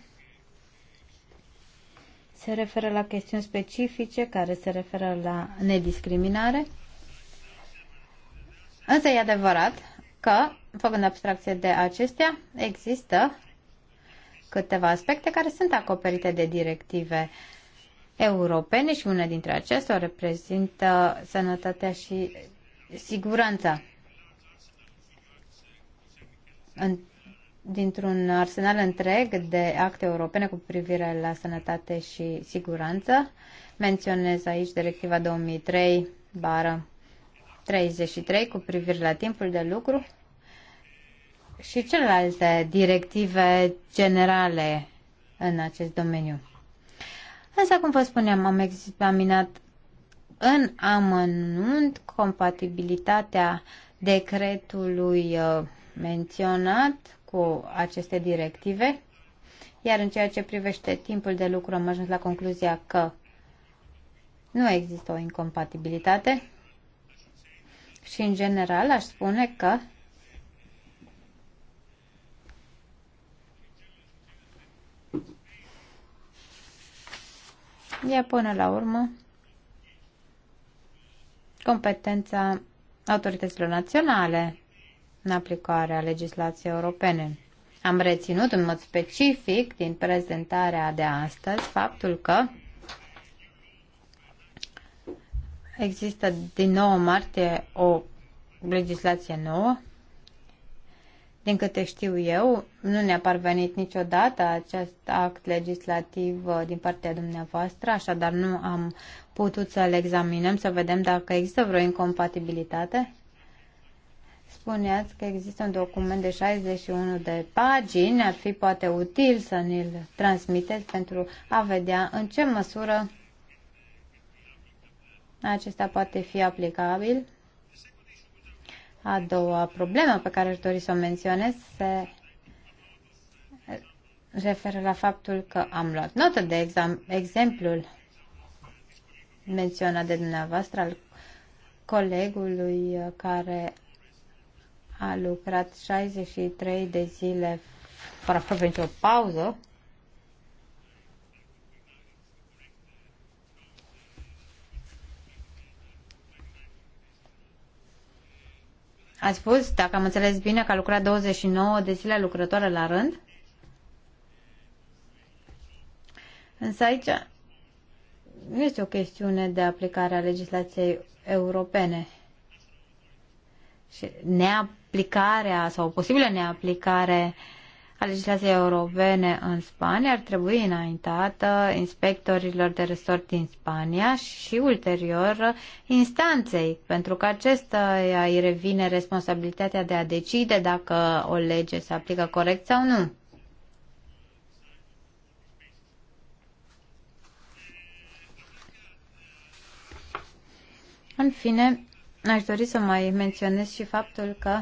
se referă la chestiuni specifice care se referă la nediscriminare. Însă e adevărat că, făcând abstracție de acestea, există câteva aspecte care sunt acoperite de directive europene și una dintre acestea reprezintă sănătatea și siguranța. În, dintr-un arsenal întreg de acte europene cu privire la sănătate și siguranță, menționez aici Directiva 2003 bară 33 cu privire la timpul de lucru și celelalte directive generale în acest domeniu. Însă, cum vă spuneam, am examinat în amănunt compatibilitatea decretului uh, menționat cu aceste directive, iar în ceea ce privește timpul de lucru am ajuns la concluzia că nu există o incompatibilitate și, în general, aș spune că e până la urmă competența autorităților naționale în aplicarea legislației europene. Am reținut în mod specific din prezentarea de astăzi faptul că există din 9 martie o legislație nouă din câte știu eu, nu ne-a parvenit niciodată acest act legislativ uh, din partea dumneavoastră, așadar nu am putut să-l examinăm, să vedem dacă există vreo incompatibilitate. Spuneați că există un document de 61 de pagini, ar fi poate util să ne-l transmiteți pentru a vedea în ce măsură acesta poate fi aplicabil. A doua problemă pe care aș dori să o menționez se referă la faptul că am luat notă de exam- exemplul menționat de dumneavoastră al colegului care a lucrat 63 de zile fără aproape nicio pauză Ați spus, dacă am înțeles bine, că a lucrat 29 de zile lucrătoare la rând? Însă aici nu este o chestiune de aplicare a legislației europene. Și neaplicarea sau posibilă neaplicare uh, a legislației europene în Spania ar trebui înaintată inspectorilor de resort din Spania și ulterior instanței, pentru că acesta îi revine responsabilitatea de a decide dacă o lege se aplică corect sau nu. În fine, aș dori să mai menționez și faptul că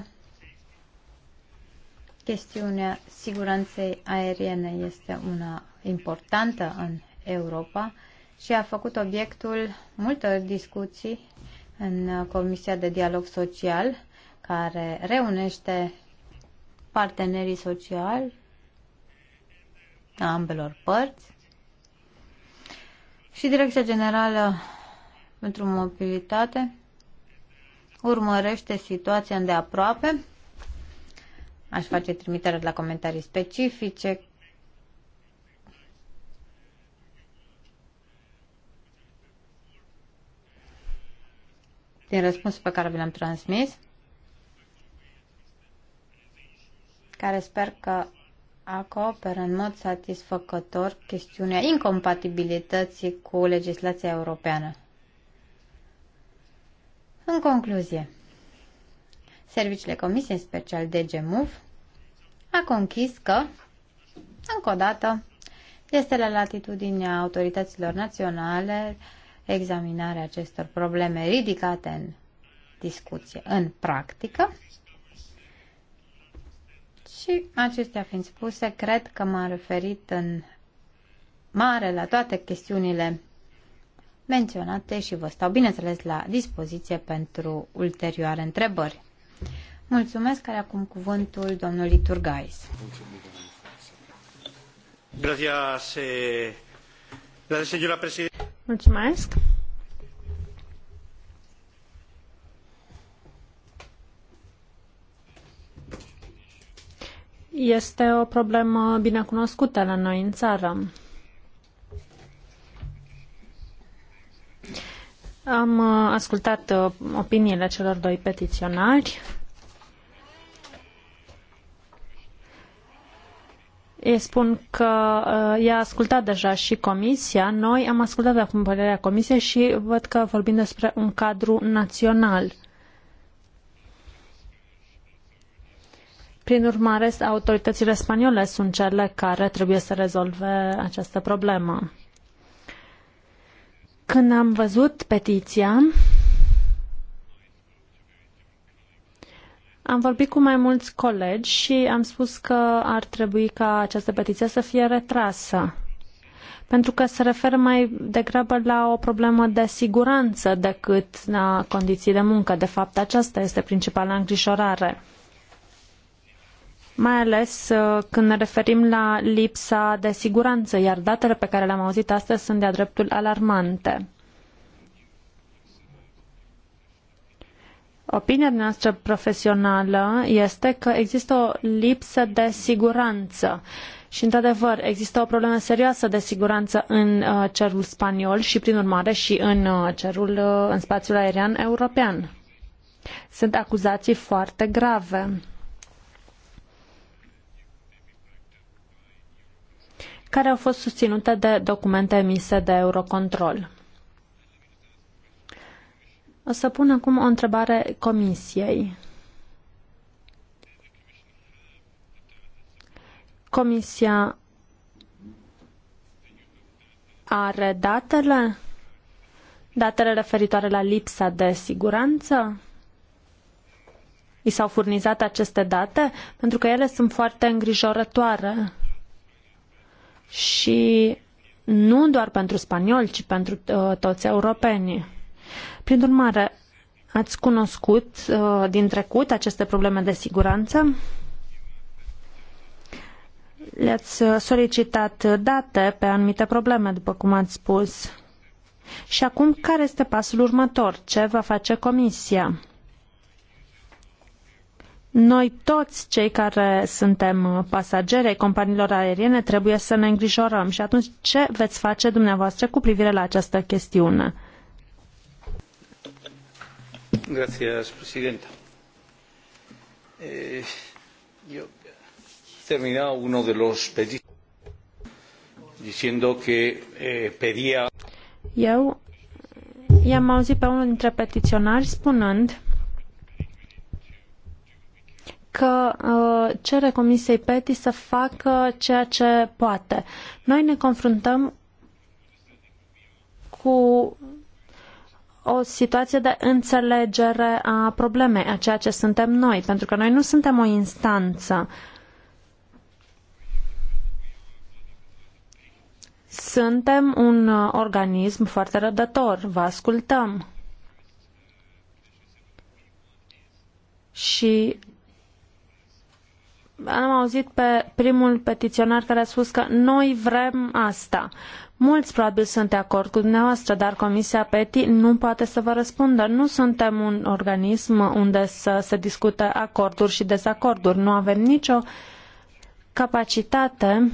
Chestiunea siguranței aeriene este una importantă în Europa și a făcut obiectul multor discuții în Comisia de Dialog Social, care reunește partenerii sociali a ambelor părți și Direcția Generală pentru Mobilitate urmărește situația de aproape Aș face trimitere la comentarii specifice. Din răspunsul pe care vi l-am transmis, care sper că acoperă în mod satisfăcător chestiunea incompatibilității cu legislația europeană. În concluzie, Serviciile Comisiei, în special DGMUV, a conchis că, încă o dată, este la latitudinea autorităților naționale examinarea acestor probleme ridicate în discuție, în practică. Și acestea fiind spuse, cred că m a referit în mare la toate chestiunile menționate și vă stau, bineînțeles, la dispoziție pentru ulterioare întrebări. Mulțumesc, care acum cuvântul domnului Turgais. Eh, Mulțumesc. Este o problemă binecunoscută la noi în țară. Am uh, ascultat uh, opiniile celor doi petiționari. Ei spun că uh, i-a ascultat deja și comisia. Noi am ascultat acum părerea comisiei și văd că vorbim despre un cadru național. Prin urmare, autoritățile spaniole sunt cele care trebuie să rezolve această problemă. Când am văzut petiția, am vorbit cu mai mulți colegi și am spus că ar trebui ca această petiție să fie retrasă pentru că se referă mai degrabă la o problemă de siguranță decât la condiții de muncă. De fapt, aceasta este principala îngrijorare mai ales uh, când ne referim la lipsa de siguranță, iar datele pe care le-am auzit astăzi sunt de-a dreptul alarmante. Opinia noastră profesională este că există o lipsă de siguranță. Și, într-adevăr, există o problemă serioasă de siguranță în uh, cerul spaniol și, prin urmare, și în uh, cerul, uh, în spațiul aerian european. Sunt acuzații foarte grave. care au fost susținute de documente emise de Eurocontrol. O să pun acum o întrebare Comisiei. Comisia are datele? Datele referitoare la lipsa de siguranță? I s-au furnizat aceste date? Pentru că ele sunt foarte îngrijorătoare și nu doar pentru spanioli, ci pentru uh, toți europenii. Prin urmare, ați cunoscut uh, din trecut aceste probleme de siguranță? Le-ați uh, solicitat date pe anumite probleme, după cum ați spus. Și acum, care este pasul următor? Ce va face Comisia? Noi toți cei care suntem pasageri ai companiilor aeriene trebuie să ne îngrijorăm și atunci ce veți face dumneavoastră cu privire la această chestiune? Gracias, Presidenta. Eh, yo terminaba uno de los pedidos diciendo que eh, pedía. Eu i-am auzit pe unul dintre petiționari spunând că uh, cere Comisiei PETI să facă ceea ce poate. Noi ne confruntăm cu o situație de înțelegere a problemei, a ceea ce suntem noi, pentru că noi nu suntem o instanță. Suntem un uh, organism foarte rădător, vă ascultăm. Și am auzit pe primul petiționar care a spus că noi vrem asta. Mulți probabil sunt de acord cu dumneavoastră, dar Comisia PETI nu poate să vă răspundă. Nu suntem un organism unde să se discute acorduri și dezacorduri. Nu avem nicio capacitate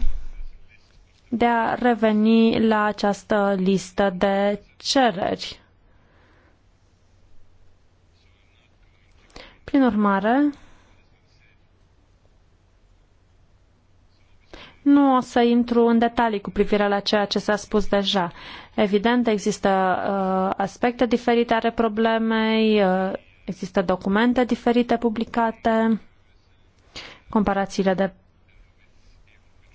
de a reveni la această listă de cereri. Prin urmare, Nu o să intru în detalii cu privire la ceea ce s-a spus deja. Evident, există uh, aspecte diferite ale problemei, uh, există documente diferite publicate, comparațiile de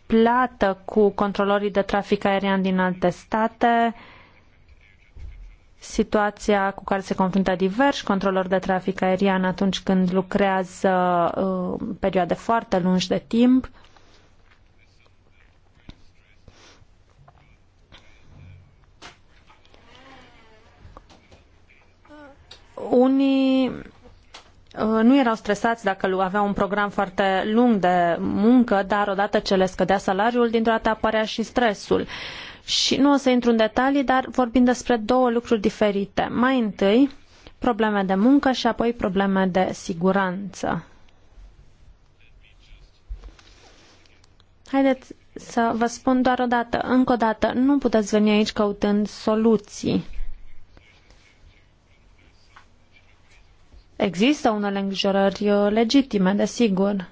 plată cu controlorii de trafic aerian din alte state, situația cu care se confruntă diversi controlori de trafic aerian atunci când lucrează uh, perioade foarte lungi de timp. unii uh, nu erau stresați dacă aveau un program foarte lung de muncă, dar odată ce le scădea salariul, dintr-o dată apărea și stresul. Și nu o să intru în detalii, dar vorbim despre două lucruri diferite. Mai întâi, probleme de muncă și apoi probleme de siguranță. Haideți să vă spun doar o dată, încă o dată, nu puteți veni aici căutând soluții Există unele îngrijorări uh, legitime, desigur.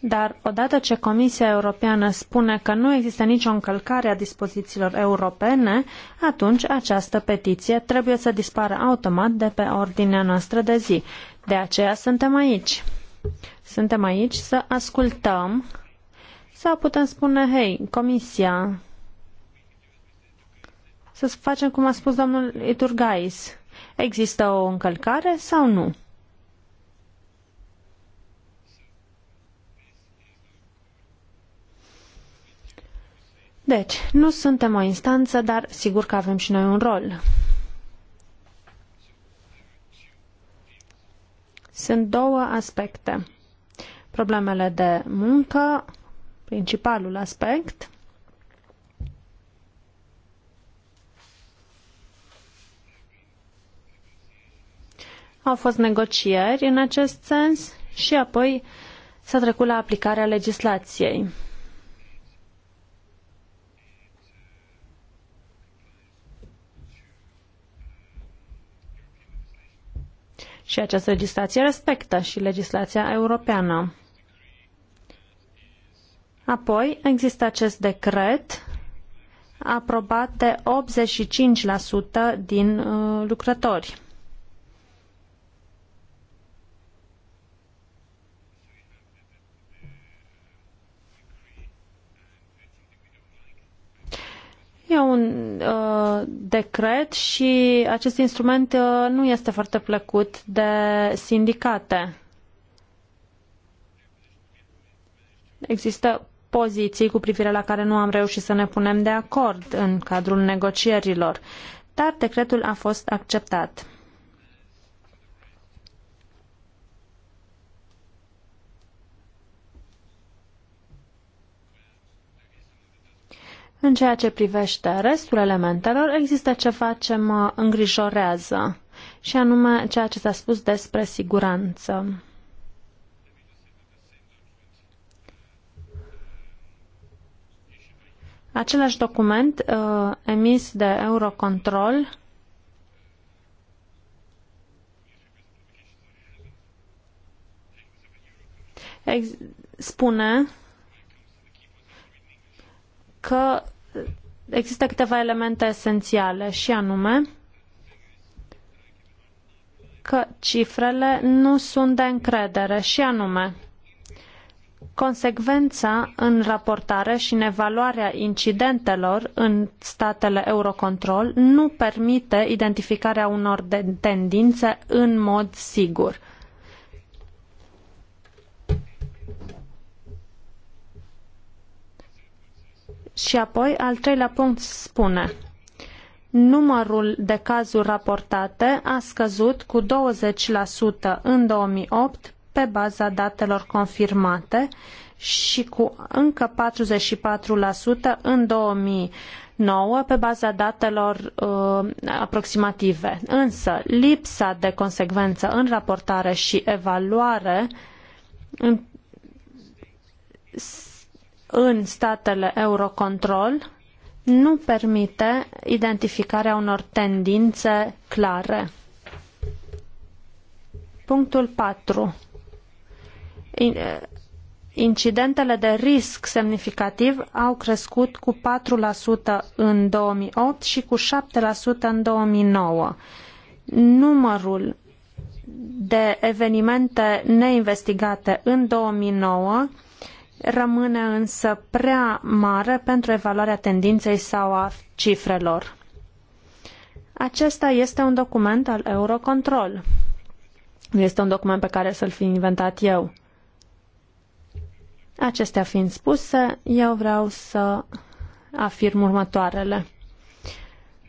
Dar odată ce Comisia Europeană spune că nu există nicio încălcare a dispozițiilor europene, atunci această petiție trebuie să dispară automat de pe ordinea noastră de zi. De aceea suntem aici. Suntem aici să ascultăm sau putem spune, hei, Comisia, să facem cum a spus domnul Iturgais. Există o încălcare sau nu? Deci, nu suntem o instanță, dar sigur că avem și noi un rol. Sunt două aspecte. Problemele de muncă, principalul aspect, Au fost negocieri în acest sens și apoi s-a trecut la aplicarea legislației. Și această legislație respectă și legislația europeană. Apoi există acest decret aprobat de 85% din uh, lucrători. E un uh, decret și acest instrument uh, nu este foarte plăcut de sindicate. Există poziții cu privire la care nu am reușit să ne punem de acord în cadrul negocierilor, dar decretul a fost acceptat. În ceea ce privește restul elementelor, există ceva ce mă îngrijorează, și anume ceea ce s-a spus despre siguranță. Același document uh, emis de Eurocontrol spune că există câteva elemente esențiale și anume că cifrele nu sunt de încredere și anume consecvența în raportare și în evaluarea incidentelor în statele Eurocontrol nu permite identificarea unor tendințe în mod sigur. Și apoi, al treilea punct spune numărul de cazuri raportate a scăzut cu 20% în 2008 pe baza datelor confirmate și cu încă 44% în 2009 pe baza datelor uh, aproximative. Însă, lipsa de consecvență în raportare și evaluare în în statele Eurocontrol nu permite identificarea unor tendințe clare. Punctul 4. Eh, incidentele de risc semnificativ au crescut cu 4% în 2008 și cu 7% în 2009. Numărul de evenimente neinvestigate în 2009 rămâne însă prea mare pentru evaluarea tendinței sau a cifrelor. Acesta este un document al Eurocontrol. Nu este un document pe care să-l fi inventat eu. Acestea fiind spuse, eu vreau să afirm următoarele.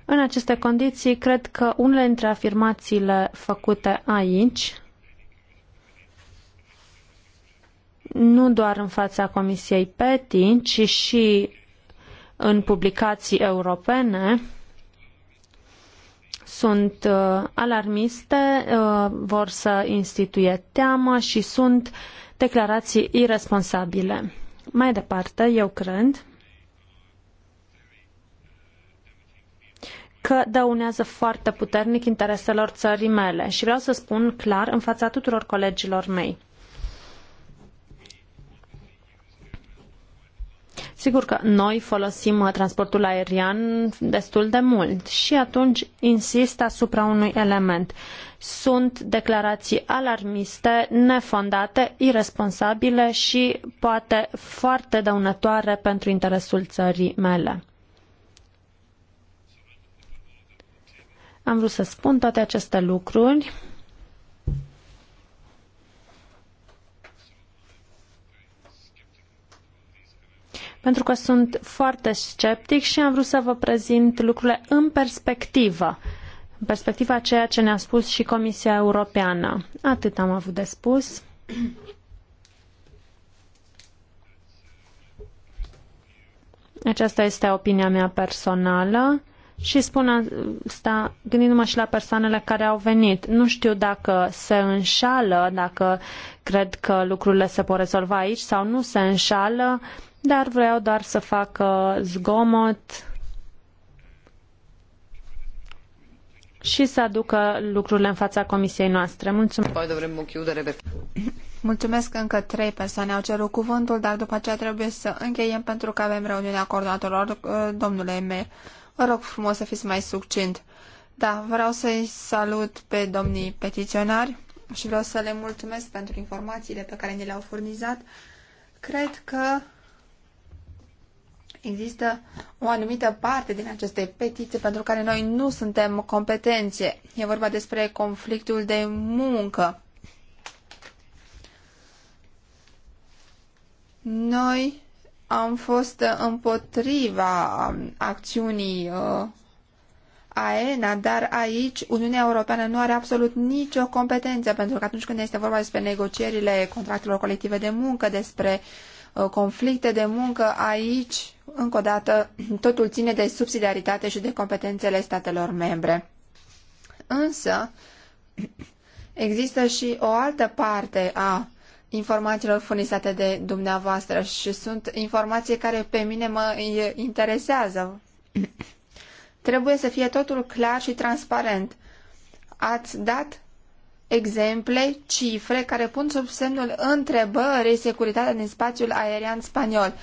În aceste condiții, cred că unele dintre afirmațiile făcute aici nu doar în fața Comisiei PETI, ci și în publicații europene sunt uh, alarmiste, uh, vor să instituie teamă și sunt declarații irresponsabile. Mai departe, eu cred că dăunează foarte puternic intereselor țării mele și vreau să spun clar în fața tuturor colegilor mei. Sigur că noi folosim uh, transportul aerian destul de mult și atunci insist asupra unui element. Sunt declarații alarmiste, nefondate, irresponsabile și poate foarte dăunătoare pentru interesul țării mele. Am vrut să spun toate aceste lucruri. pentru că sunt foarte sceptic și am vrut să vă prezint lucrurile în perspectivă, în perspectiva a ceea ce ne-a spus și Comisia Europeană. Atât am avut de spus. Aceasta este opinia mea personală și spun asta gândindu-mă și la persoanele care au venit. Nu știu dacă se înșală, dacă cred că lucrurile se pot rezolva aici sau nu se înșală. Uh, dar vreau doar să fac zgomot și să aducă lucrurile în fața comisiei noastre. Mulțumesc. Mulțumesc încă trei persoane au cerut cuvântul, dar după aceea trebuie să încheiem pentru că avem reuniunea coordonatorilor. Domnule meu, vă rog frumos să fiți mai succint. Da, vreau să-i salut pe domnii petiționari și vreau să le mulțumesc pentru informațiile pe care ni le-au furnizat. Cred că Există o anumită parte din aceste petiții pentru care noi nu suntem competențe. E vorba despre conflictul de muncă. Noi am fost împotriva acțiunii uh, AENA, dar aici Uniunea Europeană nu are absolut nicio competență, pentru că atunci când este vorba despre negocierile contractelor colective de muncă, despre uh, conflicte de muncă, aici încă o dată, totul ține de subsidiaritate și de competențele statelor membre. Însă, există și o altă parte a informațiilor furnizate de dumneavoastră și sunt informații care pe mine mă interesează. Trebuie să fie totul clar și transparent. Ați dat exemple, cifre care pun sub semnul întrebării securitatea din spațiul aerian spaniol.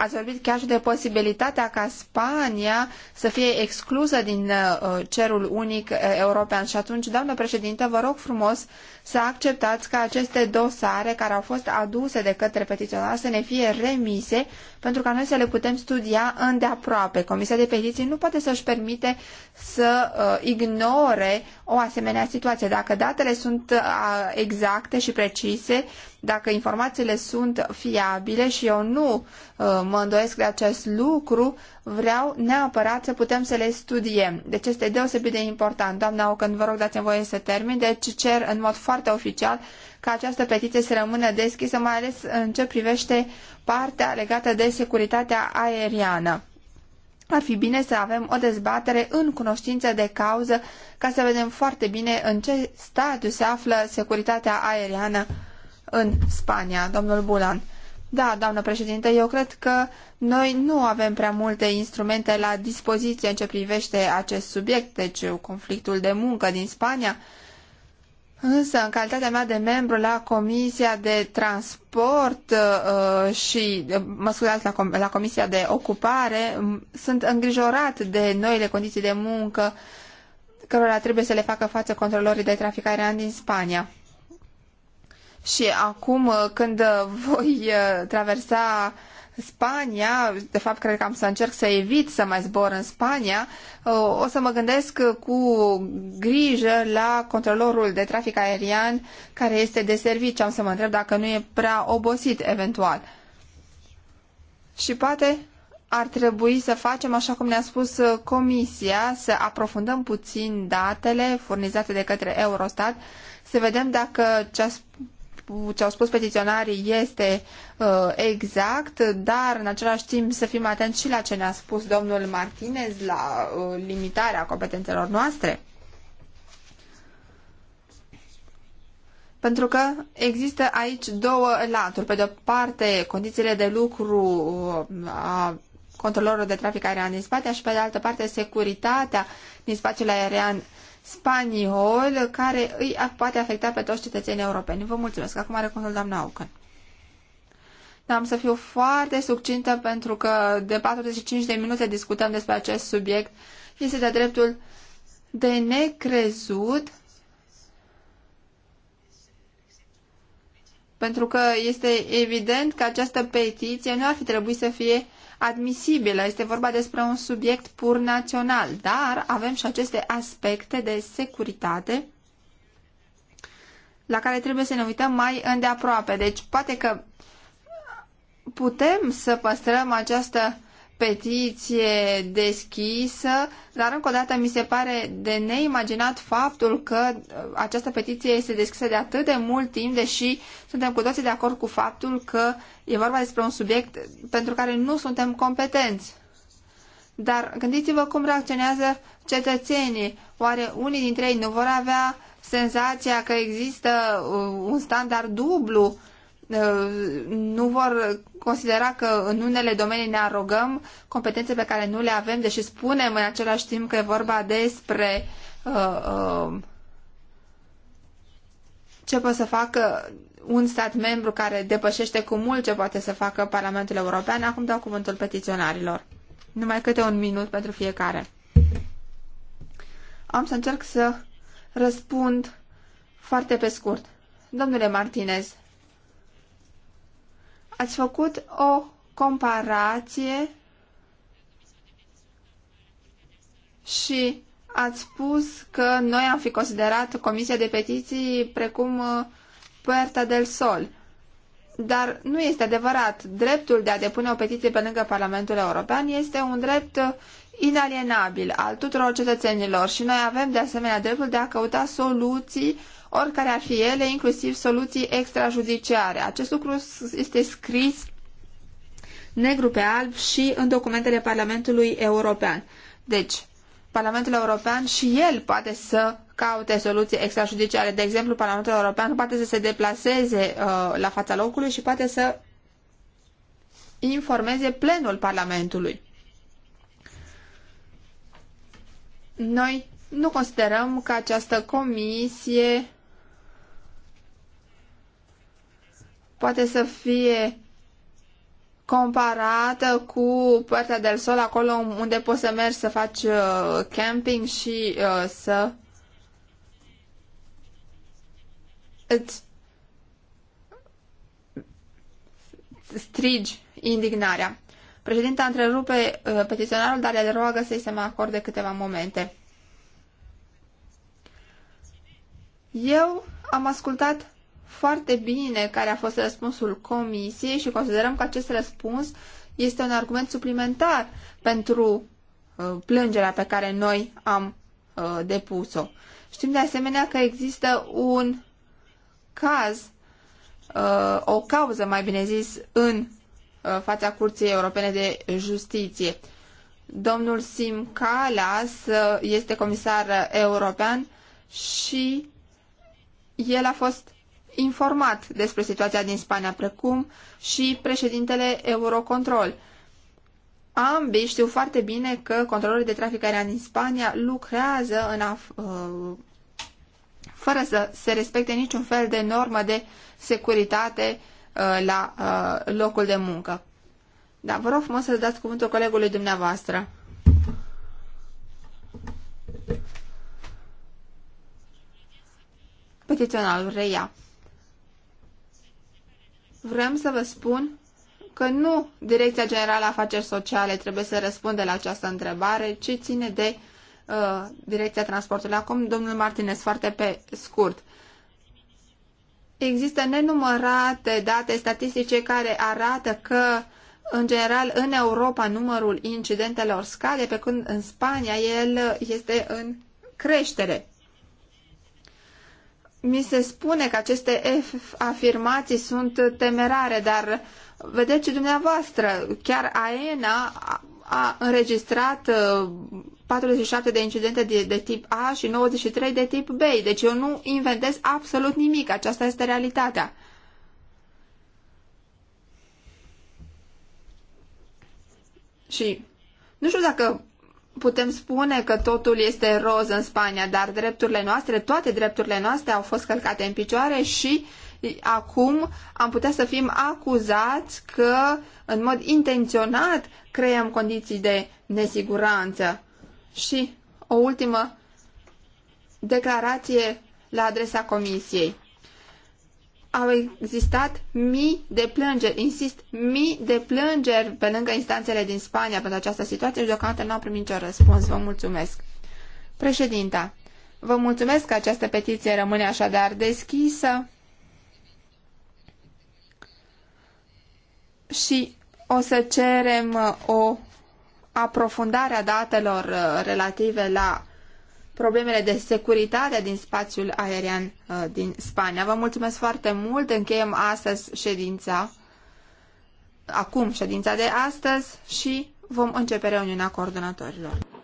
Ați vorbit chiar și de posibilitatea ca Spania să fie exclusă din uh, cerul unic uh, european. Și atunci, doamnă președinte, vă rog frumos să acceptați ca aceste dosare care au fost aduse de către petiționar să ne fie remise pentru ca noi să le putem studia îndeaproape. Comisia de petiții nu poate să-și permite să uh, ignore o asemenea situație. Dacă datele sunt exacte și precise, dacă informațiile sunt fiabile și eu nu uh, mă îndoiesc de acest lucru, vreau neapărat să putem să le studiem. Deci este deosebit de important. Doamna când vă rog, dați-mi voie să termin, deci cer în mod foarte oficial ca această petiție să rămână deschisă, mai ales în ce privește partea legată de securitatea aeriană. Ar fi bine să avem o dezbatere în cunoștință de cauză ca să vedem foarte bine în ce stadiu se află securitatea aeriană în Spania, domnul Bulan. Da, doamnă președinte, eu cred că noi nu avem prea multe instrumente la dispoziție în ce privește acest subiect, deci conflictul de muncă din Spania. Însă, în calitatea mea de membru la Comisia de Transport uh, și, uh, mă scuzați, la, com la Comisia de Ocupare, sunt îngrijorat de noile condiții de muncă cărora trebuie să le facă față controlorii de traficare aerian din Spania. Și acum uh, când uh, voi uh, traversa Spania, de fapt cred că am să încerc să evit să mai zbor în Spania, o să mă gândesc cu grijă la controlorul de trafic aerian care este de serviciu. Am să mă întreb dacă nu e prea obosit eventual. Și poate ar trebui să facem, așa cum ne-a spus Comisia, să aprofundăm puțin datele furnizate de către Eurostat, să vedem dacă ce a ce au spus petiționarii este uh, exact, dar în același timp să fim atenți și la ce ne-a spus domnul Martinez, la uh, limitarea competențelor noastre. Pentru că există aici două laturi. Pe de o parte, condițiile de lucru uh, a controlorilor de trafic aerian din spate și pe de altă parte, securitatea din spațiul aerian spaniol care îi poate afecta pe toți cetățenii europeni. Vă mulțumesc. Acum are cuvântul doamna Aucăn. Da, am să fiu foarte succintă pentru că de 45 de minute discutăm despre acest subiect. Este de dreptul de necrezut pentru că este evident că această petiție nu ar fi trebuit să fie admisibilă. Este vorba despre un subiect pur național, dar avem și aceste aspecte de securitate la care trebuie să ne uităm mai îndeaproape. Deci poate că putem să păstrăm această petiție deschisă, dar încă o dată mi se pare de neimaginat faptul că uh, această petiție este deschisă de atât de mult timp, deși suntem cu toții de acord cu faptul că e vorba despre un subiect pentru care nu suntem competenți. Dar gândiți-vă cum reacționează cetățenii. Oare unii dintre ei nu vor avea senzația că există uh, un standard dublu nu vor considera că în unele domenii ne arogăm competențe pe care nu le avem, deși spunem în același timp că e vorba despre uh, uh, ce pot să facă un stat membru care depășește cu mult ce poate să facă Parlamentul European. Acum dau cuvântul petiționarilor. Numai câte un minut pentru fiecare. Am să încerc să răspund foarte pe scurt. Domnule Martinez, ați făcut o comparație și ați spus că noi am fi considerat Comisia de Petiții precum uh, Puerta del Sol dar nu este adevărat. Dreptul de a depune o petiție pe lângă Parlamentul European este un drept inalienabil al tuturor cetățenilor și noi avem de asemenea dreptul de a căuta soluții oricare ar fi ele, inclusiv soluții extrajudiciare. Acest lucru este scris negru pe alb și în documentele Parlamentului European. Deci, Parlamentul European și el poate să caute soluții extrajudiciare. De exemplu, Parlamentul European poate să se deplaseze uh, la fața locului și poate să informeze plenul Parlamentului. Noi nu considerăm că această comisie poate să fie comparată cu Puerta del Sol, acolo unde poți să mergi să faci uh, camping și uh, să îți strigi indignarea. Președinta întrerupe uh, petiționarul, dar el roagă să-i se mai acorde câteva momente. Eu am ascultat foarte bine care a fost răspunsul comisiei și considerăm că acest răspuns este un argument suplimentar pentru uh, plângerea pe care noi am uh, depus-o. Știm de asemenea că există un caz, uh, o cauză, mai bine zis, în uh, fața Curții Europene de Justiție. Domnul Sim Calas uh, este comisar european și el a fost informat despre situația din Spania, precum și președintele Eurocontrol. Ambii știu foarte bine că controlorii de trafic aerian din Spania lucrează în af- fără să se respecte niciun fel de normă de securitate uh, la uh, locul de muncă. Da, vă rog frumos să dați cuvântul colegului dumneavoastră. Petiționalul reia. Vrem să vă spun că nu Direcția Generală Afaceri Sociale trebuie să răspundă la această întrebare, ci ține de Uh, direcția Transportului. Acum, domnul Martinez, foarte pe scurt. Există nenumărate date statistice care arată că, în general, în Europa numărul incidentelor scade, pe când în Spania el este în creștere. Mi se spune că aceste afirmații sunt temerare, dar vedeți dumneavoastră, chiar AENA a înregistrat uh, 47 de incidente de, de tip A și 93 de tip B. Deci eu nu inventez absolut nimic. Aceasta este realitatea. Și nu știu dacă putem spune că totul este roz în Spania, dar drepturile noastre, toate drepturile noastre au fost călcate în picioare și acum am putea să fim acuzați că în mod intenționat creăm condiții de nesiguranță. Și o ultimă declarație la adresa Comisiei. Au existat mii de plângeri, insist, mii de plângeri pe lângă instanțele din Spania pentru această situație și deocamdată nu am primit niciun răspuns. Vă mulțumesc. Președinta, vă mulțumesc că această petiție rămâne așadar deschisă și o să cerem uh, o aprofundarea datelor uh, relative la problemele de securitate din spațiul aerian uh, din Spania. Vă mulțumesc foarte mult. Încheiem astăzi ședința, acum ședința de astăzi și vom începe reuniunea coordonatorilor.